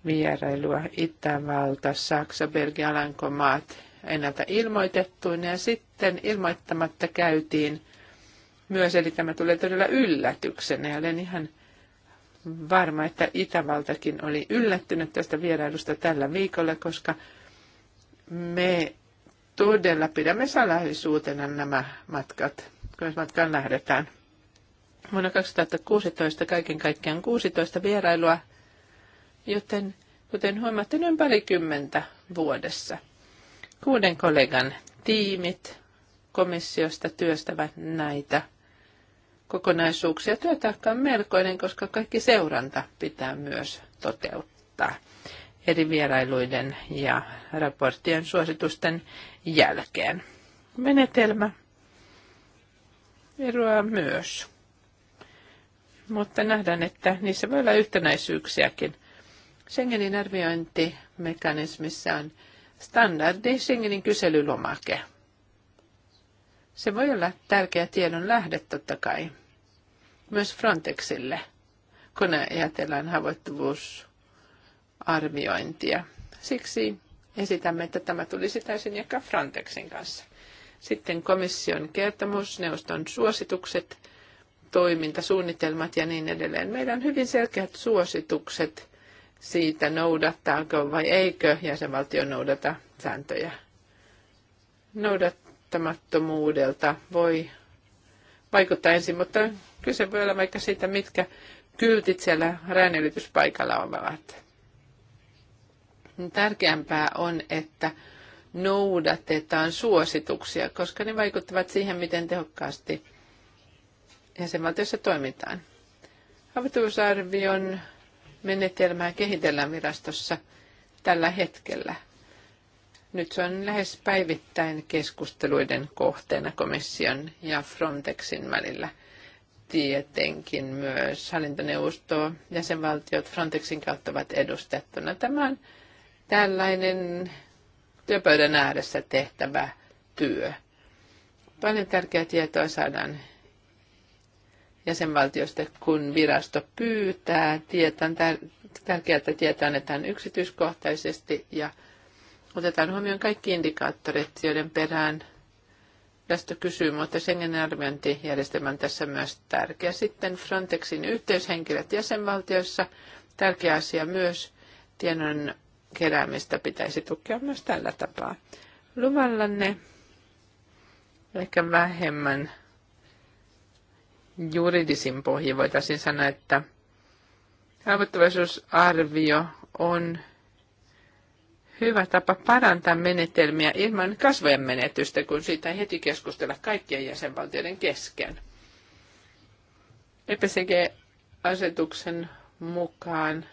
Speaker 4: vierailua Itävalta, Saksa, Belgia, Alankomaat ennalta ilmoitettuina ja sitten ilmoittamatta käytiin myös, eli tämä tulee todella yllätyksenä ja olen ihan varma, että Itävaltakin oli yllättynyt tästä vierailusta tällä viikolla, koska me todella pidämme salaisuutena nämä matkat, kun matkaan lähdetään vuonna 2016 kaiken kaikkiaan 16 vierailua, joten kuten huomaatte, noin parikymmentä vuodessa. Kuuden kollegan tiimit komissiosta työstävät näitä kokonaisuuksia. Työtaakka on melkoinen, koska kaikki seuranta pitää myös toteuttaa eri vierailuiden ja raporttien suositusten jälkeen. Menetelmä eroaa myös mutta nähdään, että niissä voi olla yhtenäisyyksiäkin. Schengenin arviointimekanismissa on standardi Schengenin kyselylomake. Se voi olla tärkeä tiedon lähde totta kai, myös Frontexille, kun ajatellaan havoittuvuusarviointia. Siksi esitämme, että tämä tulisi täysin jakaa Frontexin kanssa. Sitten komission kertomus, neuvoston suositukset – toimintasuunnitelmat ja niin edelleen. Meillä on hyvin selkeät suositukset siitä, noudattaako vai eikö jäsenvaltio noudata sääntöjä. Noudattamattomuudelta voi vaikuttaa ensin, mutta kyse voi olla vaikka siitä, mitkä kyltit siellä räänelytyspaikalla ovat. Tärkeämpää on, että noudatetaan suosituksia, koska ne vaikuttavat siihen, miten tehokkaasti jäsenvaltiossa toimitaan. Havituusarvion menetelmää kehitellään virastossa tällä hetkellä. Nyt se on lähes päivittäin keskusteluiden kohteena komission ja Frontexin välillä. Tietenkin myös hallintoneuvosto, jäsenvaltiot Frontexin kautta ovat edustettuna. Tämä on tällainen työpöydän ääressä tehtävä työ. Paljon tärkeää tietoa saadaan jäsenvaltiosta, kun virasto pyytää. Tietän, tärkeää, että tietää annetaan yksityiskohtaisesti ja otetaan huomioon kaikki indikaattorit, joiden perään virasto kysyy, mutta Schengen arviointijärjestelmä on tässä myös tärkeä. Sitten Frontexin yhteyshenkilöt jäsenvaltioissa, tärkeä asia myös. Tiedon keräämistä pitäisi tukea myös tällä tapaa. Luvallanne ehkä vähemmän juridisin pohjin voitaisiin sanoa, että haavoittuvaisuusarvio on hyvä tapa parantaa menetelmiä ilman kasvojen menetystä, kun siitä ei heti keskustella kaikkien jäsenvaltioiden kesken. EPCG-asetuksen mukaan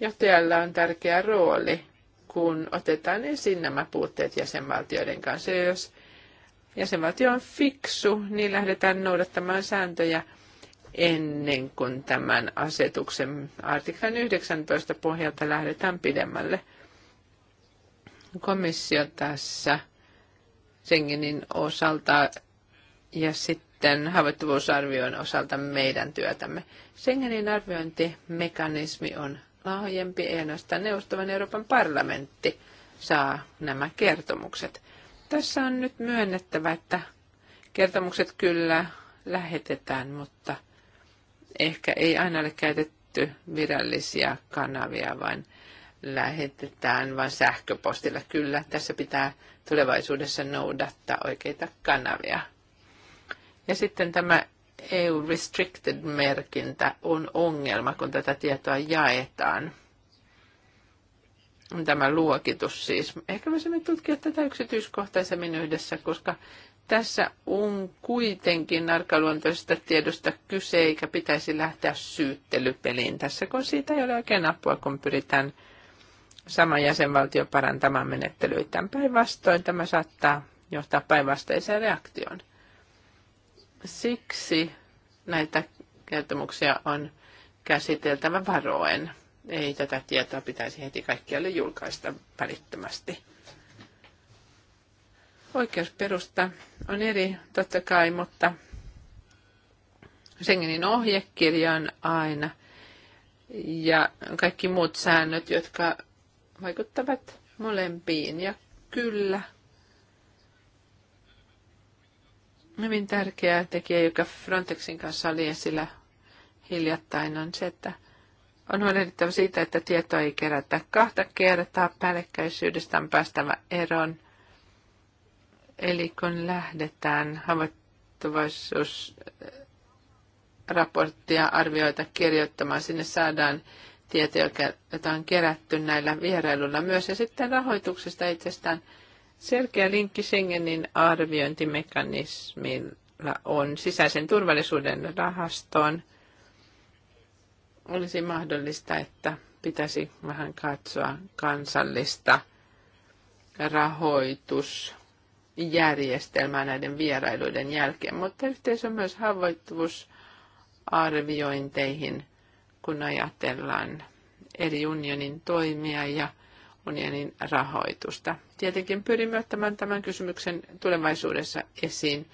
Speaker 4: johtajalla on tärkeä rooli, kun otetaan esiin nämä puutteet jäsenvaltioiden kanssa. Ja jos jäsenvaltio on fiksu, niin lähdetään noudattamaan sääntöjä ennen kuin tämän asetuksen artiklan 19 pohjalta lähdetään pidemmälle. Komissio tässä Schengenin osalta ja sitten haavoittuvuusarvioon osalta meidän työtämme. Schengenin arviointimekanismi on laajempi, ei ainoastaan neuvostovan Euroopan parlamentti saa nämä kertomukset. Tässä on nyt myönnettävä, että kertomukset kyllä lähetetään, mutta ehkä ei aina ole käytetty virallisia kanavia, vaan lähetetään vain sähköpostilla. Kyllä, tässä pitää tulevaisuudessa noudattaa oikeita kanavia. Ja sitten tämä EU Restricted-merkintä on ongelma, kun tätä tietoa jaetaan tämä luokitus siis. Ehkä voisimme tutkia tätä yksityiskohtaisemmin yhdessä, koska tässä on kuitenkin arkaluontoisesta tiedosta kyse, eikä pitäisi lähteä syyttelypeliin tässä, kun siitä ei ole oikein apua, kun pyritään sama jäsenvaltio parantamaan menettelyitä, päinvastoin. Tämä saattaa johtaa päinvastaiseen reaktioon. Siksi näitä kertomuksia on käsiteltävä varoen ei tätä tietoa pitäisi heti kaikkialle julkaista välittömästi. Oikeusperusta on eri totta kai, mutta Schengenin ohjekirja on aina ja kaikki muut säännöt, jotka vaikuttavat molempiin. Ja kyllä, hyvin tärkeä tekijä, joka Frontexin kanssa oli esillä hiljattain, on se, että on huolehdittava siitä, että tietoa ei kerätä kahta kertaa, päällekkäisyydestä on päästävä eroon. Eli kun lähdetään havaittuvaisuusraporttia arvioita kirjoittamaan, sinne saadaan tietoja, jota on kerätty näillä vierailuilla myös. Ja sitten rahoituksesta itsestään selkeä linkki Schengenin arviointimekanismilla on sisäisen turvallisuuden rahastoon – olisi mahdollista, että pitäisi vähän katsoa kansallista rahoitusjärjestelmää näiden vierailuiden jälkeen, mutta yhteisö myös haavoittuvuusarviointeihin, kun ajatellaan eri unionin toimia ja unionin rahoitusta. Tietenkin pyrimme ottamaan tämän kysymyksen tulevaisuudessa esiin,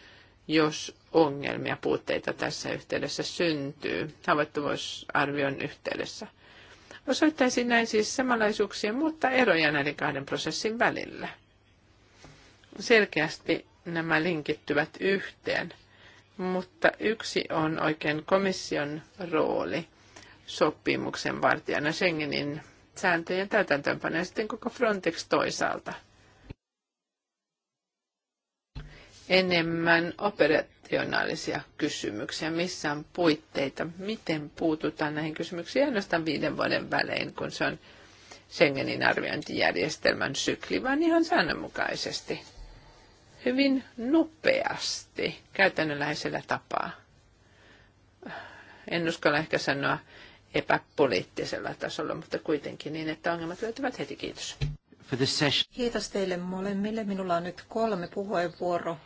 Speaker 4: jos ongelmia, puutteita tässä yhteydessä syntyy haavoittuvuusarvion yhteydessä. Osoittaisin näin siis samanlaisuuksia, mutta eroja näiden kahden prosessin välillä. Selkeästi nämä linkittyvät yhteen, mutta yksi on oikein komission rooli sopimuksen vartijana Schengenin sääntöjen täytäntöönpano ja sitten koko Frontex toisaalta. Enemmän operat institutionaalisia kysymyksiä, missä on puitteita, miten puututaan näihin kysymyksiin ainoastaan viiden vuoden välein, kun se on Schengenin arviointijärjestelmän sykli, vaan ihan säännönmukaisesti, hyvin nopeasti, käytännönläheisellä tapaa. En uskalla ehkä sanoa epäpoliittisella tasolla, mutta kuitenkin niin, että ongelmat löytyvät heti. Kiitos.
Speaker 2: Kiitos teille molemmille. Minulla on nyt kolme puheenvuoroa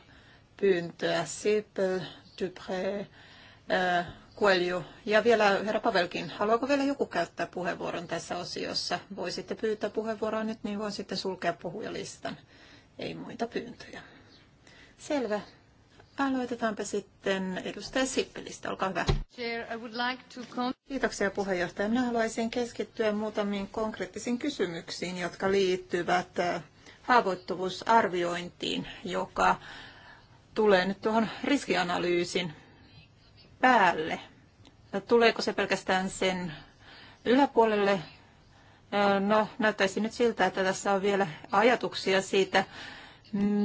Speaker 2: pyyntöä. Sipel, Dupré, Kuelju äh, ja vielä herra Pavelkin. Haluaako vielä joku käyttää puheenvuoron tässä osiossa? Voisitte pyytää puheenvuoroa nyt, niin voin sitten sulkea puhujalistan. Ei muita pyyntöjä. Selvä. Aloitetaanpa sitten edustaja Sippelistä. Olkaa hyvä. Kiitoksia puheenjohtaja. Minä haluaisin keskittyä muutamiin konkreettisiin kysymyksiin, jotka liittyvät äh, haavoittuvuusarviointiin, joka tulee nyt tuohon riskianalyysin päälle? Tuleeko se pelkästään sen yläpuolelle? No, näyttäisi nyt siltä, että tässä on vielä ajatuksia siitä,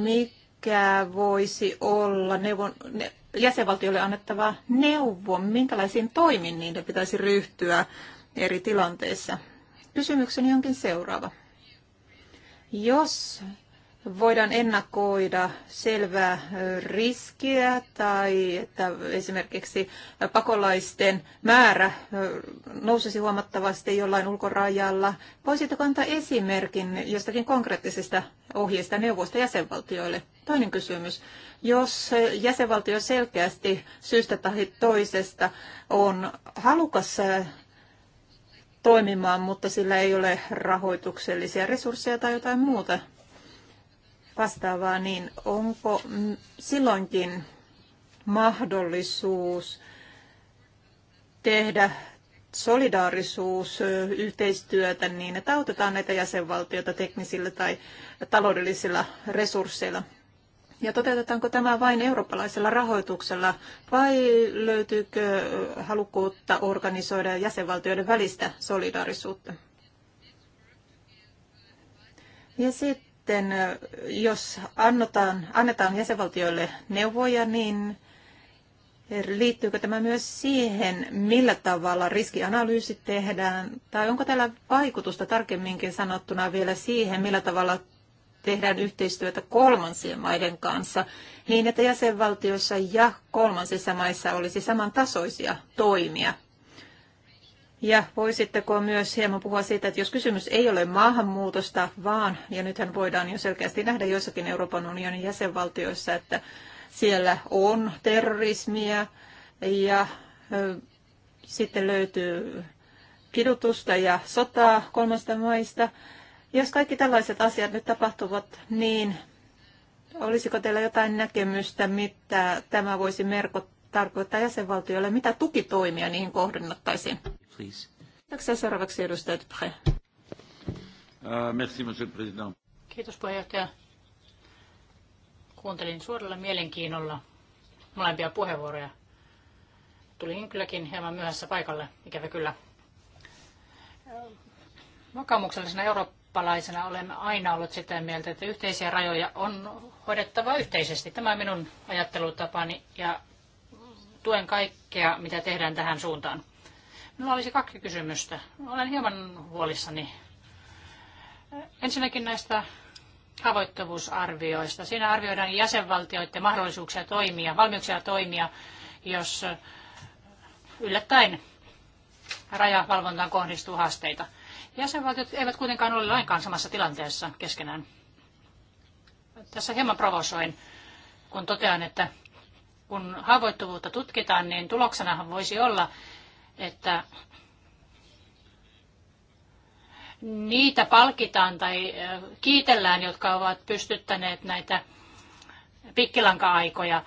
Speaker 2: mikä voisi olla neuvo, ne, jäsenvaltioille annettava neuvo, minkälaisiin toimiin niiden pitäisi ryhtyä eri tilanteissa. Kysymykseni onkin seuraava. Jos voidaan ennakoida selvää riskiä tai että esimerkiksi pakolaisten määrä nousisi huomattavasti jollain ulkorajalla. Voisitko antaa esimerkin jostakin konkreettisista ohjeista neuvosta jäsenvaltioille? Toinen kysymys. Jos jäsenvaltio selkeästi syystä tai toisesta on halukas äh, toimimaan, mutta sillä ei ole rahoituksellisia resursseja tai jotain muuta vastaavaa, niin onko silloinkin mahdollisuus tehdä solidaarisuus, yhteistyötä niin, että autetaan näitä jäsenvaltioita teknisillä tai taloudellisilla resursseilla. Ja toteutetaanko tämä vain eurooppalaisella rahoituksella vai löytyykö halukkuutta organisoida jäsenvaltioiden välistä solidaarisuutta? Ja sitten sitten, jos annotaan, annetaan jäsenvaltioille neuvoja, niin liittyykö tämä myös siihen, millä tavalla riskianalyysi tehdään, tai onko tällä vaikutusta tarkemminkin sanottuna vielä siihen, millä tavalla tehdään yhteistyötä kolmansien maiden kanssa, niin että jäsenvaltioissa ja kolmansissa maissa olisi samantasoisia toimia ja voisitteko myös hieman puhua siitä, että jos kysymys ei ole maahanmuutosta, vaan, ja nythän voidaan jo selkeästi nähdä joissakin Euroopan unionin jäsenvaltioissa, että siellä on terrorismia ja sitten löytyy kidutusta ja sotaa kolmesta maista. Jos kaikki tällaiset asiat nyt tapahtuvat, niin olisiko teillä jotain näkemystä, mitä tämä voisi merkot tarkoittaa jäsenvaltioille, mitä tukitoimia niihin kohdennattaisiin? please. Kiitoksia seuraavaksi edustaja
Speaker 1: Uh, äh, merci, monsieur le président.
Speaker 5: Kiitos puheenjohtaja. Kuuntelin suorella mielenkiinnolla molempia puheenvuoroja. Tulin kylläkin hieman myöhässä paikalle, ikävä kyllä. Vakaumuksellisena eurooppalaisena olen aina ollut sitä mieltä, että yhteisiä rajoja on hoidettava yhteisesti. Tämä on minun ajattelutapani ja tuen kaikkea, mitä tehdään tähän suuntaan. Minulla olisi kaksi kysymystä. Olen hieman huolissani. Ensinnäkin näistä tavoittavuusarvioista. Siinä arvioidaan jäsenvaltioiden mahdollisuuksia toimia, valmiuksia toimia, jos yllättäen rajavalvontaan kohdistuu haasteita. Jäsenvaltiot eivät kuitenkaan ole lainkaan samassa tilanteessa keskenään. Tässä hieman provosoin, kun totean, että kun haavoittuvuutta tutkitaan, niin tuloksenahan voisi olla, että niitä palkitaan tai kiitellään, jotka ovat pystyttäneet näitä pikkilanka-aikoja.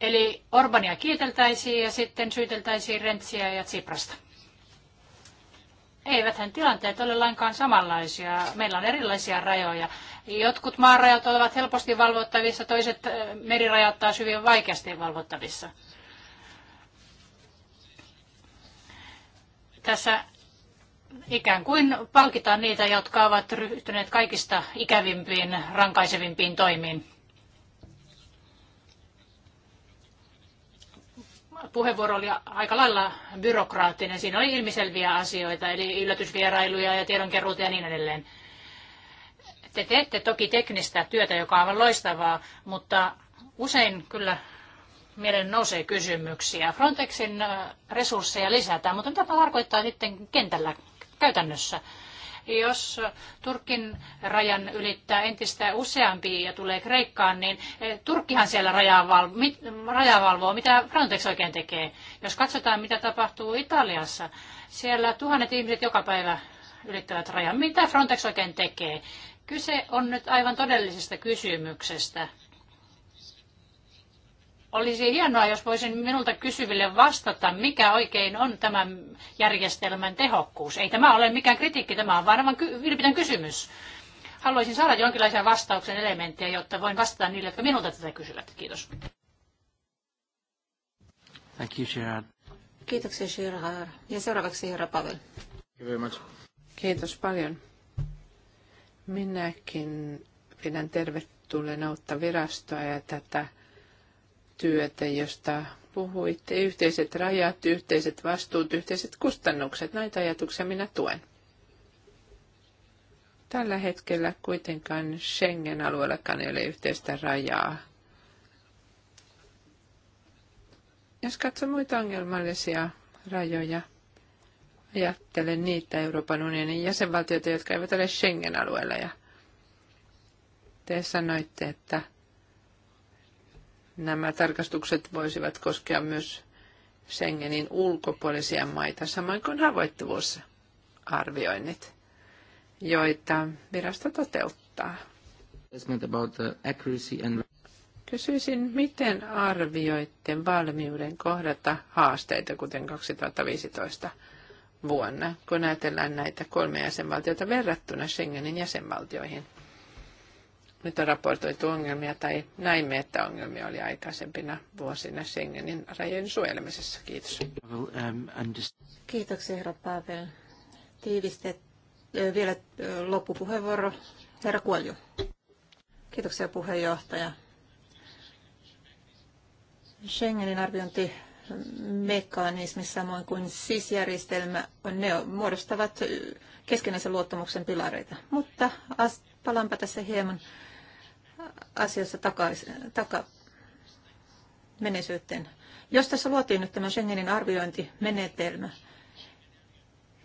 Speaker 5: Eli Orbania kiiteltäisiin ja sitten syyteltäisiin Rentsiä ja Tsiprasta. Eiväthän tilanteet ole lainkaan samanlaisia. Meillä on erilaisia rajoja. Jotkut maarajat ovat helposti valvottavissa, toiset merirajat taas hyvin vaikeasti valvottavissa. Tässä ikään kuin palkitaan niitä, jotka ovat ryhtyneet kaikista ikävimpiin, rankaisevimpiin toimiin. Puheenvuoro oli aika lailla byrokraattinen. Siinä oli ilmiselviä asioita, eli yllätysvierailuja ja tiedonkeruuta ja niin edelleen. Te teette toki teknistä työtä, joka on aivan loistavaa, mutta usein kyllä mieleen nousee kysymyksiä. Frontexin äh, resursseja lisätään, mutta mitä tarkoittaa sitten kentällä käytännössä? Jos äh, Turkin rajan ylittää entistä useampi ja tulee Kreikkaan, niin äh, Turkkihan siellä rajaa valvoo. Mitä Frontex oikein tekee? Jos katsotaan, mitä tapahtuu Italiassa, siellä tuhannet ihmiset joka päivä ylittävät rajan. Mitä Frontex oikein tekee? Kyse on nyt aivan todellisesta kysymyksestä olisi hienoa, jos voisin minulta kysyville vastata, mikä oikein on tämän järjestelmän tehokkuus. Ei tämä ole mikään kritiikki, tämä on varmaan ky- vilpitön kysymys. Haluaisin saada jonkinlaisia vastauksen elementtejä, jotta voin vastata niille, jotka minulta tätä kysyvät. Kiitos.
Speaker 1: Thank you, Gerard.
Speaker 2: Kiitoksia,
Speaker 4: Gerard. Ja seuraavaksi herra Pavel. Kiitos paljon. Minäkin pidän tervetulleena uutta virastoa ja tätä työtä, josta puhuitte. Yhteiset rajat, yhteiset vastuut, yhteiset kustannukset. Näitä ajatuksia minä tuen. Tällä hetkellä kuitenkaan Schengen-alueellakaan ei ole yhteistä rajaa. Jos katsoo muita ongelmallisia rajoja, ajattelen niitä Euroopan unionin jäsenvaltioita, jotka eivät ole Schengen-alueella. Ja te sanoitte, että nämä tarkastukset voisivat koskea myös Schengenin ulkopuolisia maita, samoin kuin havoittuvuusarvioinnit, joita virasto toteuttaa. Kysyisin, miten arvioitte valmiuden kohdata haasteita, kuten 2015 vuonna, kun ajatellaan näitä kolme jäsenvaltiota verrattuna Schengenin jäsenvaltioihin? nyt on raportoitu ongelmia tai näimme, että ongelmia oli aikaisempina vuosina Schengenin rajojen suojelemisessa. Kiitos.
Speaker 1: Um,
Speaker 4: Kiitoksia, herra Pavel. Tiivistet vielä
Speaker 2: loppupuheenvuoro, herra Kuolju. Kiitoksia, puheenjohtaja. Schengenin arviointi mekanismi samoin kuin sisjärjestelmä, ne muodostavat keskinäisen luottamuksen pilareita. Mutta palaanpa tässä hieman asiassa takaisin, Jos tässä luotiin nyt tämä Schengenin arviointimenetelmä,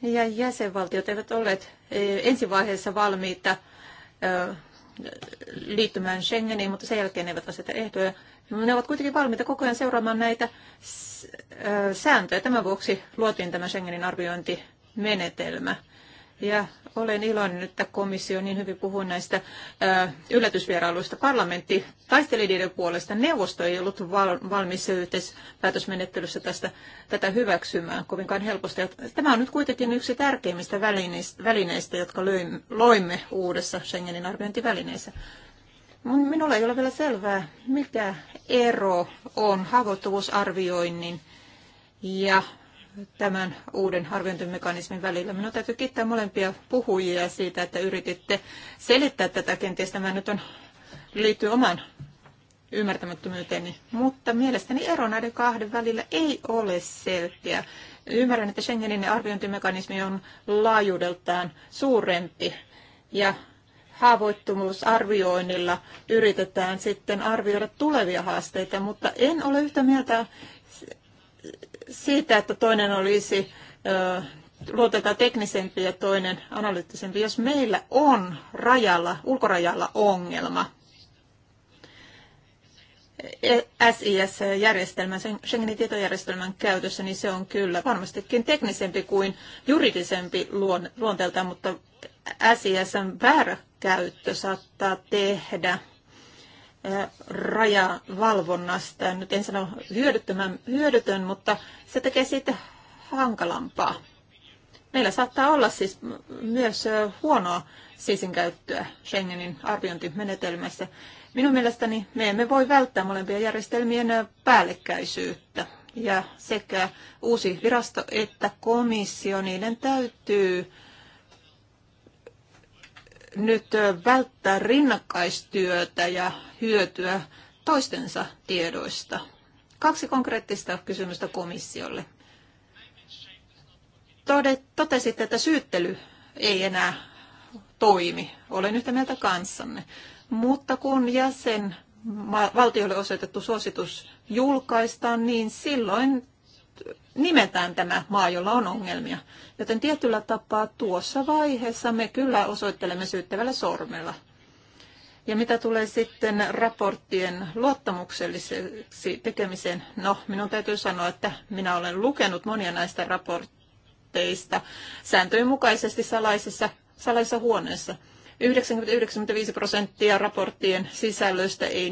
Speaker 2: ja jäsenvaltiot eivät olleet e, ensivaiheessa valmiita liittymään Schengeniin, mutta sen jälkeen eivät aseta ehtoja. Ne ovat kuitenkin valmiita koko ajan seuraamaan näitä sääntöjä. Tämän vuoksi luotiin tämä Schengenin arviointimenetelmä. Ja olen iloinen, että komissio niin hyvin puhuu näistä yllätysvierailuista. Parlamentti taisteli puolesta. Neuvosto ei ollut valmis yhteispäätösmenettelyssä tästä, tätä hyväksymään kovinkaan helposti. Tämä on nyt kuitenkin yksi tärkeimmistä välineistä, jotka loimme uudessa Schengenin arviointivälineessä. Minulla ei ole vielä selvää, mikä ero on haavoittuvuusarvioinnin ja tämän uuden arviointimekanismin välillä. Minun täytyy kiittää molempia puhujia siitä, että yrititte selittää tätä. Kenties tämä nyt on, liittyy oman ymmärtämättömyyteeni, mutta mielestäni ero näiden kahden välillä ei ole selkeä. Ymmärrän, että Schengenin arviointimekanismi on laajuudeltaan suurempi ja haavoittuvuusarvioinnilla yritetään sitten arvioida tulevia haasteita, mutta en ole yhtä mieltä siitä, että toinen olisi luotetaan teknisempi ja toinen analyyttisempi. Jos meillä on rajalla, ulkorajalla ongelma, e, SIS-järjestelmän, Schengenin tietojärjestelmän käytössä, niin se on kyllä varmastikin teknisempi kuin juridisempi luonteelta, mutta SISn väärä käyttö saattaa tehdä rajavalvonnasta. Nyt en sano hyödytön, mutta se tekee siitä hankalampaa. Meillä saattaa olla siis myös huonoa sisinkäyttöä Schengenin arviointimenetelmässä. Minun mielestäni me emme voi välttää molempien järjestelmien päällekkäisyyttä. Ja sekä uusi virasto että komissio, niiden täytyy nyt välttää rinnakkaistyötä ja hyötyä toistensa tiedoista? Kaksi konkreettista kysymystä komissiolle. Totesitte, että syyttely ei enää toimi. Olen yhtä mieltä kanssanne. Mutta kun jäsen valtiolle osoitettu suositus julkaistaan, niin silloin nimetään tämä maa, jolla on ongelmia. Joten tietyllä tapaa tuossa vaiheessa me kyllä osoittelemme syyttävällä sormella. Ja mitä tulee sitten raporttien luottamukselliseksi tekemiseen, no minun täytyy sanoa, että minä olen lukenut monia näistä raportteista sääntöjen mukaisesti salaisessa, salaisessa huoneessa. 90-95 prosenttia raporttien sisällöistä ei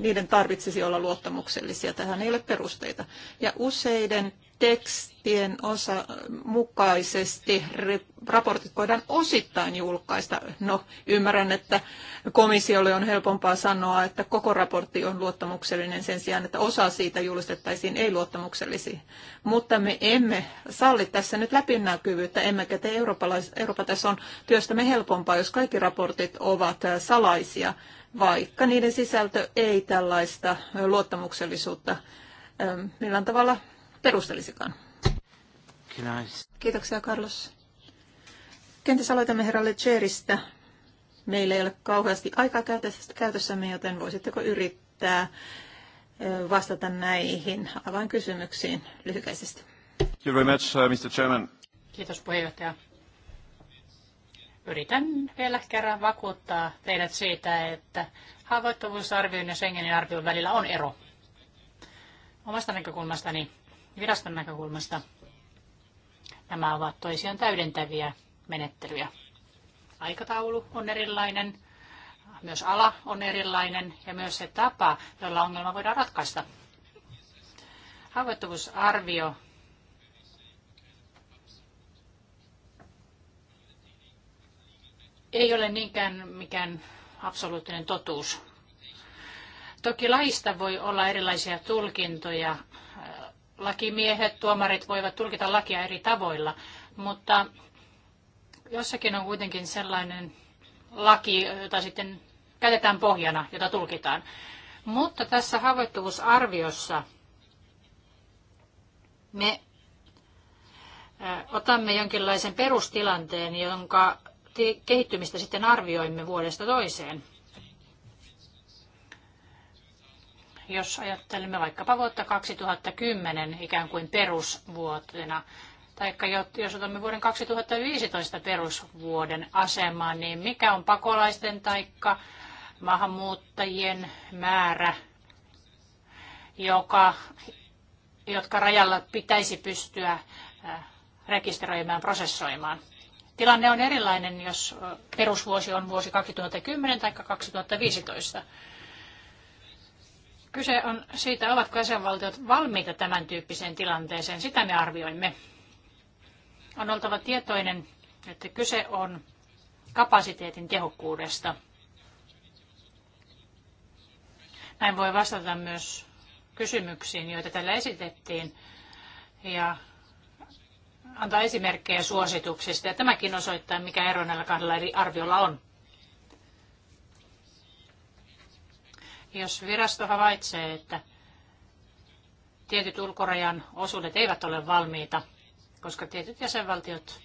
Speaker 2: niiden tarvitsisi olla luottamuksellisia. Tähän ei ole perusteita. Ja useiden tekstien osa mukaisesti raportit voidaan osittain julkaista. No, ymmärrän, että komissiolle on helpompaa sanoa, että koko raportti on luottamuksellinen sen sijaan, että osa siitä julistettaisiin ei-luottamuksellisiin. Mutta me emme salli tässä nyt läpinäkyvyyttä, emmekä tee Euroopan tason työstämme helpompaa, jos kaikki raportit ovat salaisia, vaikka niiden sisältö ei tällaista luottamuksellisuutta millään tavalla perustelisikaan. Kiitoksia, Carlos. Kenties aloitamme herra Legeristä. Meillä ei ole kauheasti aikaa käytössämme, joten voisitteko yrittää vastata näihin avainkysymyksiin lyhykäisesti?
Speaker 3: Thank you very much, uh, Mr. Chairman.
Speaker 2: Kiitos puheenjohtaja.
Speaker 5: Yritän vielä kerran vakuuttaa teidät siitä, että haavoittuvuusarvion ja Schengenin arvion välillä on ero. Omasta näkökulmastani viraston näkökulmasta nämä ovat toisiaan täydentäviä menettelyjä. Aikataulu on erilainen, myös ala on erilainen ja myös se tapa, jolla ongelma voidaan ratkaista. Haavoittuvuusarvio ei ole niinkään mikään absoluuttinen totuus. Toki laista voi olla erilaisia tulkintoja lakimiehet, tuomarit voivat tulkita lakia eri tavoilla, mutta jossakin on kuitenkin sellainen laki, jota sitten käytetään pohjana, jota tulkitaan. Mutta tässä haavoittuvuusarviossa me otamme jonkinlaisen perustilanteen, jonka kehittymistä sitten arvioimme vuodesta toiseen. jos ajattelemme vaikkapa vuotta 2010 ikään kuin perusvuotena, tai jos otamme vuoden 2015 perusvuoden asemaan, niin mikä on pakolaisten tai maahanmuuttajien määrä, joka, jotka rajalla pitäisi pystyä äh, rekisteröimään, prosessoimaan? Tilanne on erilainen, jos äh, perusvuosi on vuosi 2010 tai 2015. Kyse on siitä, ovatko jäsenvaltiot valmiita tämän tyyppiseen tilanteeseen. Sitä me arvioimme. On oltava tietoinen, että kyse on kapasiteetin tehokkuudesta. Näin voi vastata myös kysymyksiin, joita tällä esitettiin, ja antaa esimerkkejä suosituksista. Ja tämäkin osoittaa, mikä ero näillä kahdella eri arviolla on. Jos virasto havaitsee, että tietyt ulkorajan osuudet eivät ole valmiita, koska tietyt jäsenvaltiot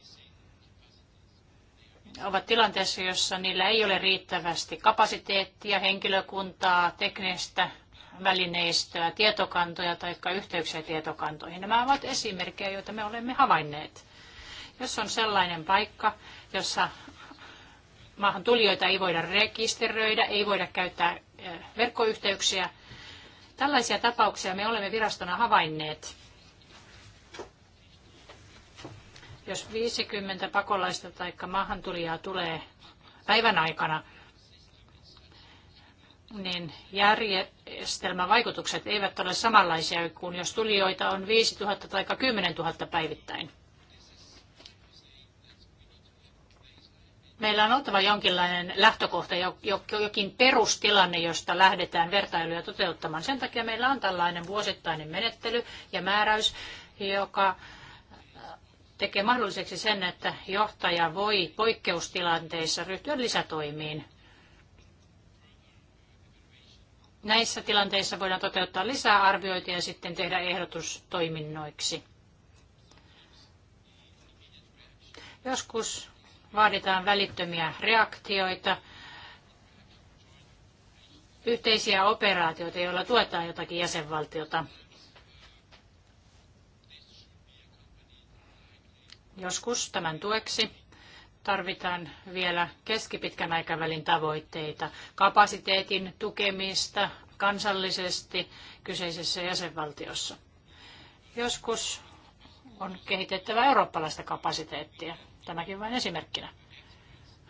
Speaker 5: ovat tilanteessa, jossa niillä ei ole riittävästi kapasiteettia, henkilökuntaa, teknistä välineistöä, tietokantoja tai yhteyksiä tietokantoihin. Nämä ovat esimerkkejä, joita me olemme havainneet. Jos on sellainen paikka, jossa maahan tulijoita ei voida rekisteröidä, ei voida käyttää verkkoyhteyksiä. Tällaisia tapauksia me olemme virastona havainneet. Jos 50 pakolaista tai maahantulijaa tulee päivän aikana, niin järjestelmän vaikutukset eivät ole samanlaisia kuin jos tulijoita on 5 000 tai 10 000 päivittäin. Meillä on oltava jonkinlainen lähtökohta, jokin perustilanne, josta lähdetään vertailuja toteuttamaan. Sen takia meillä on tällainen vuosittainen menettely ja määräys, joka tekee mahdolliseksi sen, että johtaja voi poikkeustilanteissa ryhtyä lisätoimiin. Näissä tilanteissa voidaan toteuttaa lisää arviointia ja sitten tehdä ehdotus toiminnoiksi. Joskus vaaditaan välittömiä reaktioita, yhteisiä operaatioita, joilla tuetaan jotakin jäsenvaltiota. Joskus tämän tueksi tarvitaan vielä keskipitkän aikavälin tavoitteita, kapasiteetin tukemista kansallisesti kyseisessä jäsenvaltiossa. Joskus on kehitettävä eurooppalaista kapasiteettia. Tämäkin vain esimerkkinä.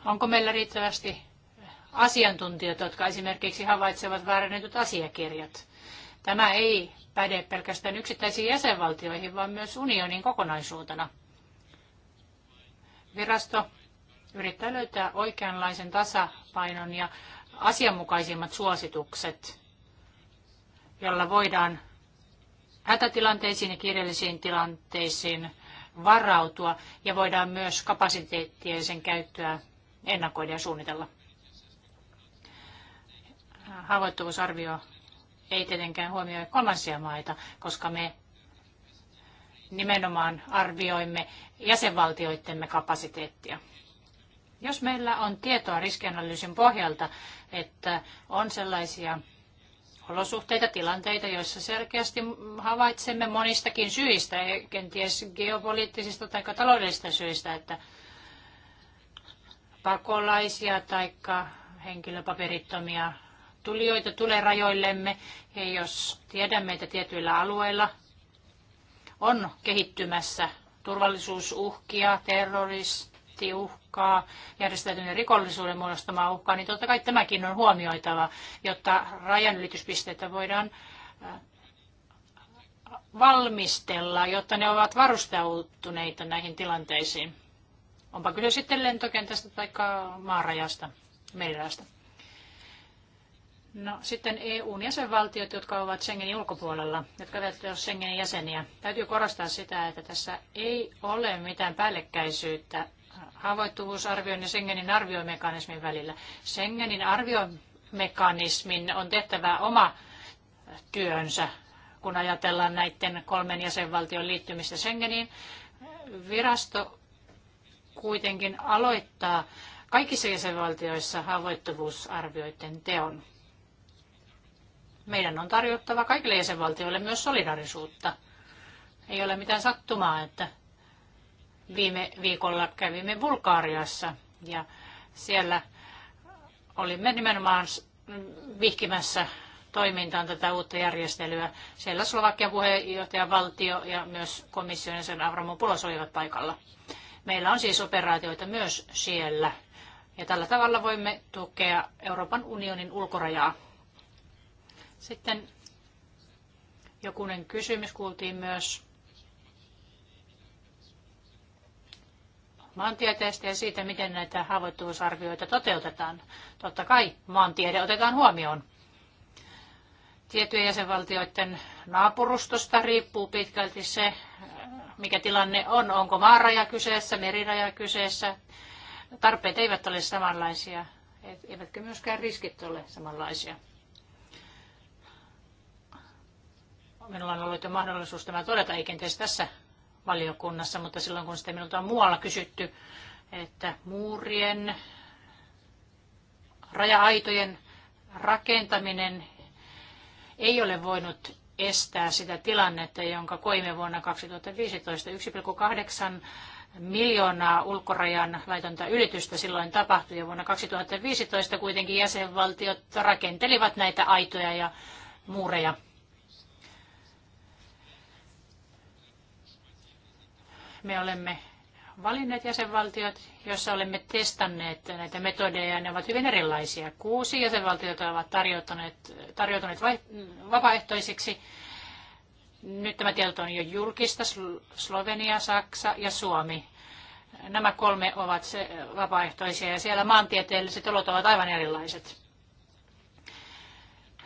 Speaker 5: Onko meillä riittävästi asiantuntijoita, jotka esimerkiksi havaitsevat väärännetyt asiakirjat? Tämä ei päde pelkästään yksittäisiin jäsenvaltioihin, vaan myös unionin kokonaisuutena. Virasto yrittää löytää oikeanlaisen tasapainon ja asianmukaisimmat suositukset, jolla voidaan hätätilanteisiin ja kiireellisiin tilanteisiin varautua ja voidaan myös kapasiteettia ja sen käyttöä ennakoida ja suunnitella. Haavoittuvuusarvio ei tietenkään huomioi kolmansia maita, koska me nimenomaan arvioimme jäsenvaltioittemme kapasiteettia. Jos meillä on tietoa riskianalyysin pohjalta, että on sellaisia olosuhteita, tilanteita, joissa selkeästi havaitsemme monistakin syistä, e, kenties geopoliittisista tai taloudellisista syistä, että pakolaisia tai henkilöpaperittomia tulijoita tulee rajoillemme. Ja jos tiedämme, että tietyillä alueilla on kehittymässä turvallisuusuhkia, terrorismia, terroristiuhkaa, järjestäytyneen rikollisuuden muodostamaa uhkaa, niin totta kai tämäkin on huomioitava, jotta rajanylityspisteitä voidaan äh, valmistella, jotta ne ovat varustautuneita näihin tilanteisiin. Onpa kyllä sitten lentokentästä tai maarajasta, merirajasta. No, sitten EUn jäsenvaltiot, jotka ovat Schengenin ulkopuolella, jotka eivät ole Schengenin jäseniä. Täytyy korostaa sitä, että tässä ei ole mitään päällekkäisyyttä haavoittuvuusarvion ja Schengenin arviomekanismin välillä. Schengenin arviomekanismin on tehtävä oma työnsä, kun ajatellaan näiden kolmen jäsenvaltion liittymistä Schengeniin. Virasto kuitenkin aloittaa kaikissa jäsenvaltioissa haavoittuvuusarvioiden teon. Meidän on tarjottava kaikille jäsenvaltioille myös solidarisuutta. Ei ole mitään sattumaa, että Viime viikolla kävimme Bulgaariassa ja siellä olimme nimenomaan vihkimässä toimintaan tätä uutta järjestelyä. Siellä Slovakian puheenjohtaja valtio ja myös komission sen Avramopoulos olivat paikalla. Meillä on siis operaatioita myös siellä. Ja tällä tavalla voimme tukea Euroopan unionin ulkorajaa. Sitten jokunen kysymys kuultiin myös maantieteestä ja siitä, miten näitä haavoittuvuusarvioita toteutetaan. Totta kai maantiede otetaan huomioon. Tiettyjen jäsenvaltioiden naapurustosta riippuu pitkälti se, mikä tilanne on. Onko maaraja kyseessä, meriraja kyseessä. Tarpeet eivät ole samanlaisia, eivätkä myöskään riskit ole samanlaisia. Minulla on ollut jo mahdollisuus tämä todeta, ei kenties tässä valiokunnassa, mutta silloin kun sitä minulta on muualla kysytty, että muurien, raja-aitojen rakentaminen ei ole voinut estää sitä tilannetta, jonka koimme vuonna 2015. 1,8 miljoonaa ulkorajan laitonta ylitystä silloin tapahtui ja vuonna 2015 kuitenkin jäsenvaltiot rakentelivat näitä aitoja ja muureja. Me olemme valinneet jäsenvaltiot, joissa olemme testanneet näitä metodeja, ja ne ovat hyvin erilaisia. Kuusi jäsenvaltiota ovat tarjoutuneet, tarjoutuneet vai, vapaaehtoisiksi. Nyt tämä tieto on jo julkista, Slovenia, Saksa ja Suomi. Nämä kolme ovat se, vapaaehtoisia ja siellä maantieteelliset olot ovat aivan erilaiset.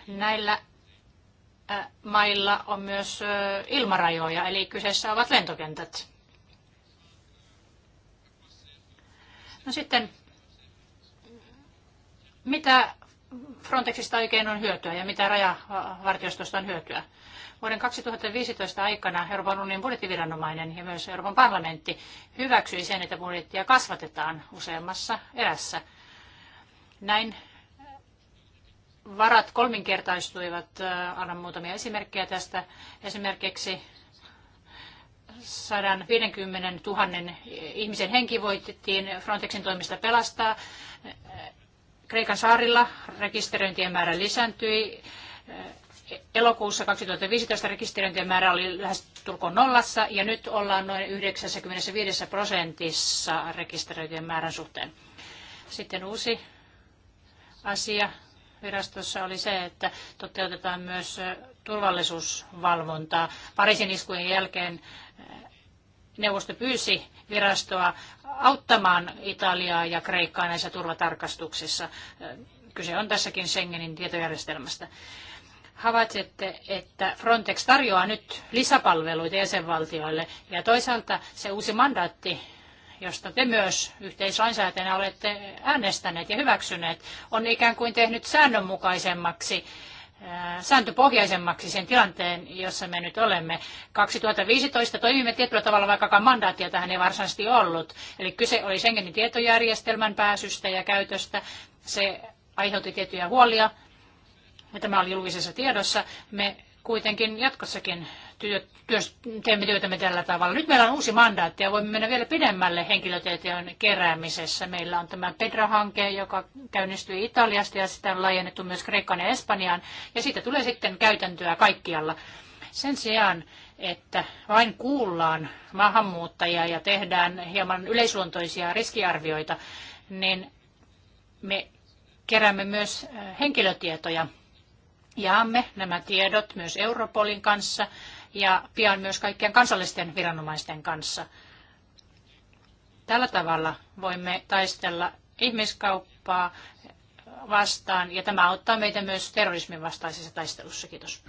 Speaker 5: Näillä mailla on myös ilmarajoja, eli kyseessä ovat lentokentät No sitten, mitä Frontexista oikein on hyötyä ja mitä rajavartiostosta on hyötyä? Vuoden 2015 aikana Euroopan unionin budjettiviranomainen ja myös Euroopan parlamentti hyväksyi sen, että budjettia kasvatetaan useammassa erässä. Näin varat kolminkertaistuivat. Annan muutamia esimerkkejä tästä. Esimerkiksi 150 000 ihmisen henki voitettiin Frontexin toimista pelastaa. Kreikan saarilla rekisteröintien määrä lisääntyi. Elokuussa 2015 rekisteröintien määrä oli lähes tulkoon nollassa ja nyt ollaan noin 95 prosentissa rekisteröintien määrän suhteen. Sitten uusi asia virastossa oli se, että toteutetaan myös turvallisuusvalvontaa. Pariisin iskujen jälkeen neuvosto pyysi virastoa auttamaan Italiaa ja Kreikkaa näissä turvatarkastuksissa. Kyse on tässäkin Schengenin tietojärjestelmästä. Havaitsette, että Frontex tarjoaa nyt lisäpalveluita jäsenvaltioille ja toisaalta se uusi mandaatti, josta te myös yhteislainsäätäjänä olette äänestäneet ja hyväksyneet, on ikään kuin tehnyt säännönmukaisemmaksi sääntöpohjaisemmaksi sen tilanteen, jossa me nyt olemme. 2015 toimimme tietyllä tavalla, vaikkakaan mandaattia tähän ei varsinaisesti ollut. Eli kyse oli Schengenin tietojärjestelmän pääsystä ja käytöstä. Se aiheutti tiettyjä huolia, ja tämä oli julkisessa tiedossa. Me kuitenkin jatkossakin teemme työtämme tällä tavalla. Nyt meillä on uusi mandaatti ja voimme mennä vielä pidemmälle henkilötietojen keräämisessä. Meillä on tämä Pedra-hanke, joka käynnistyi Italiasta ja sitä on laajennettu myös Kreikkaan ja Espanjaan. Ja siitä tulee sitten käytäntöä kaikkialla. Sen sijaan, että vain kuullaan maahanmuuttajia ja tehdään hieman yleisluontoisia riskiarvioita, niin me keräämme myös äh, henkilötietoja jaamme nämä tiedot myös Europolin kanssa ja pian myös kaikkien kansallisten viranomaisten kanssa. Tällä tavalla voimme taistella ihmiskauppaa vastaan ja tämä auttaa meitä myös terrorismin vastaisessa taistelussa. Kiitos.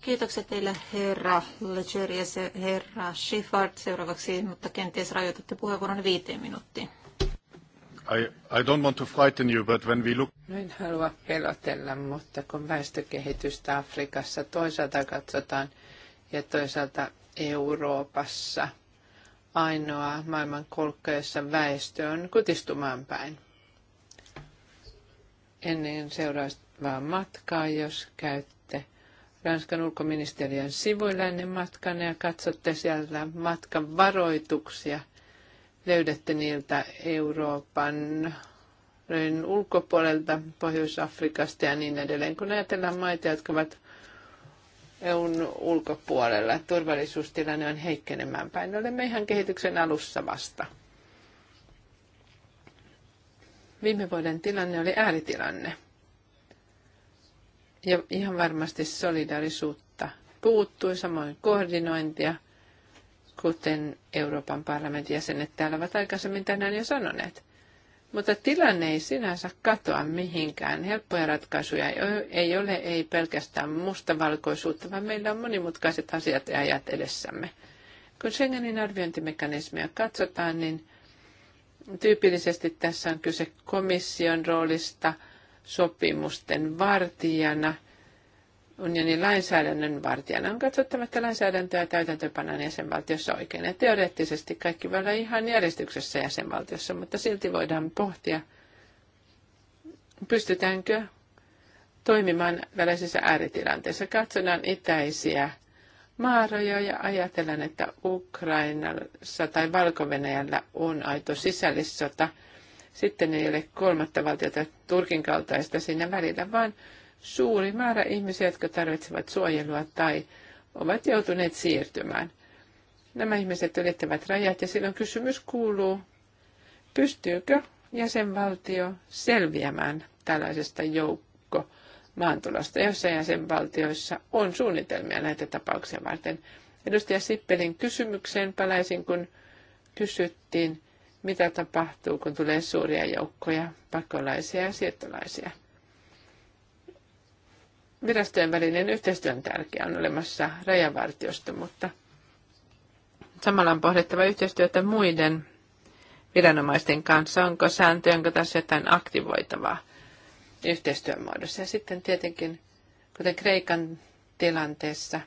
Speaker 2: Kiitokset teille herra Legeri ja herra Schiffard seuraavaksi, mutta kenties rajoitatte puheenvuoron viiteen minuuttiin.
Speaker 1: I,
Speaker 3: I don't want to frighten you, but when we look...
Speaker 4: No en halua pelotella, mutta kun väestökehitystä Afrikassa toisaalta katsotaan ja toisaalta Euroopassa, ainoa maailman kolkka, jossa väestö on kutistumaan päin. Ennen seuraavaa matkaa, jos käytte Ranskan ulkoministeriön sivuilla ennen matkana ja katsotte siellä matkan varoituksia – löydätte niiltä Euroopan ulkopuolelta, Pohjois-Afrikasta ja niin edelleen. Kun ajatellaan maita, jotka ovat EUn ulkopuolella, turvallisuustilanne on heikkenemään päin. Olemme ihan kehityksen alussa vasta. Viime vuoden tilanne oli ääritilanne. Ja ihan varmasti solidarisuutta puuttui, samoin koordinointia – kuten Euroopan parlamentin jäsenet täällä ovat aikaisemmin tänään jo sanoneet. Mutta tilanne ei sinänsä katoa mihinkään. Helppoja ratkaisuja ei ole, ei pelkästään mustavalkoisuutta, vaan meillä on monimutkaiset asiat ja ajat edessämme. Kun Schengenin arviointimekanismia katsotaan, niin tyypillisesti tässä on kyse komission roolista sopimusten vartijana – unionin lainsäädännön vartijana on katsottava, että lainsäädäntöä täytäntöpanan jäsenvaltiossa oikein. Ja teoreettisesti kaikki voi olla ihan järjestyksessä jäsenvaltiossa, mutta silti voidaan pohtia, pystytäänkö toimimaan tällaisissa ääritilanteessa. Katsotaan itäisiä maarajoja ajatellaan, että Ukrainassa tai valko on aito sisällissota. Sitten ei ole kolmatta valtiota Turkin kaltaista siinä välillä, vaan suuri määrä ihmisiä, jotka tarvitsevat suojelua tai ovat joutuneet siirtymään. Nämä ihmiset ylittävät rajat ja silloin kysymys kuuluu, pystyykö jäsenvaltio selviämään tällaisesta joukko maantulosta, jossa jäsenvaltioissa on suunnitelmia näitä tapauksia varten. Edustaja Sippelin kysymykseen palaisin, kun kysyttiin, mitä tapahtuu, kun tulee suuria joukkoja pakolaisia ja siirtolaisia virastojen välinen yhteistyö on tärkeää, on olemassa rajavartiosto, mutta samalla on pohdittava yhteistyötä muiden viranomaisten kanssa. Onko sääntö, onko tässä jotain aktivoitavaa yhteistyön muodossa? Ja sitten tietenkin, kuten Kreikan tilanteessa,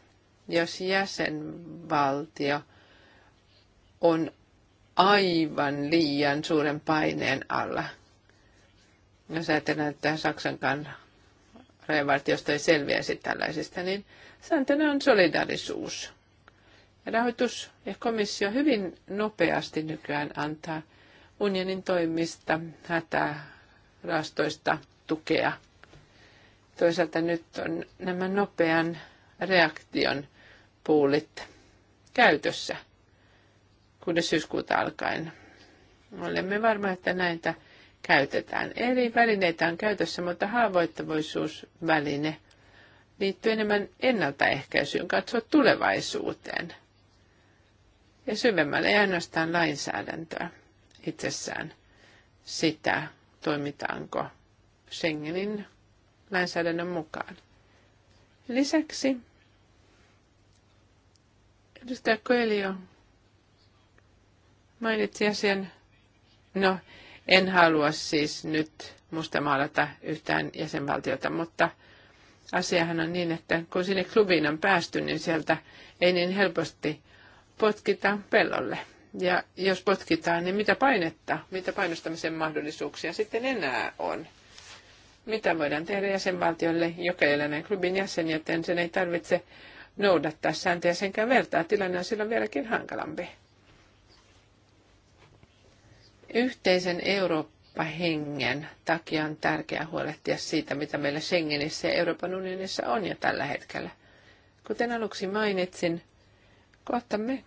Speaker 4: jos jäsenvaltio on aivan liian suuren paineen alla, jos ajatellaan, että Saksankaan rajavartiosta ei selviäisi tällaisista, niin sääntönä on solidarisuus. Rahoitus ja komissio hyvin nopeasti nykyään antaa unionin toimista rastoista tukea. Toisaalta nyt on nämä nopean reaktion puulit käytössä kunnes syyskuuta alkaen. Olemme varma, että näitä käytetään. Eri välineitä on käytössä, mutta haavoittuvuusväline liittyy enemmän ennaltaehkäisyyn, katsoa tulevaisuuteen ja syvemmälle ei ainoastaan lainsäädäntöä itsessään sitä, toimitaanko Schengenin lainsäädännön mukaan. Lisäksi edustaja Koelio mainitsi asian, no en halua siis nyt mustamaalata yhtään jäsenvaltiota, mutta asiahan on niin, että kun sinne klubiin on päästy, niin sieltä ei niin helposti potkita pellolle. Ja jos potkitaan, niin mitä painetta, mitä painostamisen mahdollisuuksia sitten enää on? Mitä voidaan tehdä jäsenvaltiolle, joka ei ole näin klubin jäsen, joten sen ei tarvitse noudattaa sääntöjä senkään vertaa. Tilanne on silloin vieläkin hankalampi. Yhteisen Eurooppa-hengen takia on tärkeää huolehtia siitä, mitä meillä Schengenissä ja Euroopan unionissa on jo tällä hetkellä. Kuten aluksi mainitsin, kohtamme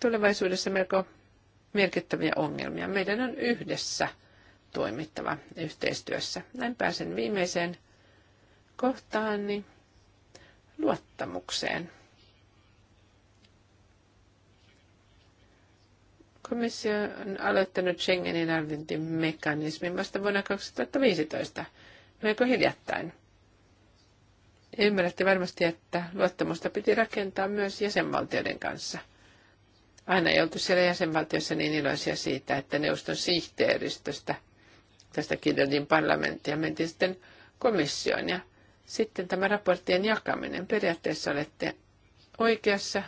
Speaker 4: tulevaisuudessa melko merkittäviä ongelmia. Meidän on yhdessä toimittava yhteistyössä. Näin pääsen viimeiseen kohtaani luottamukseen. Komissio on aloittanut Schengenin arviointimekanismin vasta vuonna 2015, melko hiljattain. Ymmärrätte varmasti, että luottamusta piti rakentaa myös jäsenvaltioiden kanssa. Aina ei oltu siellä jäsenvaltiossa niin iloisia siitä, että neuvoston sihteeristöstä tästä kirjoitin parlamenttia, mentiin sitten komissioon ja sitten tämä raporttien jakaminen. Periaatteessa olette oikeassa,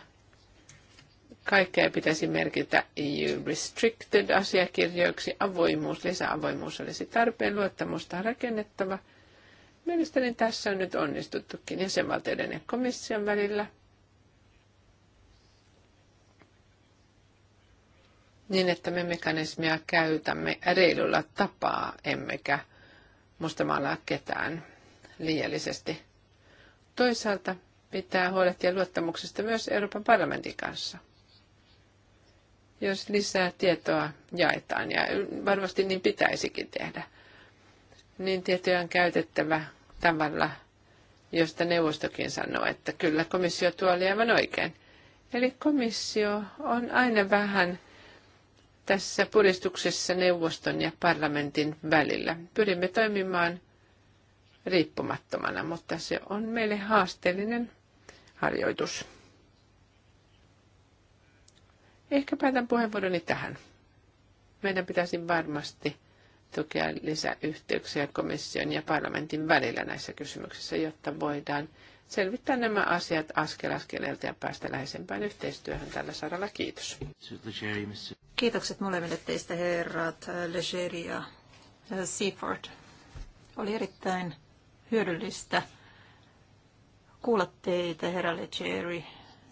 Speaker 4: Kaikkea pitäisi merkitä EU Restricted asiakirjoiksi. Avoimuus, lisäavoimuus olisi tarpeen, luottamusta rakennettava. Mielestäni tässä on nyt onnistuttukin jäsenvaltioiden ja komission välillä. Niin, että me mekanismia käytämme reilulla tapaa, emmekä mustamalla ketään liiallisesti. Toisaalta pitää huolehtia luottamuksesta myös Euroopan parlamentin kanssa jos lisää tietoa jaetaan, ja varmasti niin pitäisikin tehdä, niin tietoja on käytettävä tavalla, josta neuvostokin sanoo, että kyllä komissio tuo oli aivan oikein. Eli komissio on aina vähän tässä puristuksessa neuvoston ja parlamentin välillä. Pyrimme toimimaan riippumattomana, mutta se on meille haasteellinen harjoitus. Ehkä päätän puheenvuoroni tähän. Meidän pitäisi varmasti tukea lisäyhteyksiä komission ja parlamentin välillä näissä kysymyksissä, jotta voidaan selvittää nämä asiat askel askeleelta ja päästä läheisempään yhteistyöhön tällä saralla. Kiitos. Kiitokset molemmille teistä herrat Legeri ja
Speaker 2: Seaford. Oli erittäin hyödyllistä kuulla teitä, herra Legeri,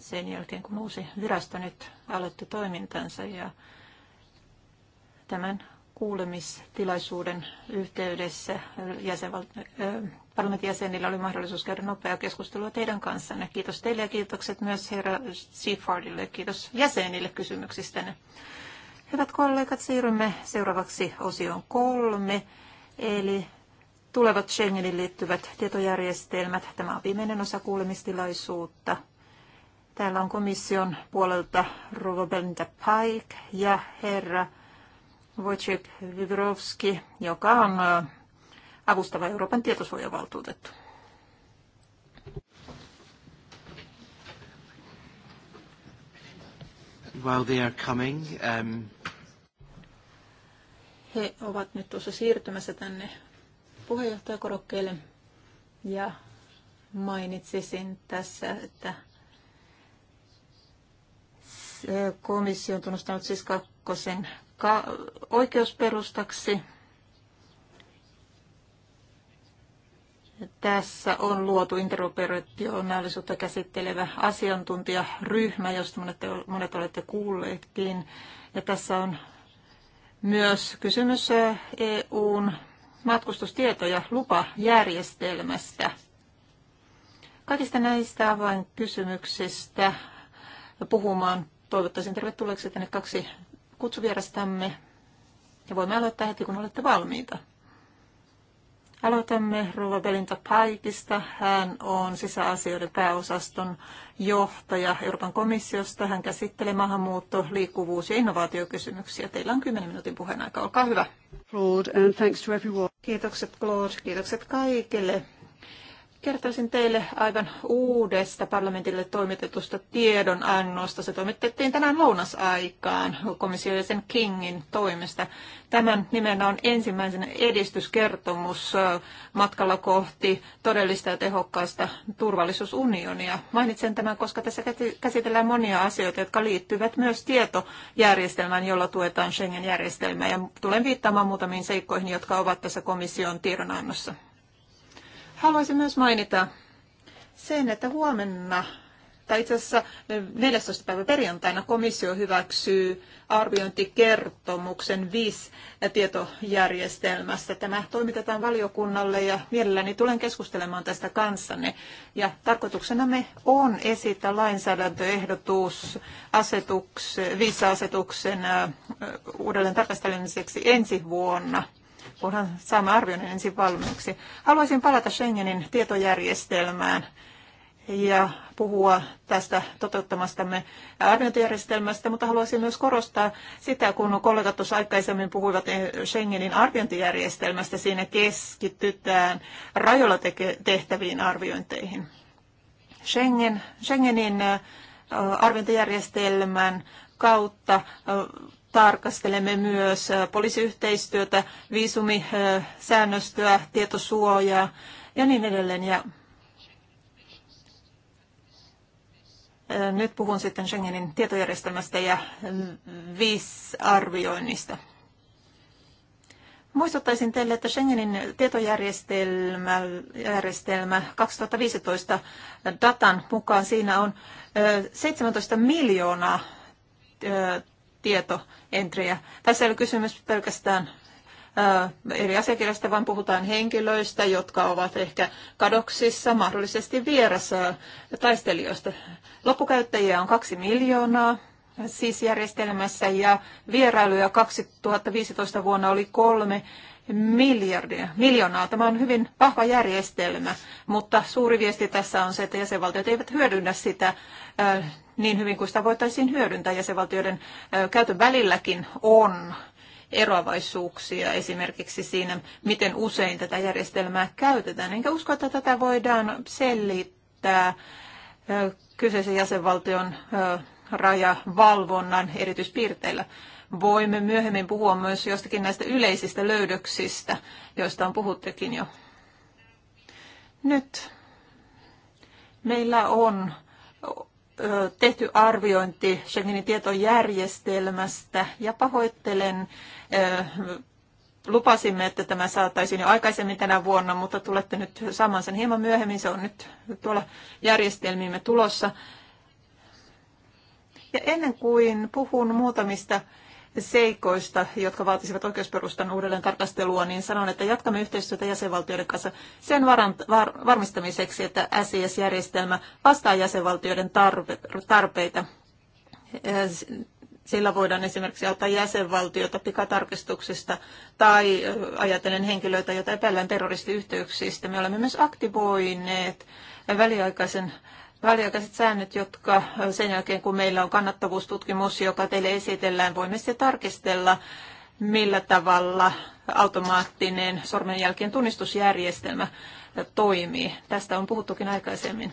Speaker 2: sen jälkeen, kun uusi virasto nyt aloitti toimintansa ja tämän kuulemistilaisuuden yhteydessä jäsenval- parlamentin jäsenillä oli mahdollisuus käydä nopeaa keskustelua teidän kanssanne. Kiitos teille ja kiitokset myös herra Seafardille. Kiitos jäsenille kysymyksistänne. Hyvät kollegat, siirrymme seuraavaksi osioon kolme, eli tulevat Schengenin liittyvät tietojärjestelmät. Tämä on viimeinen osa kuulemistilaisuutta. Täällä on komission puolelta Rova Belinda Paik ja herra Wojciech Wigrovski, joka on avustava Euroopan tietosuojavaltuutettu.
Speaker 1: While they are coming, um...
Speaker 2: He ovat nyt tuossa siirtymässä tänne puheenjohtajakorokkeelle ja mainitsisin tässä, että komissio on tunnustanut siis kakkosen oikeusperustaksi. Tässä on luotu interoperationaalisuutta käsittelevä asiantuntijaryhmä, josta monet, monet olette kuulleetkin. Ja tässä on myös kysymys EUn matkustustieto- ja lupajärjestelmästä. Kaikista näistä avainkysymyksistä puhumaan toivottaisin tervetulleeksi tänne kaksi kutsuvierastamme. Ja voimme aloittaa heti, kun olette valmiita. Aloitamme Rova Belinda Paikista. Hän on sisäasioiden pääosaston johtaja Euroopan komissiosta. Hän käsittelee maahanmuutto, liikkuvuus ja innovaatiokysymyksiä. Teillä on 10 minuutin puheen aika. Olkaa hyvä. Claude, and thanks to everyone. Kiitokset Claude, kiitokset kaikille Kertoisin teille aivan uudesta parlamentille toimitetusta tiedonannosta. Se toimitettiin tänään lounasaikaan komission jäsen Kingin toimesta. Tämän nimenä on ensimmäisen edistyskertomus matkalla kohti todellista ja tehokkaasta turvallisuusunionia. Mainitsen tämän, koska tässä käsitellään monia asioita, jotka liittyvät myös tietojärjestelmään, jolla tuetaan Schengen-järjestelmää. Ja tulen viittaamaan muutamiin seikkoihin, jotka ovat tässä komission tiedonannossa. Haluaisin myös mainita sen, että huomenna tai itse asiassa 14. päivä perjantaina komissio hyväksyy arviointikertomuksen VIS tietojärjestelmästä. Tämä toimitetaan valiokunnalle ja mielelläni tulen keskustelemaan tästä kanssanne. Ja tarkoituksenamme on esittää lainsäädäntöehdotus asetuks, VIS-asetuksen uudelleen tarkastelemiseksi ensi vuonna kunhan saamme arvioinnin ensin valmiiksi. Haluaisin palata Schengenin tietojärjestelmään ja puhua tästä toteuttamastamme arviointijärjestelmästä, mutta haluaisin myös korostaa sitä, kun kollegat tuossa aikaisemmin puhuivat Schengenin arviointijärjestelmästä, siinä keskitytään rajoilla tehtäviin arviointeihin. Schengen, Schengenin arviointijärjestelmän kautta tarkastelemme myös äh, poliisiyhteistyötä, viisumisäännöstöä, tietosuojaa ja niin edelleen. Ja äh, nyt puhun sitten Schengenin tietojärjestelmästä ja äh, viisarvioinnista. Muistuttaisin teille, että Schengenin tietojärjestelmä järjestelmä 2015 datan mukaan siinä on 17 miljoonaa tietoentrejä. Tässä ei ole kysymys pelkästään eri asiakirjasta, vaan puhutaan henkilöistä, jotka ovat ehkä kadoksissa, mahdollisesti vierassa taistelijoista. Loppukäyttäjiä on kaksi miljoonaa siis järjestelmässä ja vierailuja 2015 vuonna oli kolme miljardia, miljoonaa. Tämä on hyvin vahva järjestelmä, mutta suuri viesti tässä on se, että jäsenvaltiot eivät hyödynnä sitä niin hyvin kuin sitä voitaisiin hyödyntää. Jäsenvaltioiden käytön välilläkin on eroavaisuuksia esimerkiksi siinä, miten usein tätä järjestelmää käytetään. Enkä usko, että tätä voidaan selittää kyseisen jäsenvaltion rajavalvonnan erityispiirteillä voimme myöhemmin puhua myös jostakin näistä yleisistä löydöksistä, joista on puhuttekin jo. Nyt meillä on tehty arviointi Schengenin tietojärjestelmästä ja pahoittelen, lupasimme, että tämä saataisiin jo aikaisemmin tänä vuonna, mutta tulette nyt saamaan sen hieman myöhemmin. Se on nyt tuolla järjestelmiimme tulossa. Ja ennen kuin puhun muutamista seikoista, jotka vaatisivat oikeusperustan uudelleen tarkastelua, niin sanon, että jatkamme yhteistyötä jäsenvaltioiden kanssa sen varant- var- varmistamiseksi, että SIS-järjestelmä vastaa jäsenvaltioiden tarpe- tarpeita. Sillä voidaan esimerkiksi auttaa jäsenvaltiota pikatarkistuksista tai ajatellen henkilöitä, joita epäillään terroristiyhteyksistä. Me olemme myös aktivoineet väliaikaisen väliaikaiset säännöt, jotka sen jälkeen kun meillä on kannattavuustutkimus, joka teille esitellään, voimme sitten tarkistella, millä tavalla automaattinen sormenjälkien tunnistusjärjestelmä toimii. Tästä on puhuttukin aikaisemmin.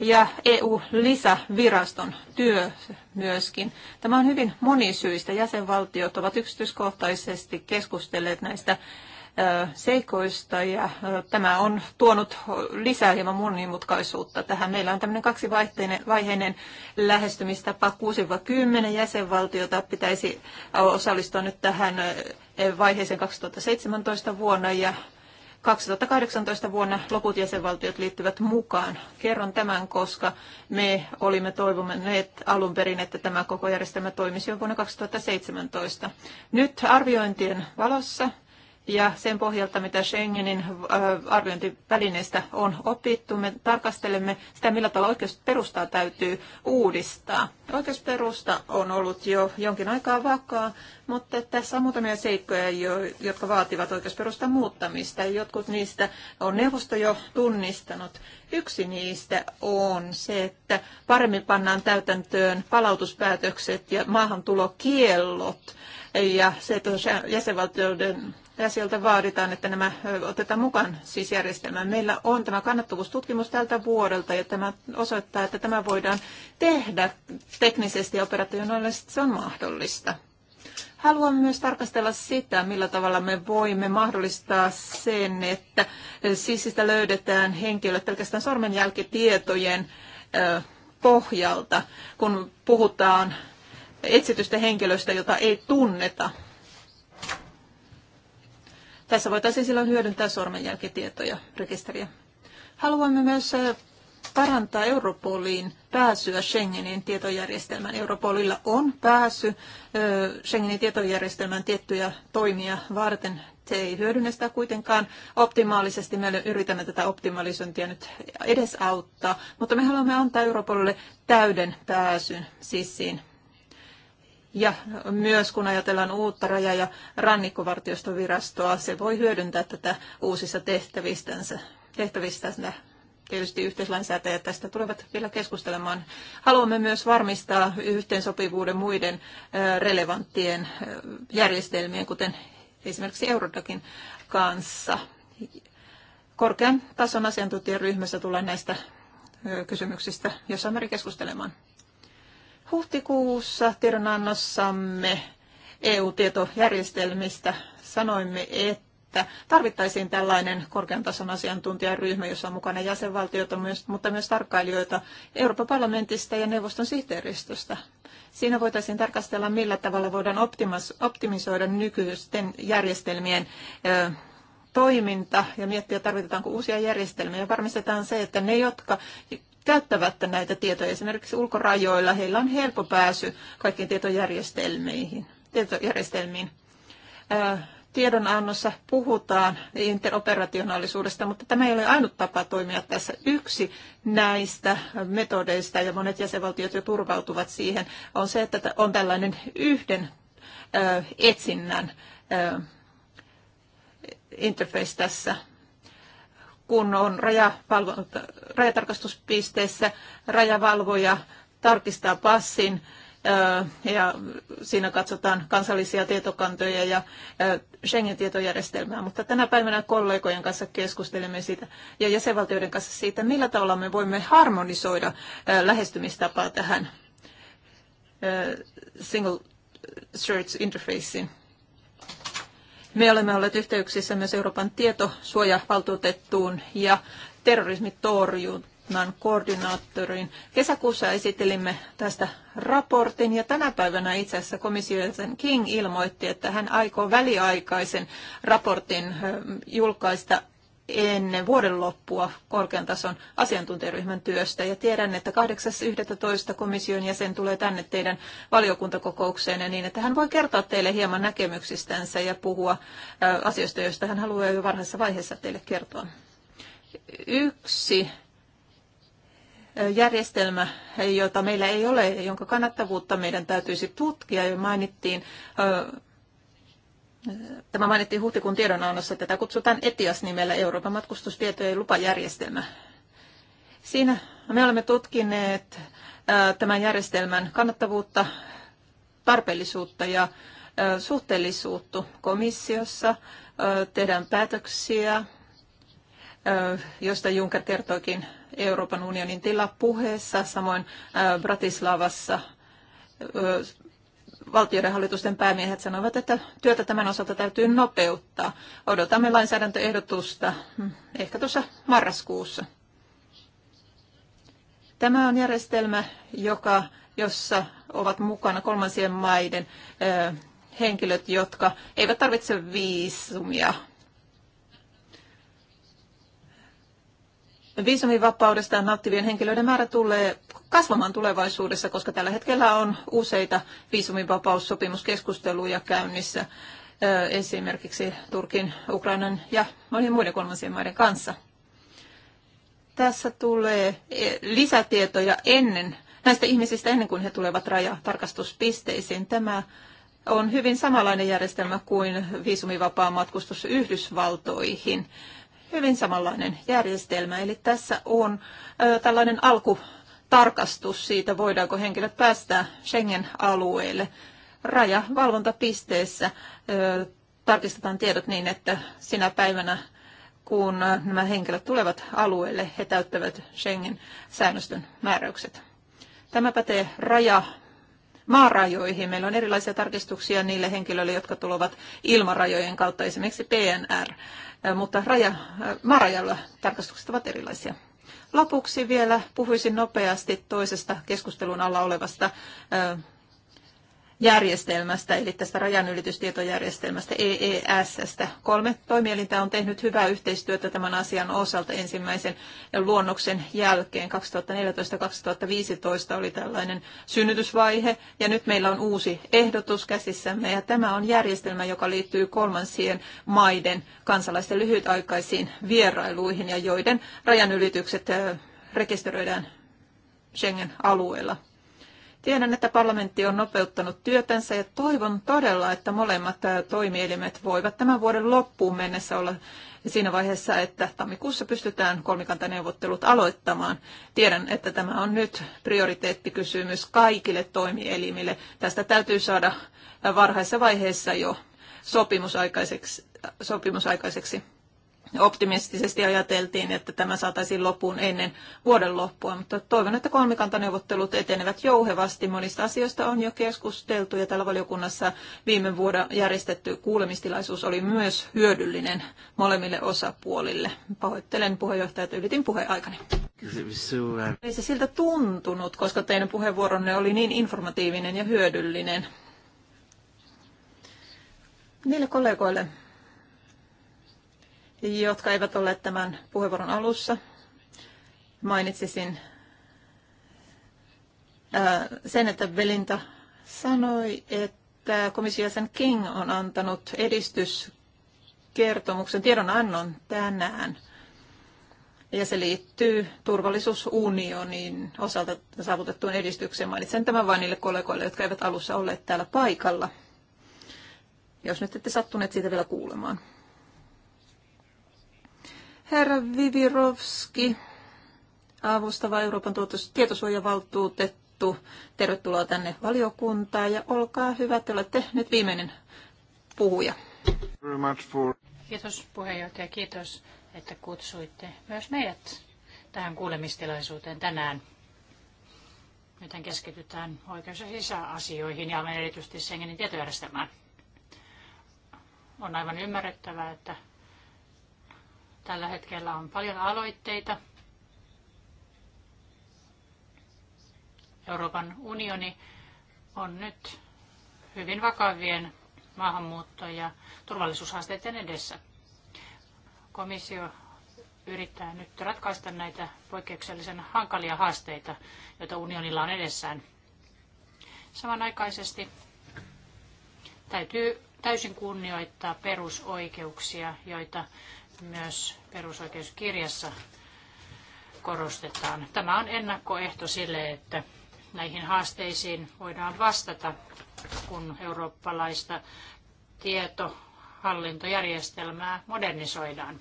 Speaker 2: Ja EU-lisäviraston työ myöskin. Tämä on hyvin monisyistä. Jäsenvaltiot ovat yksityiskohtaisesti keskustelleet näistä seikoista ja tämä on tuonut lisää hieman monimutkaisuutta tähän. Meillä on tämmöinen kaksivaiheinen lähestymistapa. 6-10 jäsenvaltiota pitäisi osallistua nyt tähän vaiheeseen 2017 vuonna ja 2018 vuonna loput jäsenvaltiot liittyvät mukaan. Kerron tämän, koska me olimme toivoneet alun perin, että tämä koko järjestelmä toimisi jo vuonna 2017. Nyt arviointien valossa ja sen pohjalta, mitä Schengenin äh, arviointivälineistä on opittu, me tarkastelemme sitä, millä tavalla oikeusperustaa täytyy uudistaa. Oikeusperusta on ollut jo jonkin aikaa vakaa, mutta tässä on muutamia seikkoja, jotka vaativat oikeusperustan muuttamista. Jotkut niistä on neuvosto jo tunnistanut. Yksi niistä on se, että paremmin pannaan täytäntöön palautuspäätökset ja maahantulokiellot ja se, että jäsenvaltioiden ja sieltä vaaditaan, että nämä otetaan mukaan siis järjestelmään. Meillä on tämä kannattavuustutkimus tältä vuodelta ja tämä osoittaa, että tämä voidaan tehdä teknisesti ja operationaalisesti se on mahdollista. Haluan myös tarkastella sitä, millä tavalla me voimme mahdollistaa sen, että sisistä löydetään henkilöt pelkästään sormenjälkitietojen pohjalta, kun puhutaan etsitystä henkilöstä, jota ei tunneta. Tässä voitaisiin silloin hyödyntää sormenjälkitietoja, rekisteriä. Haluamme myös eh, parantaa Europoliin pääsyä Schengenin tietojärjestelmään. Europolilla on pääsy eh, Schengenin tietojärjestelmään tiettyjä toimia varten. Se ei hyödynnä sitä kuitenkaan optimaalisesti. Me yritämme tätä optimalisointia nyt edesauttaa, mutta me haluamme antaa Europolille täyden pääsyn sissiin ja myös kun ajatellaan uutta raja- ja rannikkovartiostovirastoa, se voi hyödyntää tätä uusissa tehtävistänsä, tehtävistänsä tietysti yhteislainsäätäjät tästä tulevat vielä keskustelemaan. Haluamme myös varmistaa yhteensopivuuden muiden relevanttien järjestelmien, kuten esimerkiksi Eurodakin kanssa. Korkean tason asiantuntijaryhmässä tulee näistä kysymyksistä jossain määrin keskustelemaan. Huhtikuussa tiedonannossamme EU-tietojärjestelmistä sanoimme, että tarvittaisiin tällainen korkean tason asiantuntijaryhmä, jossa on mukana jäsenvaltioita, mutta myös tarkkailijoita Euroopan parlamentista ja neuvoston sihteeristöstä. Siinä voitaisiin tarkastella, millä tavalla voidaan optimisoida nykyisten järjestelmien toiminta ja miettiä, tarvitaanko uusia järjestelmiä. varmistetaan se, että ne, jotka käyttävät näitä tietoja. Esimerkiksi ulkorajoilla heillä on helppo pääsy kaikkiin tietojärjestelmiin. tietojärjestelmiin. Tiedonannossa puhutaan interoperationaalisuudesta, mutta tämä ei ole ainut tapa toimia tässä. Yksi näistä metodeista, ja monet jäsenvaltiot jo turvautuvat siihen, on se, että on tällainen yhden etsinnän interface tässä kun on rajavalvo, rajatarkastuspisteissä rajavalvoja tarkistaa passin ja siinä katsotaan kansallisia tietokantoja ja Schengen-tietojärjestelmää, mutta tänä päivänä kollegojen kanssa keskustelemme siitä ja jäsenvaltioiden kanssa siitä, millä tavalla me voimme harmonisoida lähestymistapaa tähän single search interfacein me olemme olleet yhteyksissä myös Euroopan tietosuojavaltuutettuun ja terrorismitorjunnan koordinaattoriin. Kesäkuussa esittelimme tästä raportin ja tänä päivänä itse asiassa komissio King ilmoitti, että hän aikoo väliaikaisen raportin julkaista ennen vuoden loppua korkean tason asiantuntijaryhmän työstä. Ja tiedän, että 8.11. komission jäsen tulee tänne teidän valiokuntakokoukseen niin, että hän voi kertoa teille hieman näkemyksistänsä ja puhua asioista, joista hän haluaa jo varhaisessa vaiheessa teille kertoa. Yksi järjestelmä, jota meillä ei ole, jonka kannattavuutta meidän täytyisi tutkia, jo mainittiin Tämä mainittiin huhtikuun tiedonannossa. Tätä kutsutaan ETIAS-nimellä Euroopan matkustustietojen lupajärjestelmä. Siinä me olemme tutkineet tämän järjestelmän kannattavuutta, tarpeellisuutta ja suhteellisuutta. Komissiossa tehdään päätöksiä, josta Juncker kertoikin Euroopan unionin tilapuheessa, samoin Bratislavassa valtioiden hallitusten päämiehet sanoivat, että työtä tämän osalta täytyy nopeuttaa. Odotamme lainsäädäntöehdotusta hmm, ehkä tuossa marraskuussa. Tämä on järjestelmä, joka, jossa ovat mukana kolmansien maiden henkilöt, jotka eivät tarvitse viisumia Viisumivapaudesta nauttivien henkilöiden määrä tulee kasvamaan tulevaisuudessa, koska tällä hetkellä on useita viisumivapaussopimuskeskusteluja käynnissä esimerkiksi Turkin, Ukrainan ja monien muiden kolmansien maiden kanssa. Tässä tulee e, lisätietoja ennen, näistä ihmisistä ennen kuin he tulevat rajatarkastuspisteisiin. Tämä on hyvin samanlainen järjestelmä kuin viisumivapaa matkustus Yhdysvaltoihin hyvin samanlainen järjestelmä. Eli tässä on tällainen alkutarkastus siitä, voidaanko henkilöt päästää Schengen-alueelle. Rajavalvontapisteessä tarkistetaan tiedot niin, että sinä päivänä, kun nämä henkilöt tulevat alueelle, he täyttävät Schengen-säännöstön määräykset. Tämä pätee raja maarajoihin. Meillä on erilaisia tarkistuksia niille henkilöille, jotka tulevat ilmarajojen kautta, esimerkiksi PNR, mutta raja, maarajalla tarkastukset ovat erilaisia. Lopuksi vielä puhuisin nopeasti toisesta keskustelun alla olevasta järjestelmästä, eli tästä rajanylitystietojärjestelmästä EESstä. Kolme toimielintä on tehnyt hyvää yhteistyötä tämän asian osalta ensimmäisen luonnoksen jälkeen. 2014-2015 oli tällainen synnytysvaihe, ja nyt meillä on uusi ehdotus käsissämme, ja tämä on järjestelmä, joka liittyy kolmansien maiden kansalaisten lyhytaikaisiin vierailuihin, ja joiden rajanylitykset rekisteröidään Schengen-alueella. Tiedän, että parlamentti on nopeuttanut työtänsä ja toivon todella, että molemmat toimielimet voivat tämän vuoden loppuun mennessä olla siinä vaiheessa, että tammikuussa pystytään kolmikantaneuvottelut aloittamaan. Tiedän, että tämä on nyt prioriteettikysymys kaikille toimielimille. Tästä täytyy saada varhaisessa vaiheessa jo sopimusaikaiseksi. sopimusaikaiseksi optimistisesti ajateltiin, että tämä saataisiin loppuun ennen vuoden loppua, mutta toivon, että kolmikantaneuvottelut etenevät jouhevasti. Monista asioista on jo keskusteltu ja täällä valiokunnassa viime vuoden järjestetty kuulemistilaisuus oli myös hyödyllinen molemmille osapuolille. Pahoittelen puheenjohtaja, että ylitin puheaikani. Ei se siltä tuntunut, koska teidän puheenvuoronne oli niin informatiivinen ja hyödyllinen. Niille kollegoille, jotka eivät olleet tämän puheenvuoron alussa. Mainitsisin sen, että Belinda sanoi, että komissiojäsen King on antanut edistyskertomuksen tiedonannon tänään. Ja se liittyy turvallisuusunionin osalta saavutettuun edistykseen. Mainitsen tämän vain niille kollegoille, jotka eivät alussa olleet täällä paikalla, jos nyt ette sattuneet siitä vielä kuulemaan. Herra Vivirovski, avustava Euroopan tietosuojavaltuutettu, tervetuloa tänne valiokuntaan ja olkaa hyvä, te olette nyt viimeinen puhuja. Kiitos
Speaker 5: puheenjohtaja, kiitos, että kutsuitte myös meidät tähän kuulemistilaisuuteen tänään. Nyt keskitytään oikeus- ja sisäasioihin ja erityisesti Schengenin tietojärjestelmään. On aivan ymmärrettävää, että Tällä hetkellä on paljon aloitteita. Euroopan unioni on nyt hyvin vakavien maahanmuutto- ja turvallisuushaasteiden edessä. Komissio yrittää nyt ratkaista näitä poikkeuksellisen hankalia haasteita, joita unionilla on edessään. Samanaikaisesti täytyy täysin kunnioittaa perusoikeuksia, joita myös perusoikeuskirjassa korostetaan. Tämä on ennakkoehto sille, että näihin haasteisiin voidaan vastata, kun eurooppalaista tietohallintojärjestelmää modernisoidaan.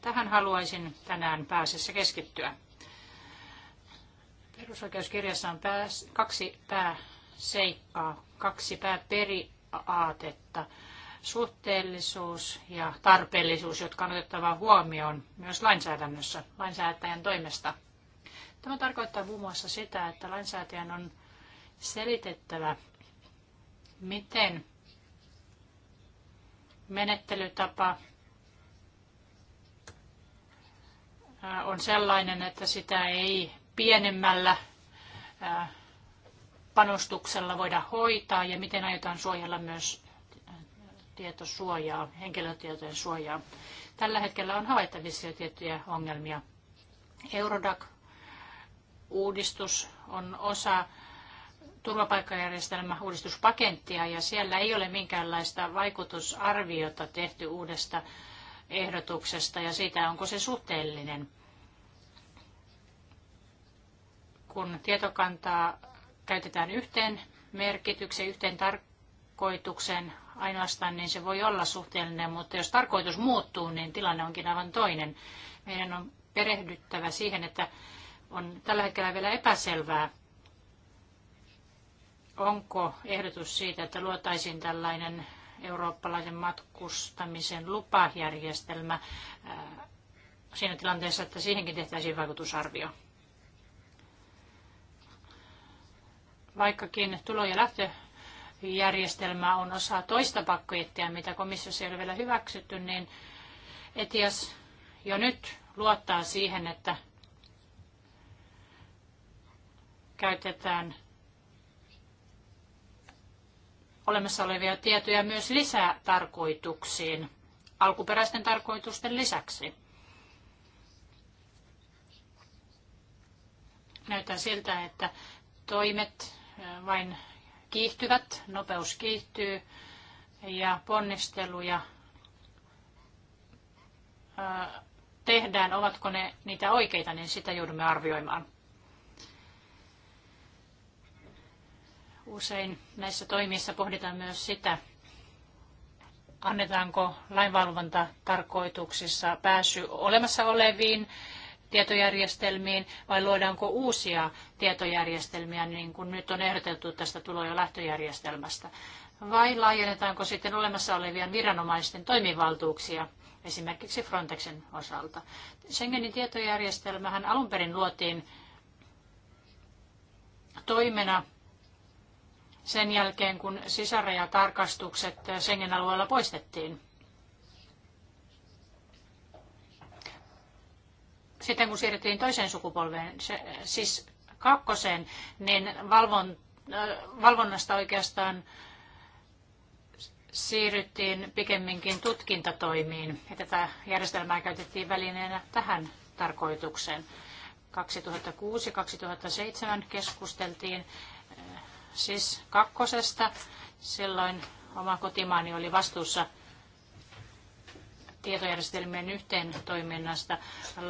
Speaker 5: Tähän haluaisin tänään pääsessä keskittyä. Perusoikeuskirjassa on pääs, kaksi pääseikkaa, kaksi pääperiaatetta, suhteellisuus ja tarpeellisuus, jotka on otettava huomioon myös lainsäädännössä lainsäätäjän toimesta. Tämä tarkoittaa muun muassa sitä, että lainsäätäjän on selitettävä, miten menettelytapa äh, on sellainen, että sitä ei pienemmällä äh, panostuksella voida hoitaa ja miten aiotaan suojella myös tietosuojaa, henkilötietojen suojaa. Tällä hetkellä on havaittavissa jo tiettyjä ongelmia. Eurodac-uudistus on osa turvapaikkajärjestelmä uudistuspakenttia ja siellä ei ole minkäänlaista vaikutusarviota tehty uudesta ehdotuksesta ja siitä, onko se suhteellinen. Kun tietokantaa käytetään yhteen merkitykseen, yhteen tarkoitukseen, ainoastaan, niin se voi olla suhteellinen, mutta jos tarkoitus muuttuu, niin tilanne onkin aivan toinen. Meidän on perehdyttävä siihen, että on tällä hetkellä vielä epäselvää, onko ehdotus siitä, että luotaisiin tällainen eurooppalaisen matkustamisen lupajärjestelmä äh, siinä tilanteessa, että siihenkin tehtäisiin vaikutusarvio. Vaikkakin tulo- ja lähtö järjestelmä on osa toista pakkojettia, mitä komissiossa ei ole vielä hyväksytty, niin Etias jo nyt luottaa siihen, että käytetään olemassa olevia tietoja myös lisätarkoituksiin alkuperäisten tarkoitusten lisäksi. Näyttää siltä, että toimet vain kiihtyvät, nopeus kiihtyy ja ponnisteluja tehdään, ovatko ne niitä oikeita, niin sitä joudumme arvioimaan. Usein näissä toimissa pohditaan myös sitä, annetaanko lainvalvonta tarkoituksissa pääsy olemassa oleviin tietojärjestelmiin vai luodaanko uusia tietojärjestelmiä, niin kuin nyt on ehdotettu tästä tulo- ja lähtöjärjestelmästä? Vai laajennetaanko sitten olemassa olevien viranomaisten toimivaltuuksia esimerkiksi Frontexin osalta? Schengenin tietojärjestelmähän alun perin luotiin toimena sen jälkeen, kun sisärajatarkastukset Schengen-alueella poistettiin. sitten kun siirryttiin toiseen sukupolveen, se, siis kakkoseen, niin valvon, äh, valvonnasta oikeastaan siirryttiin pikemminkin tutkintatoimiin. Ja tätä järjestelmää käytettiin välineenä tähän tarkoitukseen. 2006-2007 keskusteltiin äh, siis kakkosesta. Silloin oma kotimaani oli vastuussa tietojärjestelmien yhteen toiminnasta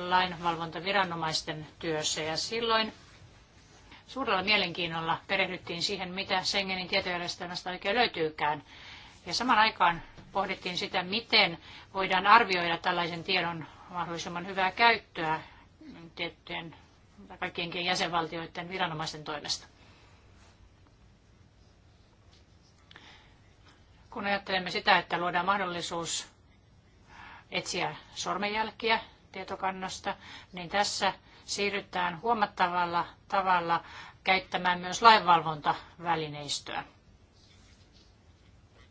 Speaker 5: lainvalvontaviranomaisten työssä. Ja silloin suurella mielenkiinnolla perehdyttiin siihen, mitä Schengenin tietojärjestelmästä oikein löytyykään. Ja saman aikaan pohdittiin sitä, miten voidaan arvioida tällaisen tiedon mahdollisimman hyvää käyttöä tiettyjen kaikkienkin jäsenvaltioiden viranomaisten toimesta. Kun ajattelemme sitä, että luodaan mahdollisuus etsiä sormenjälkiä tietokannasta, niin tässä siirrytään huomattavalla tavalla käyttämään myös lainvalvontavälineistöä.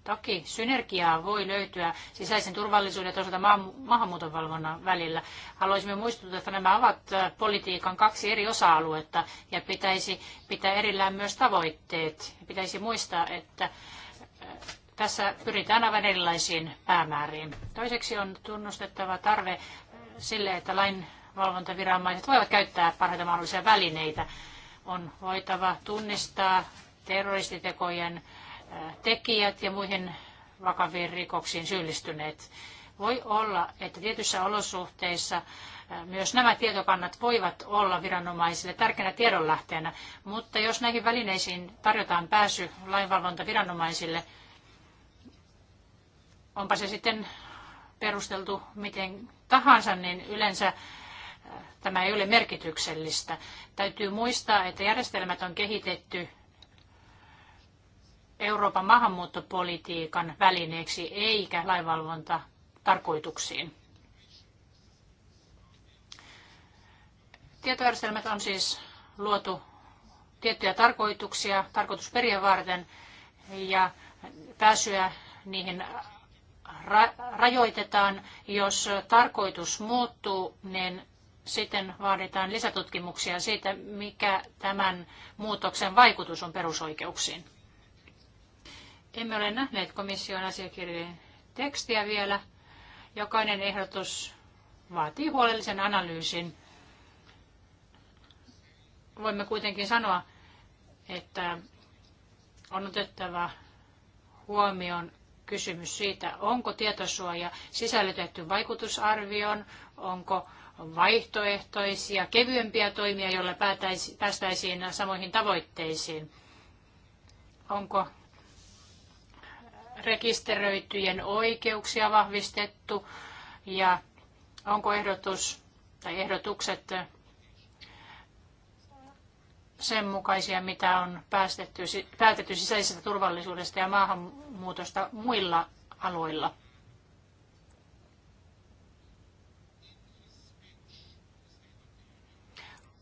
Speaker 5: Toki synergiaa voi löytyä sisäisen turvallisuuden ja toisaalta maahanmuuton valvonnan välillä. Haluaisimme muistuttaa, että nämä ovat politiikan kaksi eri osa-aluetta ja pitäisi pitää erillään myös tavoitteet. Pitäisi muistaa, että tässä pyritään aivan erilaisiin päämääriin. Toiseksi on tunnustettava tarve sille, että lainvalvontaviranomaiset voivat käyttää parhaita mahdollisia välineitä. On voitava tunnistaa terroristitekojen tekijät ja muihin vakaviin rikoksiin syyllistyneet. Voi olla, että tietyissä olosuhteissa myös nämä tietokannat voivat olla viranomaisille tärkeänä tiedonlähteenä, mutta jos näihin välineisiin tarjotaan pääsy lainvalvontaviranomaisille, onpa se sitten perusteltu miten tahansa, niin yleensä äh, tämä ei ole merkityksellistä. Täytyy muistaa, että järjestelmät on kehitetty Euroopan maahanmuuttopolitiikan välineeksi eikä lainvalvonta tarkoituksiin. Tietojärjestelmät on siis luotu tiettyjä tarkoituksia, tarkoitusperiä varten ja pääsyä niihin ra- rajoitetaan. Jos tarkoitus muuttuu, niin sitten vaaditaan lisätutkimuksia siitä, mikä tämän muutoksen vaikutus on perusoikeuksiin. Emme ole nähneet komission asiakirjojen tekstiä vielä. Jokainen ehdotus vaatii huolellisen analyysin. Voimme kuitenkin sanoa, että on otettava huomioon kysymys siitä, onko tietosuoja sisällytetty vaikutusarvioon, onko vaihtoehtoisia, kevyempiä toimia, joilla päästäisiin samoihin tavoitteisiin. Onko rekisteröityjen oikeuksia vahvistettu ja onko ehdotus tai ehdotukset sen mukaisia, mitä on päästetty, päätetty sisäisestä turvallisuudesta ja maahanmuutosta muilla aloilla.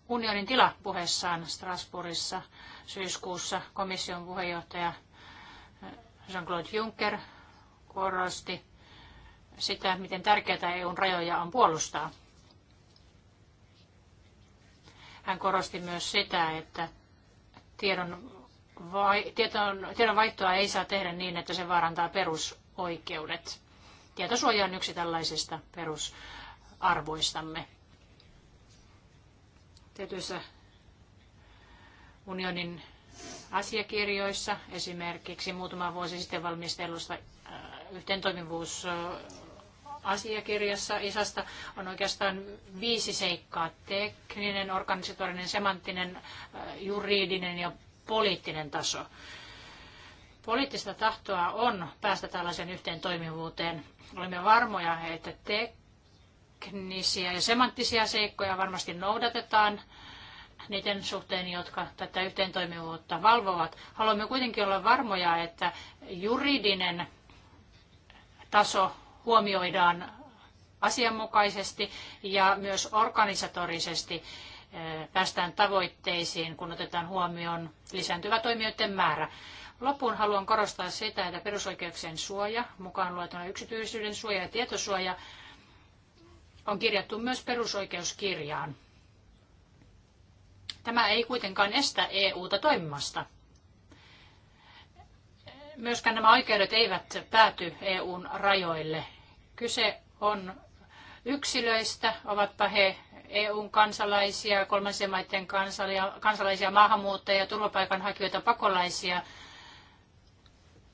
Speaker 5: Unionin tila puheessaan Strasbourgissa syyskuussa komission puheenjohtaja eh, Jean-Claude Juncker korosti sitä, miten tärkeää EUn rajoja on puolustaa. Hän korosti myös sitä, että tiedon, vai, tiedon, tiedon vaihtoa ei saa tehdä niin, että se vaarantaa perusoikeudet. Tietosuoja on yksi tällaisista perusarvoistamme. Tietyissä unionin asiakirjoissa, esimerkiksi muutama vuosi sitten valmistellusta äh, yhteentoimivuus asiakirjassa ISAsta on oikeastaan viisi seikkaa. Tekninen, organisatorinen, semanttinen, äh, juridinen ja poliittinen taso. Poliittista tahtoa on päästä tällaisen yhteen toimivuuteen. Olemme varmoja, että teknisiä ja semanttisia seikkoja varmasti noudatetaan niiden suhteen, jotka tätä yhteen toimivuutta valvovat. Haluamme kuitenkin olla varmoja, että juridinen taso huomioidaan asianmukaisesti ja myös organisatorisesti eh, päästään tavoitteisiin, kun otetaan huomioon lisääntyvä toimijoiden määrä. Loppuun haluan korostaa sitä, että perusoikeuksien suoja, mukaan luettuna yksityisyyden suoja ja tietosuoja, on kirjattu myös perusoikeuskirjaan. Tämä ei kuitenkaan estä EUta toimimasta. Myöskään nämä oikeudet eivät pääty EUn rajoille Kyse on yksilöistä, ovatpa he EUn kansalaisia, kolmansien maiden kansalaisia, maahanmuuttajia, turvapaikanhakijoita, pakolaisia,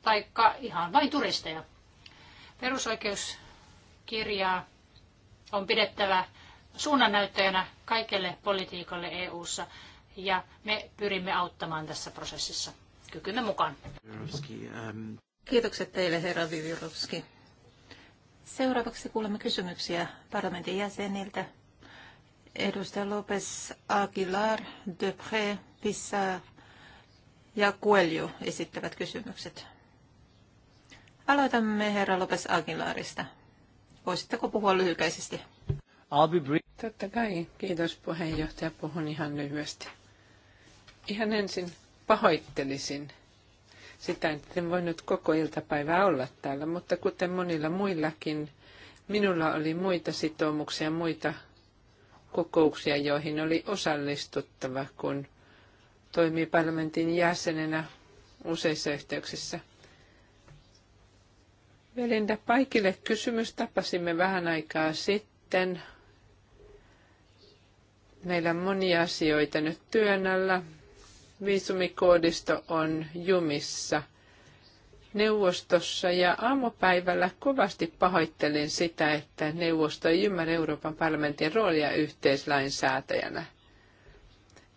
Speaker 5: taikka ihan vain turisteja. Perusoikeuskirjaa on pidettävä suunnannäyttäjänä kaikelle politiikalle EU:ssa ja me pyrimme auttamaan tässä prosessissa kykymme mukaan.
Speaker 2: Kiitokset teille, herra Vivirovski. Seuraavaksi kuulemme kysymyksiä parlamentin jäseniltä. Edustaja Lopez Aguilar, Depré, Pissa ja Kuelju esittävät kysymykset. Aloitamme herra Lopez Aguilarista. Voisitteko puhua
Speaker 4: lyhykäisesti? Totta kai. Kiitos puheenjohtaja. Puhun ihan lyhyesti. Ihan ensin pahoittelisin sitä, että en voinut koko iltapäivää olla täällä, mutta kuten monilla muillakin, minulla oli muita sitoumuksia, muita kokouksia, joihin oli osallistuttava, kun toimii parlamentin jäsenenä useissa yhteyksissä. Velinda Paikille kysymys. Tapasimme vähän aikaa sitten. Meillä on monia asioita nyt työn alla viisumikoodisto on jumissa neuvostossa ja aamupäivällä kovasti pahoittelin sitä, että neuvosto ei ymmärrä Euroopan parlamentin roolia yhteislainsäätäjänä.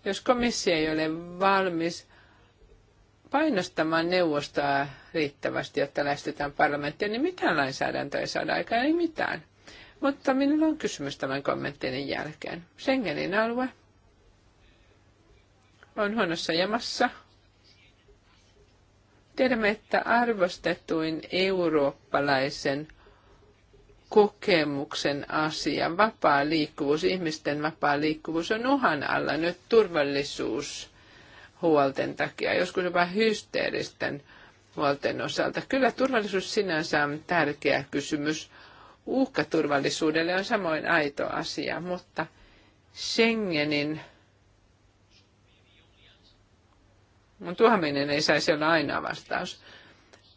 Speaker 4: Jos komissio ei ole valmis painostamaan neuvostoa riittävästi, jotta lähestytään parlamenttia, niin mitään lainsäädäntöä ei saada aikaan, ei mitään. Mutta minulla on kysymys tämän kommenttien jälkeen. Schengenin alue, on huonossa jamassa. Tiedämme, että arvostetuin eurooppalaisen kokemuksen asia, vapaa liikkuvuus, ihmisten vapaa liikkuvuus on uhan alla nyt turvallisuus huolten takia, joskus jopa hysteeristen huolten osalta. Kyllä turvallisuus sinänsä on tärkeä kysymys. Uhka turvallisuudelle on samoin aito asia, mutta Schengenin Mun tuohaminen ei saisi olla aina vastaus.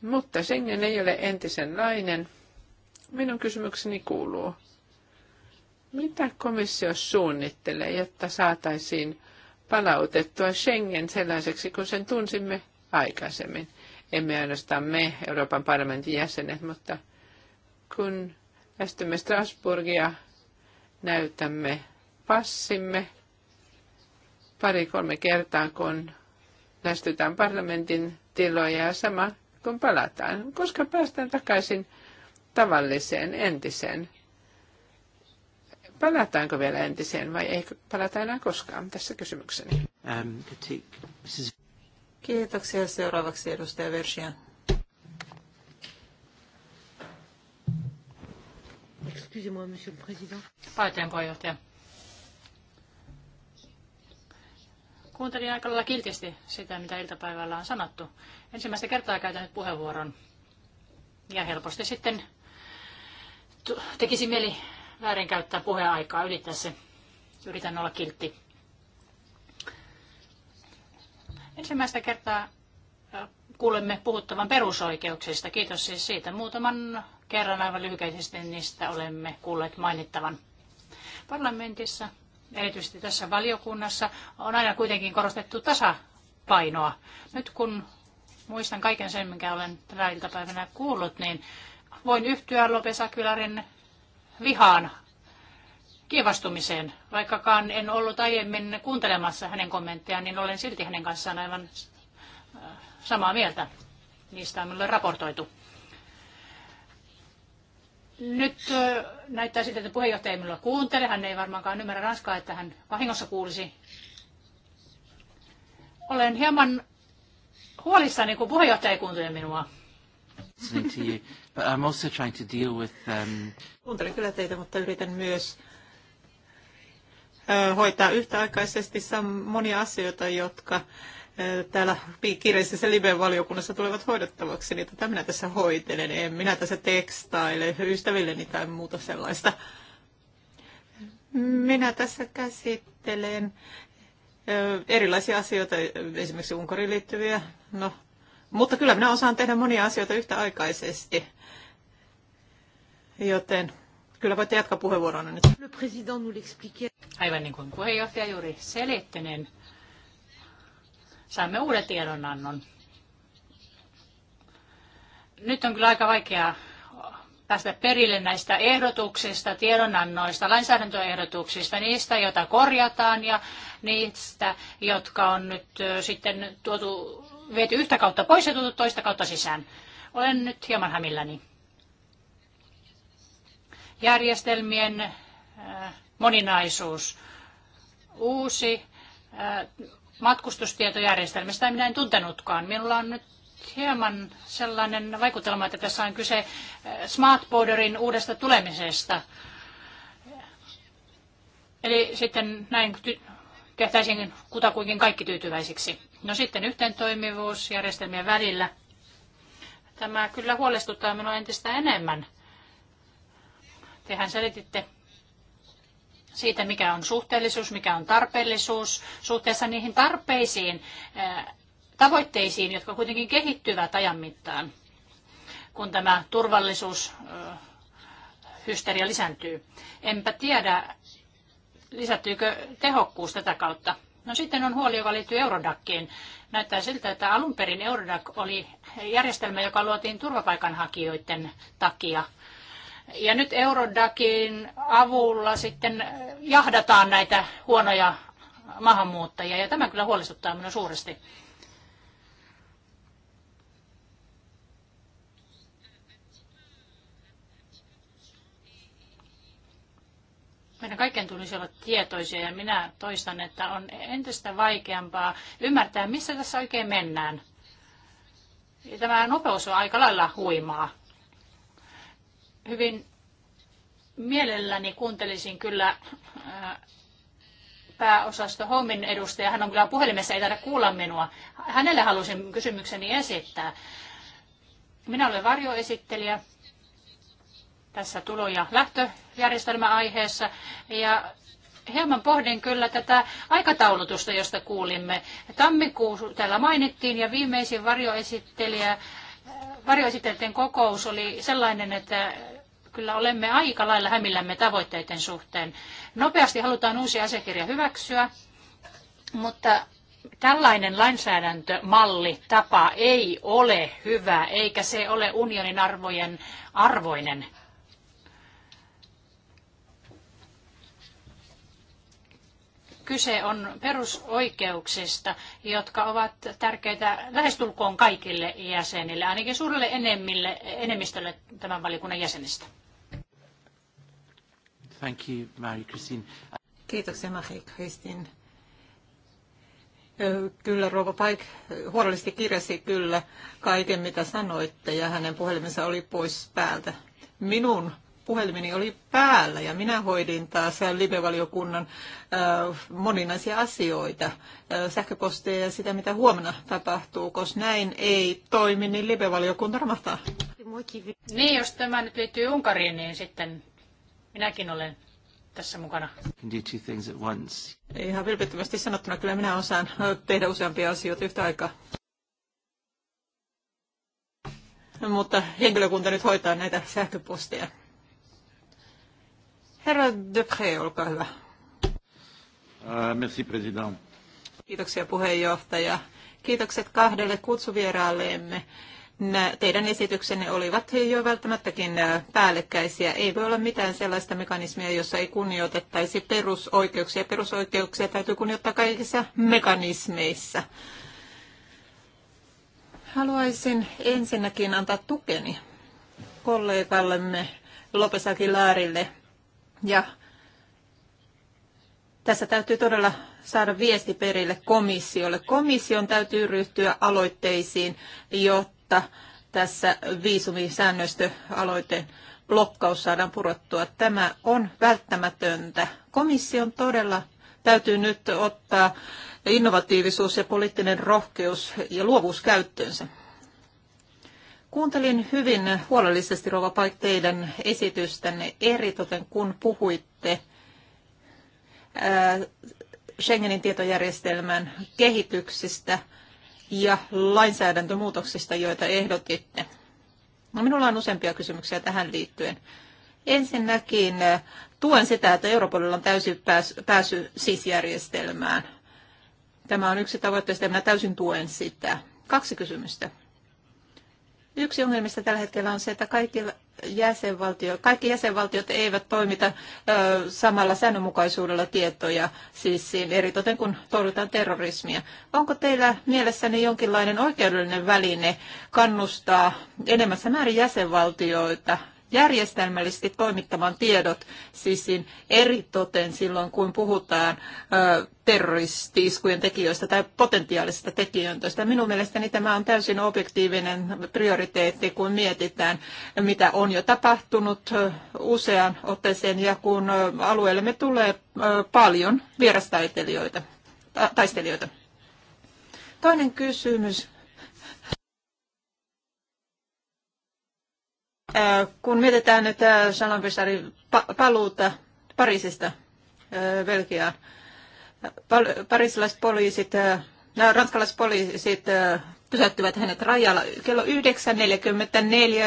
Speaker 4: Mutta Schengen ei ole entisenlainen. Minun kysymykseni kuuluu, mitä komissio suunnittelee, jotta saataisiin palautettua Schengen sellaiseksi kun sen tunsimme aikaisemmin? Emme ainoastaan me, Euroopan parlamentin jäsenet, mutta kun lähtemme Strasburgia, näytämme passimme pari-kolme kertaa, kun lähestytään parlamentin tiloja ja sama kun palataan, koska päästään takaisin tavalliseen, entiseen. Palataanko vielä entiseen vai ei palata enää koskaan? Tässä kysymykseni. Um, Kiitoksia.
Speaker 2: Seuraavaksi edustaja Versia. Excusez-moi,
Speaker 3: monsieur
Speaker 5: le président. Päätään président. kuuntelin aika lailla kiltisti sitä, mitä iltapäivällä on sanottu. Ensimmäistä kertaa käytän nyt puheenvuoron. Ja helposti sitten tekisi mieli väärinkäyttää puheaikaa, ylittää se. Yritän olla kiltti. Ensimmäistä kertaa kuulemme puhuttavan perusoikeuksista. Kiitos siis siitä. Muutaman kerran aivan lyhykäisesti niistä olemme kuulleet mainittavan. Parlamentissa erityisesti tässä valiokunnassa, on aina kuitenkin korostettu tasapainoa. Nyt kun muistan kaiken sen, minkä olen tänä iltapäivänä kuullut, niin voin yhtyä Lope Akylarin vihaan kievastumiseen. Vaikkakaan en ollut aiemmin kuuntelemassa hänen kommenttejaan, niin olen silti hänen kanssaan aivan äh, samaa mieltä. Niistä on minulle raportoitu. Nyt näyttää siltä, että puheenjohtaja ei minulla kuuntele. Hän ei varmaankaan ymmärrä ranskaa, että hän vahingossa kuulisi. Olen hieman huolissani, kun puheenjohtaja ei kuuntele minua.
Speaker 1: But I'm also trying to deal with, um...
Speaker 2: Kuuntelen kyllä teitä, mutta yritän myös hoitaa yhtäaikaisesti monia asioita, jotka täällä kiireisessä live-valiokunnassa tulevat hoidettavaksi, niin tätä minä tässä hoitelen. En minä tässä tekstaile ystävilleni tai muuta sellaista. Minä tässä käsittelen erilaisia asioita, esimerkiksi Unkariin liittyviä. No, mutta kyllä minä osaan tehdä monia asioita yhtäaikaisesti. Joten kyllä voitte jatkaa puheenvuoron nyt. Aivan niin kuin
Speaker 5: puheenjohtaja juuri selitti, niin saimme uuden tiedonannon. Nyt on kyllä aika vaikea päästä perille näistä ehdotuksista, tiedonannoista, lainsäädäntöehdotuksista, niistä, joita korjataan ja niistä, jotka on nyt sitten tuotu, viety yhtä kautta pois ja tuotu toista kautta sisään. Olen nyt hieman hämilläni. Järjestelmien moninaisuus, uusi matkustustietojärjestelmistä minä en tuntenutkaan. Minulla on nyt hieman sellainen vaikutelma, että tässä on kyse eh, smart borderin uudesta tulemisesta. Eli sitten näin tehtäisiin kutakuinkin kaikki tyytyväisiksi. No sitten yhteen toimivuus järjestelmien välillä. Tämä kyllä huolestuttaa minua entistä enemmän. Tehän selititte siitä, mikä on suhteellisuus, mikä on tarpeellisuus suhteessa niihin tarpeisiin, tavoitteisiin, jotka kuitenkin kehittyvät ajan mittaan, kun tämä turvallisuus lisääntyy. Enpä tiedä, lisättyykö tehokkuus tätä kautta. No sitten on huoli, joka liittyy Eurodakkiin. Näyttää siltä, että alun perin Eurodac oli järjestelmä, joka luotiin turvapaikanhakijoiden takia – ja nyt Eurodakin avulla sitten jahdataan näitä huonoja maahanmuuttajia, ja tämä kyllä huolestuttaa minua suuresti. meidän kaikkien tulisi olla tietoisia ja minä toistan, että on entistä vaikeampaa ymmärtää, missä tässä oikein mennään. Ja tämä nopeus on aika lailla huimaa. Hyvin mielelläni kuuntelisin kyllä äh, pääosasto Homin edustaja. Hän on kyllä puhelimessa, ei taida kuulla minua. Hänelle halusin kysymykseni esittää. Minä olen varjoesittelijä tässä tulo- ja lähtöjärjestelmäaiheessa. Ja hieman pohdin kyllä tätä aikataulutusta, josta kuulimme. Tammikuu täällä mainittiin ja viimeisin varjoesittelijä äh, varjoesittelijän kokous oli sellainen, että kyllä olemme aika lailla hämillämme tavoitteiden suhteen. Nopeasti halutaan uusi asiakirja hyväksyä, mutta tällainen lainsäädäntömalli, tapa ei ole hyvä, eikä se ole unionin arvojen arvoinen. Kyse on perusoikeuksista, jotka ovat tärkeitä lähestulkoon kaikille jäsenille, ainakin suurelle enemmille, enemmistölle tämän valikunnan jäsenistä.
Speaker 1: Thank you, christine
Speaker 2: Kiitoksia, christine Kyllä, Rova Paik huolellisesti kirjasi kyllä kaiken, mitä sanoitte, ja hänen puhelimensa oli pois päältä. Minun puhelimeni oli päällä ja minä hoidin taas live-valiokunnan moninaisia asioita, sähköposteja ja sitä, mitä huomenna tapahtuu. Koska näin ei toimi, niin live-valiokunta romahtaa.
Speaker 5: Niin, jos tämä nyt liittyy Unkariin, niin sitten Minäkin olen
Speaker 2: tässä mukana. Ihan vilpittömästi sanottuna, kyllä minä osaan tehdä useampia asioita yhtä aikaa. Mutta henkilökunta nyt hoitaa näitä sähköposteja. Herra Depré, olkaa hyvä. Uh,
Speaker 3: merci, president.
Speaker 2: Kiitoksia puheenjohtaja. Kiitokset kahdelle kutsuvieraalleemme teidän esityksenne olivat jo välttämättäkin äh, päällekkäisiä. Ei voi olla mitään sellaista mekanismia, jossa ei kunnioitettaisi perusoikeuksia. Perusoikeuksia täytyy kunnioittaa kaikissa mekanismeissa. Haluaisin ensinnäkin antaa tukeni kollegallemme Lopes Aguilarille. Ja tässä täytyy todella saada viesti perille komissiolle. Komission täytyy ryhtyä aloitteisiin, jotta jotta tässä viisumisäännöstöaloite blokkaus saadaan purottua. Tämä on välttämätöntä. Komission todella täytyy nyt ottaa innovatiivisuus ja poliittinen rohkeus ja luovuus käyttöönsä. Kuuntelin hyvin huolellisesti, Rova Paik, teidän esitystänne eritoten, kun puhuitte Schengenin tietojärjestelmän kehityksistä – ja lainsäädäntömuutoksista, joita ehdotitte. No, minulla on useampia kysymyksiä tähän liittyen. Ensinnäkin eh, tuen sitä, että Europolilla on täysin pääsy, SIS-järjestelmään. Tämä on yksi tavoitteista ja minä täysin tuen sitä. Kaksi kysymystä. Yksi ongelmista tällä hetkellä on se, että jäsenvaltio, kaikki jäsenvaltiot eivät toimita ö, samalla säännönmukaisuudella tietoja, siis siinä eritoten kun torjutaan terrorismia. Onko teillä mielessäni jonkinlainen oikeudellinen väline kannustaa enemmässä määrin jäsenvaltioita järjestelmällisesti toimittamaan tiedot sisin eritoten silloin, kun puhutaan terroristiiskujen tekijöistä tai potentiaalisista tekijöistä. Minun mielestäni tämä on täysin objektiivinen prioriteetti, kun mietitään, mitä on jo tapahtunut usean otteeseen ja kun alueellemme tulee paljon vierastaistelijoita. Toinen kysymys Äh, kun mietitään nyt Shalom äh, pa- paluuta Pariisista äh, Belgiaan, parisilaiset poliisit, nämä no, ranskalaiset poliisit pysäyttivät hänet rajalla kello 9.44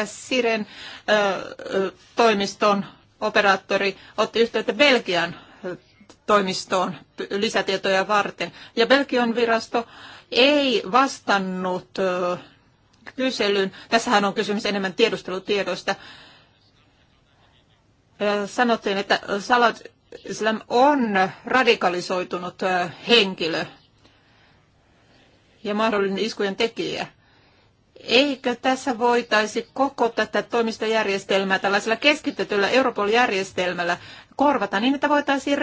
Speaker 2: Siren toimiston operaattori otti yhteyttä Belgian toimistoon lisätietoja varten. Ja Belgian virasto ei vastannut kyselyn. Tässähän on kysymys enemmän tiedustelutiedoista. Sanottiin, että Salat Islam on radikalisoitunut henkilö ja mahdollinen iskujen tekijä. Eikö tässä voitaisi koko tätä toimistojärjestelmää tällaisella keskitetyllä Europol-järjestelmällä korvata niin, että voitaisiin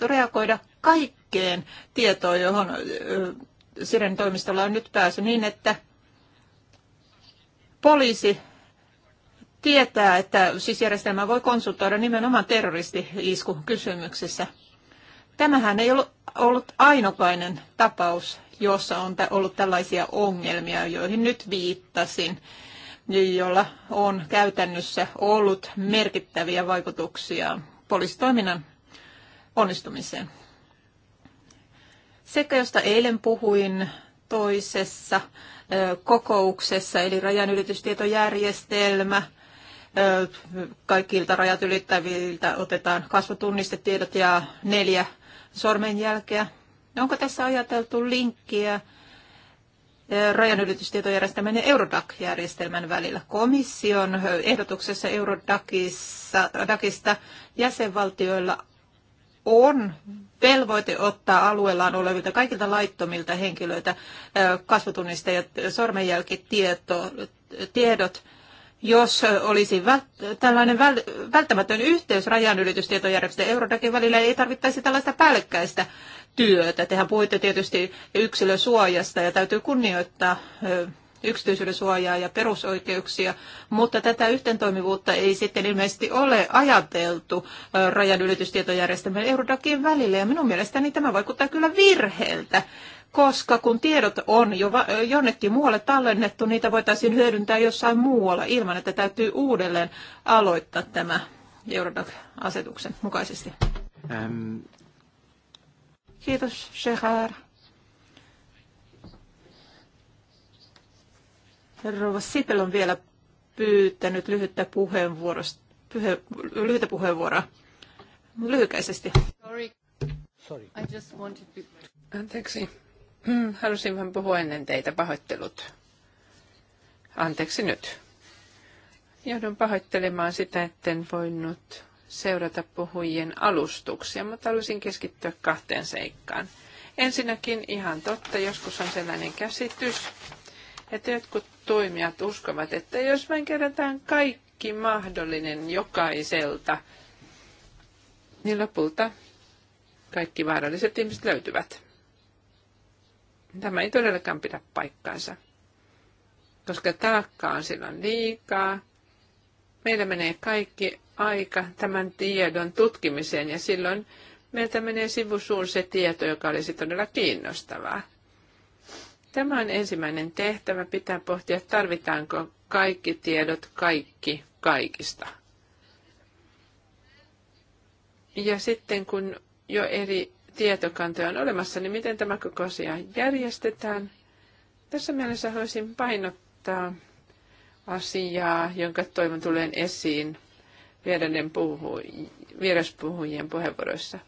Speaker 2: reagoida kaikkeen tietoon, johon Siren toimistolla on nyt pääsy, niin että poliisi tietää, että siis järjestelmä voi konsultoida nimenomaan terroristi-isku kysymyksessä. Tämähän ei ollut, ollut ainokainen tapaus, jossa on ollut tällaisia ongelmia, joihin nyt viittasin, jolla on käytännössä ollut merkittäviä vaikutuksia poliisitoiminnan onnistumiseen. Sekä josta eilen puhuin toisessa kokouksessa, eli rajanylitystietojärjestelmä. Kaikilta rajat ylittäviltä otetaan kasvotunnistetiedot ja neljä sormenjälkeä. Onko tässä ajateltu linkkiä rajanylitystietojärjestelmän ja Eurodac-järjestelmän välillä. Komission ehdotuksessa Eurodacista jäsenvaltioilla on velvoite ottaa alueellaan olevilta kaikilta laittomilta henkilöiltä kasvotunniste ja sormenjälkitiedot, jos olisi tällainen välttämätön yhteys rajanylitystietojärjestelmän Eurodakin välillä, ei tarvittaisi tällaista päällekkäistä työtä. Tehän puhuitte tietysti yksilösuojasta ja täytyy kunnioittaa yksityisyyden suojaa ja perusoikeuksia, mutta tätä yhteentoimivuutta ei sitten ilmeisesti ole ajateltu rajanylitystietojärjestelmän Eurodakin välillä. Ja minun mielestäni tämä vaikuttaa kyllä virheeltä koska kun tiedot on jo jonnekin muualle tallennettu, niitä voitaisiin hyödyntää jossain muualla ilman, että täytyy uudelleen aloittaa tämä Eurodac-asetuksen mukaisesti. Ähm. Kiitos, Shehar. Rouva Sipel on vielä pyytänyt lyhyttä, puheenvuorosta, pyhe, lyhyttä puheenvuoroa.
Speaker 4: Lyhykäisesti. Sorry. Sorry.
Speaker 3: I just wanted to...
Speaker 4: Anteeksi. Hmm, halusin vähän puhua ennen teitä pahoittelut. Anteeksi nyt. Joudun pahoittelemaan sitä, etten voinut seurata puhujien alustuksia, mutta haluaisin keskittyä kahteen seikkaan. Ensinnäkin ihan totta, joskus on sellainen käsitys, että jotkut toimijat uskovat, että jos vain kerätään kaikki mahdollinen jokaiselta, niin lopulta kaikki vaaralliset ihmiset löytyvät. Tämä ei todellakaan pidä paikkaansa, koska taakka on silloin liikaa. Meillä menee kaikki aika tämän tiedon tutkimiseen ja silloin meiltä menee sivusuun se tieto, joka olisi todella kiinnostavaa. Tämä on ensimmäinen tehtävä. Pitää pohtia, tarvitaanko kaikki tiedot, kaikki kaikista. Ja sitten kun jo eri tietokantoja on olemassa, niin miten tämä koko asia järjestetään? Tässä mielessä haluaisin painottaa asiaa, jonka toivon tulee esiin vieraspuhujien puheenvuoroissa.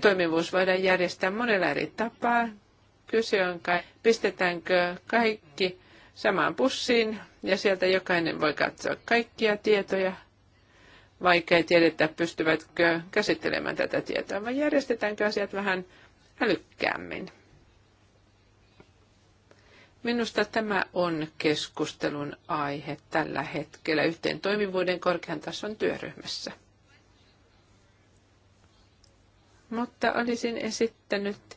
Speaker 4: toimivuus voidaan järjestää monella eri tapaa. Kyse on kai, pistetäänkö kaikki samaan pussiin ja sieltä jokainen voi katsoa kaikkia tietoja, vaikka ei tiedetä, pystyvätkö käsittelemään tätä tietoa, vai järjestetäänkö asiat vähän älykkäämmin. Minusta tämä on keskustelun aihe tällä hetkellä yhteen toimivuuden korkean tason työryhmässä. Mutta olisin esittänyt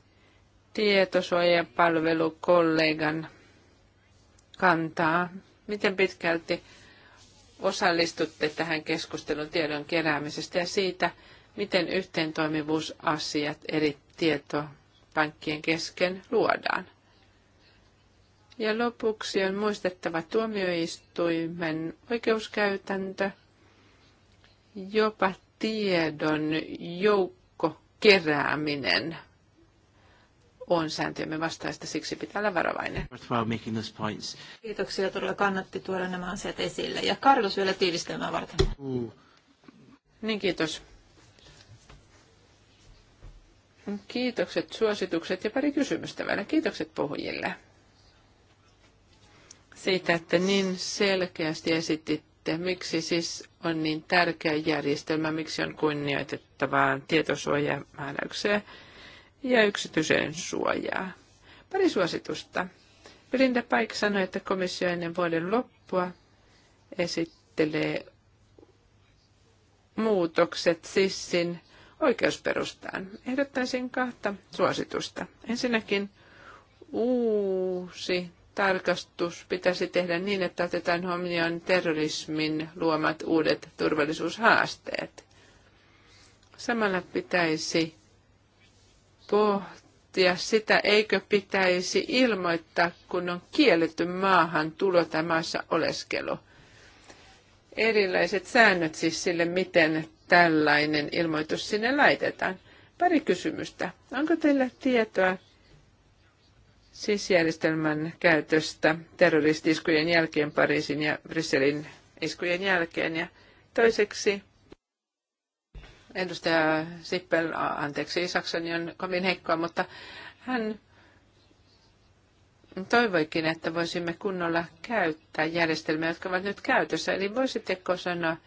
Speaker 4: tietosuojapalvelukollegan kantaa. Miten pitkälti osallistutte tähän keskustelun tiedon keräämisestä ja siitä, miten yhteentoimivuusasiat eri tietopankkien kesken luodaan? Ja lopuksi on muistettava tuomioistuimen oikeuskäytäntö, jopa tiedon joukko kerääminen on sääntöjemme vastaista, siksi pitää olla varovainen. Kiitoksia, todella kannatti tuoda nämä asiat esille. Ja Carlos vielä tiivistelmää varten. Mm. Niin, kiitos. Kiitokset, suositukset ja pari kysymystä vielä. Kiitokset puhujille siitä, että niin selkeästi esititte, miksi siis on niin tärkeä järjestelmä, miksi on kunnioitettavaa tietosuojamääräykseen ja yksityiseen suojaa. Pari suositusta. Belinda Paik sanoi, että komissio ennen vuoden loppua esittelee muutokset sissin oikeusperustaan. Ehdottaisin kahta suositusta. Ensinnäkin uusi tarkastus pitäisi tehdä niin, että otetaan huomioon terrorismin luomat uudet turvallisuushaasteet. Samalla pitäisi pohtia sitä, eikö pitäisi ilmoittaa, kun on kielletty maahan tulo tai maassa oleskelu. Erilaiset säännöt siis sille, miten tällainen ilmoitus sinne laitetaan. Pari kysymystä. Onko teillä tietoa siis järjestelmän käytöstä terroristiskujen jälkeen Pariisin ja Brysselin iskujen jälkeen? Ja toiseksi, Edustaja Sippel, anteeksi, Isaksoni on kovin heikkoa, mutta hän toivoikin, että voisimme kunnolla käyttää järjestelmiä, jotka ovat nyt käytössä. Eli voisitteko sanoa,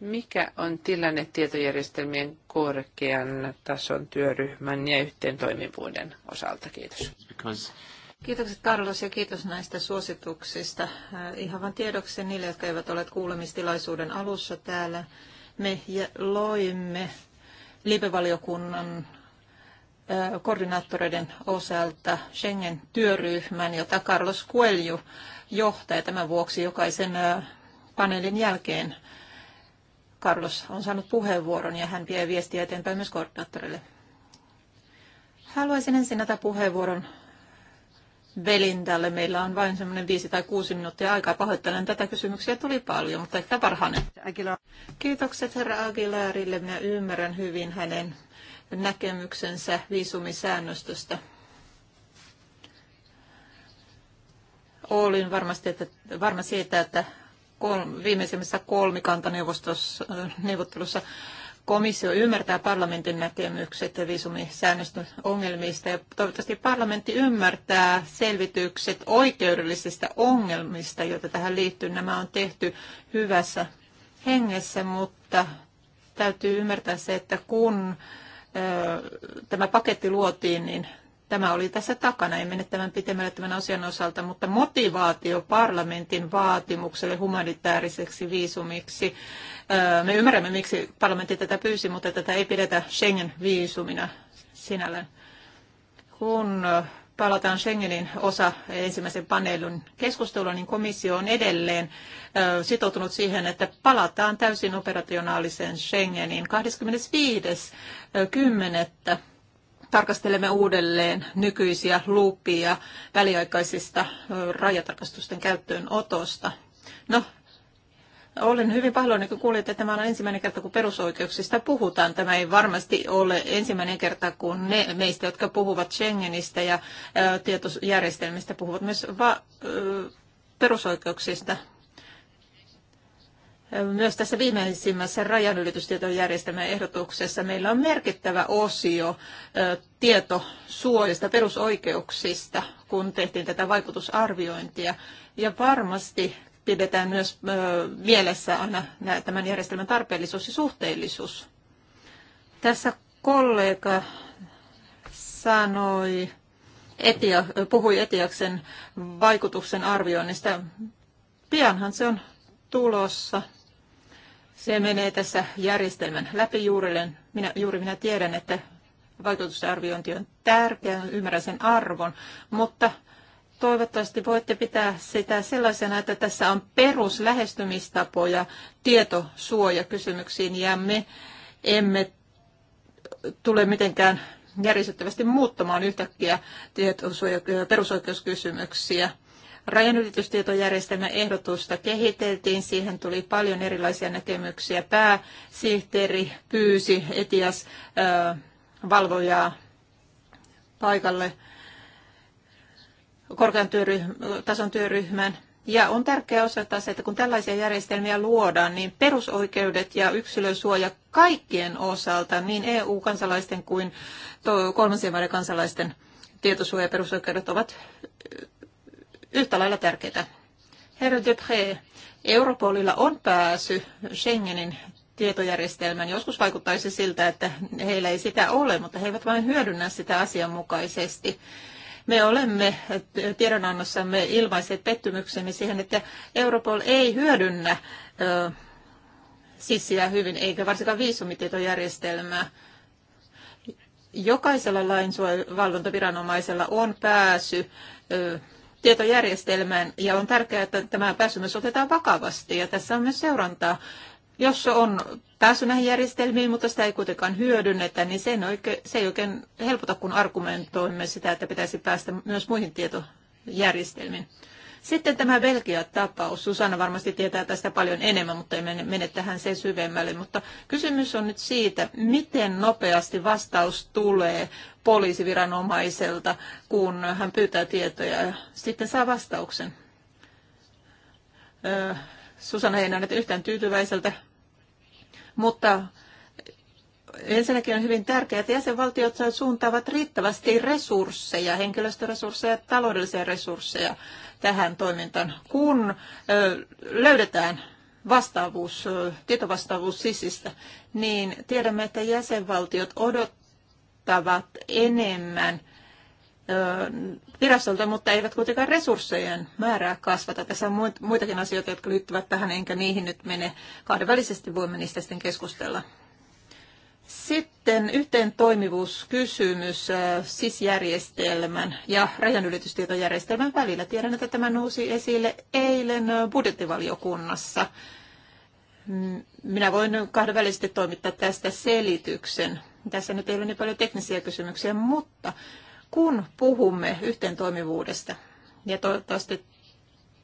Speaker 4: mikä on tilanne tietojärjestelmien korkean tason työryhmän ja yhteen toimivuuden osalta? Kiitos.
Speaker 2: Kiitokset Carlos ja kiitos näistä suosituksista. Äh, ihan vain tiedoksi niille, jotka eivät ole kuulemistilaisuuden alussa täällä, me loimme Libevaliokunnan koordinaattoreiden osalta Schengen-työryhmän, jota Carlos Coelho johtaa. Ja tämän vuoksi jokaisen paneelin jälkeen Carlos on saanut puheenvuoron ja hän vie viestiä eteenpäin myös koordinaattoreille. Haluaisin ensin näitä puheenvuoron Belindalle. Meillä on vain semmoinen viisi tai kuusi minuuttia aikaa. Pahoittelen tätä kysymyksiä tuli paljon, mutta ehkä parhainen. Kiitokset herra Aguilarille. Minä ymmärrän hyvin hänen näkemyksensä viisumisäännöstöstä. Olin varmasti, että, varma siitä, että kolm, viimeisimmässä kolmikantaneuvottelussa komissio ymmärtää parlamentin näkemykset viisumisäännöstön ongelmista ja toivottavasti parlamentti ymmärtää selvitykset oikeudellisista ongelmista, joita tähän liittyy. Nämä on tehty hyvässä hengessä, mutta täytyy ymmärtää se, että kun tämä paketti luotiin, niin Tämä oli tässä takana, ei mene tämän pitemmälle tämän asian osalta, mutta motivaatio parlamentin vaatimukselle humanitaariseksi viisumiksi. Me ymmärrämme, miksi parlamentti tätä pyysi, mutta tätä ei pidetä Schengen-viisumina sinällään. Kun palataan Schengenin osa ensimmäisen paneelin keskusteluun, niin komissio on edelleen sitoutunut siihen, että palataan täysin operationaaliseen Schengenin 25.10 tarkastelemme uudelleen nykyisiä luupia väliaikaisista rajatarkastusten käyttöönotosta. No, olen hyvin pahoillani, kun kuulin, että tämä on ensimmäinen kerta, kun perusoikeuksista puhutaan. Tämä ei varmasti ole ensimmäinen kerta, kun ne meistä, jotka puhuvat Schengenistä ja tietojärjestelmistä, puhuvat myös va- perusoikeuksista. Myös tässä viimeisimmässä rajanylitystietojärjestelmän ehdotuksessa meillä on merkittävä osio tietosuojista, perusoikeuksista, kun tehtiin tätä vaikutusarviointia. Ja varmasti pidetään myös mielessä aina tämän järjestelmän tarpeellisuus ja suhteellisuus. Tässä kollega sanoi, etia, puhui Etiaksen vaikutuksen arvioinnista. Pianhan se on tulossa. Se menee tässä järjestelmän läpi juurilleen. Minä, juuri minä tiedän, että vaikutusarviointi on tärkeä, ymmärrän sen arvon, mutta toivottavasti voitte pitää sitä sellaisena, että tässä on peruslähestymistapoja tietosuojakysymyksiin ja me emme tule mitenkään järjestettävästi muuttamaan yhtäkkiä tietosuoja- ja perusoikeuskysymyksiä rajanylitystietojärjestelmän ehdotusta kehiteltiin. Siihen tuli paljon erilaisia näkemyksiä. Pääsihteeri pyysi etias valvojaa paikalle korkean tason työryhmän. Ja on tärkeää osoittaa se, että kun tällaisia järjestelmiä luodaan, niin perusoikeudet ja yksilösuoja kaikkien osalta, niin EU-kansalaisten kuin kolmansien maiden kansalaisten tietosuoja ja perusoikeudet ovat yhtä lailla tärkeitä. Herra Depré, Europolilla on pääsy Schengenin tietojärjestelmään. Joskus vaikuttaisi siltä, että heillä ei sitä ole, mutta he eivät vain hyödynnä sitä asianmukaisesti. Me olemme tiedonannossamme ilmaiset pettymyksemme siihen, että Europol ei hyödynnä ö, sissiä hyvin, eikä varsinkaan viisumitietojärjestelmää. Jokaisella lainvalvontaviranomaisella on pääsy ö, tietojärjestelmään ja on tärkeää, että tämä pääsy myös otetaan vakavasti ja tässä on myös seurantaa. Jos on pääsy näihin järjestelmiin, mutta sitä ei kuitenkaan hyödynnetä, niin sen oikein, se ei oikein helpota, kun argumentoimme sitä, että pitäisi päästä myös muihin tietojärjestelmiin. Sitten tämä Belgia-tapaus. Susanna varmasti tietää tästä paljon enemmän, mutta ei mene tähän sen syvemmälle. Mutta kysymys on nyt siitä, miten nopeasti vastaus tulee poliisiviranomaiselta, kun hän pyytää tietoja ja sitten saa vastauksen. Susanna ei näytä yhtään tyytyväiseltä, mutta ensinnäkin on hyvin tärkeää, että jäsenvaltiot suuntaavat riittävästi resursseja, henkilöstöresursseja, taloudellisia resursseja tähän toimintaan, kun löydetään vastaavuus, tietovastaavuus sisistä, niin tiedämme, että jäsenvaltiot odottavat enemmän virastolta, mutta eivät kuitenkaan resurssejen määrää kasvata. Tässä on muitakin asioita, jotka liittyvät tähän, enkä niihin nyt mene. Kahdenvälisesti voimme niistä sitten keskustella. Sitten yhteen toimivuuskysymys äh, SIS-järjestelmän ja rajanylitystietojärjestelmän välillä. Tiedän, että tämä nousi esille eilen äh, budjettivaliokunnassa. Minä voin kahdenvälisesti toimittaa tästä selityksen. Tässä nyt ei ole niin paljon teknisiä kysymyksiä, mutta kun puhumme yhteen toimivuudesta, ja toivottavasti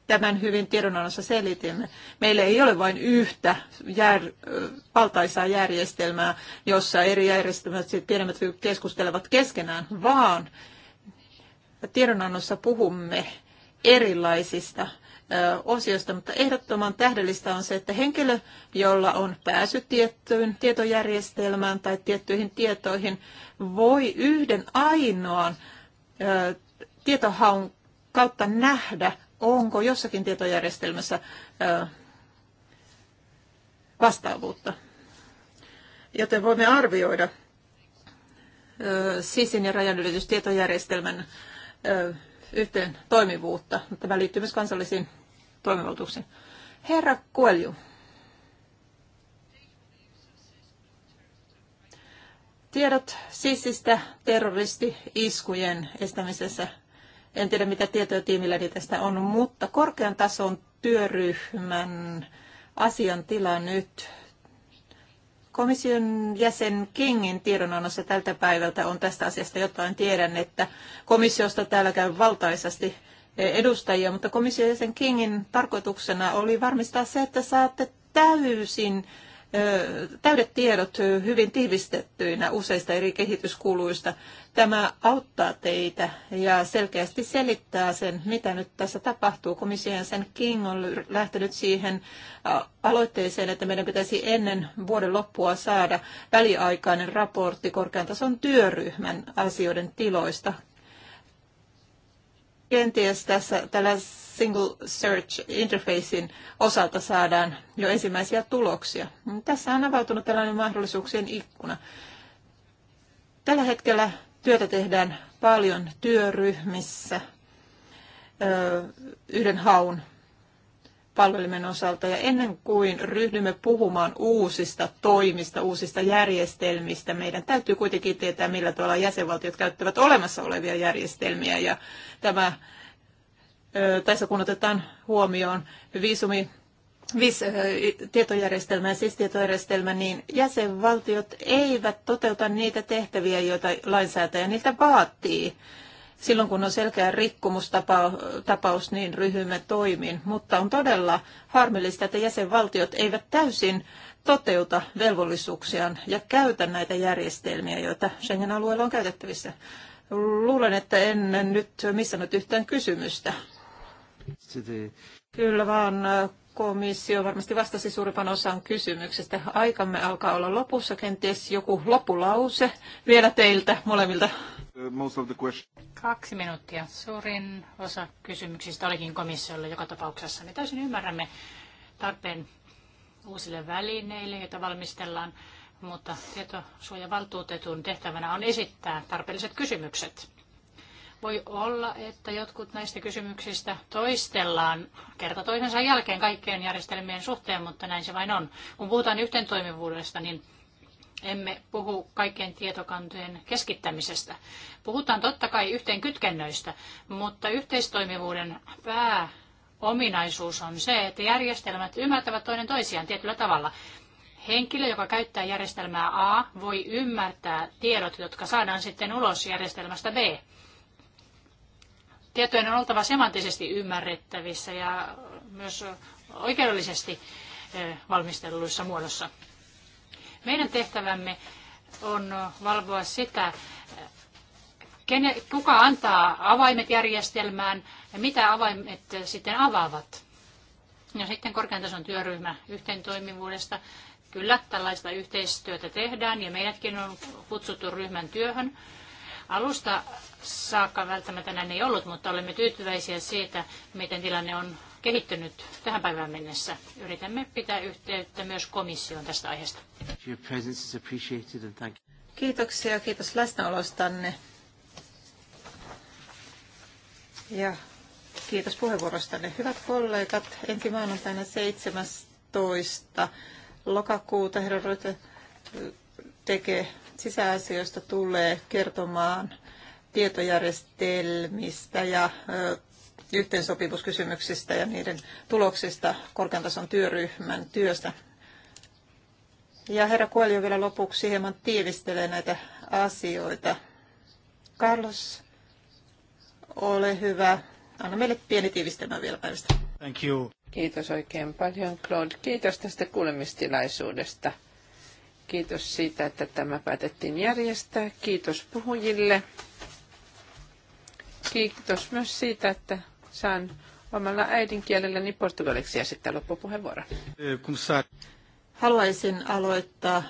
Speaker 2: tämän hyvin tiedonannossa selitin. Meillä ei ole vain yhtä jär, valtaisaa järjestelmää, jossa eri järjestelmät, pienemmät keskustelevat keskenään, vaan tiedonannossa puhumme erilaisista osioista, mutta ehdottoman tähdellistä on se, että henkilö, jolla on pääsy tiettyyn tietojärjestelmään tai tiettyihin tietoihin, voi yhden ainoan tietohaun kautta nähdä onko jossakin tietojärjestelmässä vastaavuutta. Joten voimme arvioida sisin ja rajanylitystietojärjestelmän yhteen toimivuutta. Tämä liittyy myös kansallisiin toimivaltuuksiin. Herra Kuelju. Tiedot sisistä terroristi-iskujen estämisessä en tiedä, mitä tietoja tiimilläni tästä on, mutta korkean tason työryhmän asiantila nyt komission jäsen Kingin tiedonannossa tältä päivältä on tästä asiasta jotain. Tiedän, että komissiosta täällä käy valtaisasti edustajia, mutta komission jäsen Kingin tarkoituksena oli varmistaa se, että saatte täysin täydet tiedot hyvin tiivistettyinä useista eri kehityskuluista. Tämä auttaa teitä ja selkeästi selittää sen, mitä nyt tässä tapahtuu. Komission sen King on lähtenyt siihen aloitteeseen, että meidän pitäisi ennen vuoden loppua saada väliaikainen raportti korkean tason työryhmän asioiden tiloista Kenties tässä tällä single search interfacein osalta saadaan jo ensimmäisiä tuloksia. Tässä on avautunut tällainen mahdollisuuksien ikkuna. Tällä hetkellä työtä tehdään paljon työryhmissä yhden haun palvelimen osalta. Ja ennen kuin ryhdymme puhumaan uusista toimista, uusista järjestelmistä, meidän täytyy kuitenkin tietää, millä tavalla jäsenvaltiot käyttävät olemassa olevia järjestelmiä. Ja tämä, tässä kun otetaan huomioon viisumi, vis, tietojärjestelmä ja siis tietojärjestelmä, niin jäsenvaltiot eivät toteuta niitä tehtäviä, joita lainsäätäjä niiltä vaatii silloin kun on selkeä rikkomustapaus, niin ryhymme toimiin. Mutta on todella harmillista, että jäsenvaltiot eivät täysin toteuta velvollisuuksiaan ja käytä näitä järjestelmiä, joita Schengen-alueella on käytettävissä. Luulen, että en nyt nyt yhtään kysymystä. Kyllä vaan komissio varmasti vastasi suurimman osan kysymyksestä. Aikamme alkaa olla lopussa. Kenties joku lopulause vielä teiltä molemmilta
Speaker 1: Most of the question.
Speaker 2: Kaksi minuuttia.
Speaker 5: Suurin osa kysymyksistä olikin komissiolle joka tapauksessa. Me täysin ymmärrämme tarpeen uusille välineille, joita valmistellaan, mutta tietosuojavaltuutetun tehtävänä on esittää tarpeelliset kysymykset. Voi olla, että jotkut näistä kysymyksistä toistellaan kerta toisensa jälkeen kaikkien järjestelmien suhteen, mutta näin se vain on. Kun puhutaan toimivuudesta, niin emme puhu kaikkien tietokantojen keskittämisestä. Puhutaan totta kai yhteen kytkennöistä, mutta yhteistoimivuuden pääominaisuus on se, että järjestelmät ymmärtävät toinen toisiaan tietyllä tavalla. Henkilö, joka käyttää järjestelmää A, voi ymmärtää tiedot, jotka saadaan sitten ulos järjestelmästä B. Tietojen on oltava semanttisesti ymmärrettävissä ja myös oikeudellisesti valmistelluissa muodossa. Meidän tehtävämme on valvoa sitä, kene, kuka antaa avaimet järjestelmään ja mitä avaimet sitten avaavat. Ja sitten korkean tason työryhmä yhteen toimivuudesta. Kyllä, tällaista yhteistyötä tehdään ja meidätkin on kutsuttu ryhmän työhön. Alusta saakka välttämättä näin ei ollut, mutta olemme tyytyväisiä siitä, miten tilanne on kehittynyt tähän päivään mennessä. Yritämme pitää yhteyttä myös komissioon tästä aiheesta.
Speaker 2: Kiitoksia ja kiitos läsnäolostanne. Ja kiitos puheenvuorostanne. Hyvät kollegat, ensi maanantaina 17. lokakuuta herra Röte tekee sisäasioista tulee kertomaan tietojärjestelmistä ja yhteensopivuuskysymyksistä ja niiden tuloksista korkean tason työryhmän työstä. Ja herra Koelio vielä lopuksi hieman tiivistelee näitä asioita. Carlos, ole hyvä. Anna meille pieni tiivistelmä vielä päivästä. Thank you.
Speaker 4: Kiitos oikein paljon, Claude. Kiitos tästä kuulemistilaisuudesta. Kiitos siitä, että tämä päätettiin järjestää. Kiitos puhujille. Kiitos myös siitä, että saan omalla äidinkielelläni portugaliksi esittää loppupuheenvuoron. Haluaisin aloittaa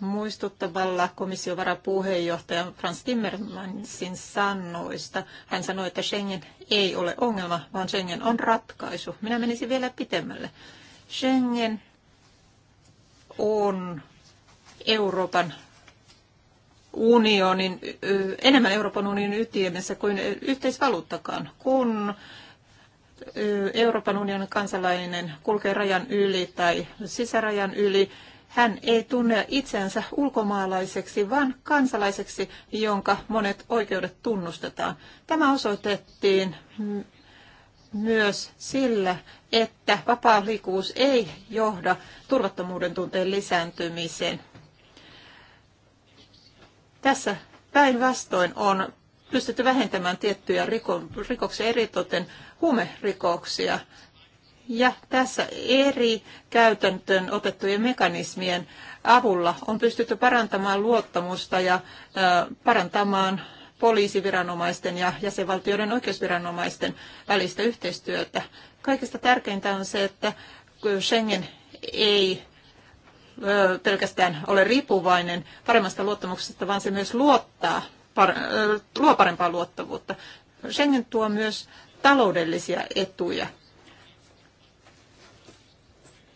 Speaker 4: muistuttamalla
Speaker 2: komission varapuheenjohtajan Frans Timmermansin sanoista. Hän sanoi, että Schengen ei ole ongelma, vaan Schengen on ratkaisu. Minä menisin vielä pitemmälle. Schengen on Euroopan unionin, enemmän Euroopan unionin ytimessä kuin yhteisvaluuttakaan. Kun Euroopan unionin kansalainen kulkee rajan yli tai sisärajan yli, hän ei tunne itseänsä ulkomaalaiseksi, vaan kansalaiseksi, jonka monet oikeudet tunnustetaan. Tämä osoitettiin myös sillä, että vapaa liikkuvuus ei johda turvattomuuden tunteen lisääntymiseen. Tässä päinvastoin on pystytty vähentämään tiettyjä riko, rikoksia, eritoten huumerikoksia. Ja tässä eri käytäntöön otettujen mekanismien avulla on pystytty parantamaan luottamusta ja parantamaan poliisiviranomaisten ja jäsenvaltioiden oikeusviranomaisten välistä yhteistyötä. Kaikista tärkeintä on se, että Schengen ei pelkästään ole riippuvainen paremmasta luottamuksesta, vaan se myös luottaa, luo parempaa luottavuutta. Schengen tuo myös taloudellisia etuja.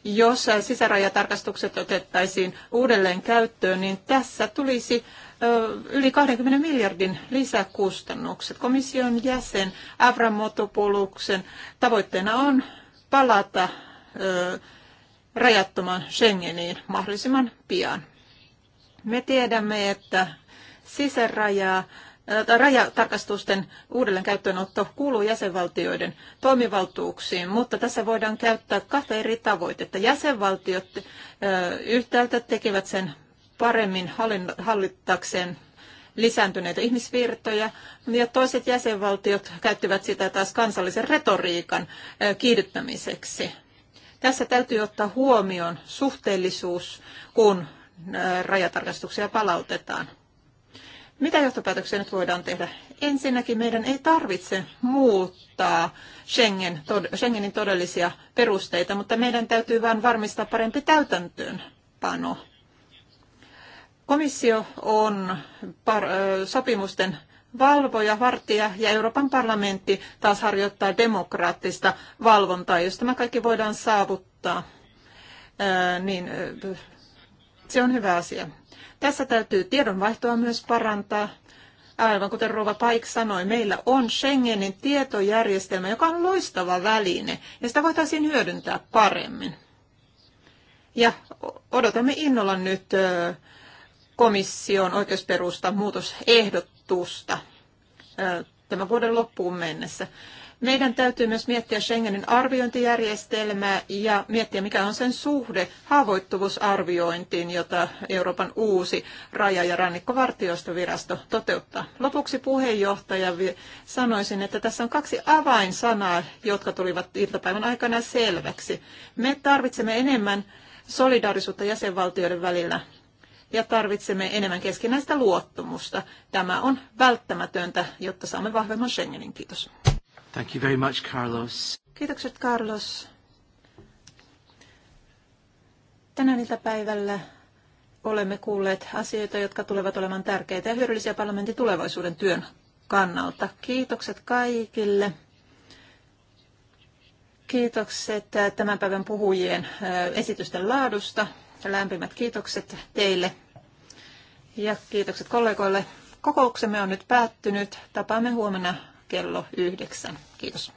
Speaker 2: Jos sisärajatarkastukset otettaisiin uudelleen käyttöön, niin tässä tulisi yli 20 miljardin lisäkustannukset. Komission jäsen Avramotopoluksen tavoitteena on palata rajattoman Schengeniin mahdollisimman pian. Me tiedämme, että sisärajaa äh, rajatarkastusten uudelleenkäyttöönotto kuuluu jäsenvaltioiden toimivaltuuksiin, mutta tässä voidaan käyttää kahta eri tavoitetta. Jäsenvaltiot äh, yhtäältä tekevät sen paremmin hallittakseen lisääntyneitä ihmisvirtoja, ja toiset jäsenvaltiot käyttivät sitä taas kansallisen retoriikan äh, kiihdyttämiseksi. Tässä täytyy ottaa huomioon suhteellisuus, kun rajatarkastuksia palautetaan. Mitä johtopäätöksiä nyt voidaan tehdä? Ensinnäkin meidän ei tarvitse muuttaa Schengen, tod, Schengenin todellisia perusteita, mutta meidän täytyy vain varmistaa parempi täytäntöönpano. Komissio on par, ö, sopimusten valvoja, vartija ja Euroopan parlamentti taas harjoittaa demokraattista valvontaa. Jos tämä kaikki voidaan saavuttaa, niin se on hyvä asia. Tässä täytyy tiedonvaihtoa myös parantaa. Aivan kuten Rova Paik sanoi, meillä on Schengenin tietojärjestelmä, joka on loistava väline, ja sitä voitaisiin hyödyntää paremmin. Ja odotamme innolla nyt komission oikeusperusta muutosehdot tusta tämän vuoden loppuun mennessä. Meidän täytyy myös miettiä Schengenin arviointijärjestelmää ja miettiä, mikä on sen suhde haavoittuvuusarviointiin, jota Euroopan uusi raja- ja rannikkovartiostovirasto toteuttaa. Lopuksi puheenjohtaja sanoisin, että tässä on kaksi avainsanaa, jotka tulivat iltapäivän aikana selväksi. Me tarvitsemme enemmän solidaarisuutta jäsenvaltioiden välillä ja tarvitsemme enemmän keskinäistä luottamusta. Tämä on välttämätöntä, jotta saamme vahvemman Schengenin. Kiitos.
Speaker 1: Thank you very much, Carlos.
Speaker 2: Kiitokset, Carlos. Tänä iltapäivällä olemme kuulleet asioita, jotka tulevat olemaan tärkeitä ja hyödyllisiä parlamentin tulevaisuuden työn kannalta. Kiitokset kaikille. Kiitokset äh, tämän päivän puhujien äh, esitysten laadusta. Lämpimät kiitokset teille ja kiitokset kollegoille. Kokouksemme on nyt päättynyt. Tapaamme huomenna kello yhdeksän. Kiitos.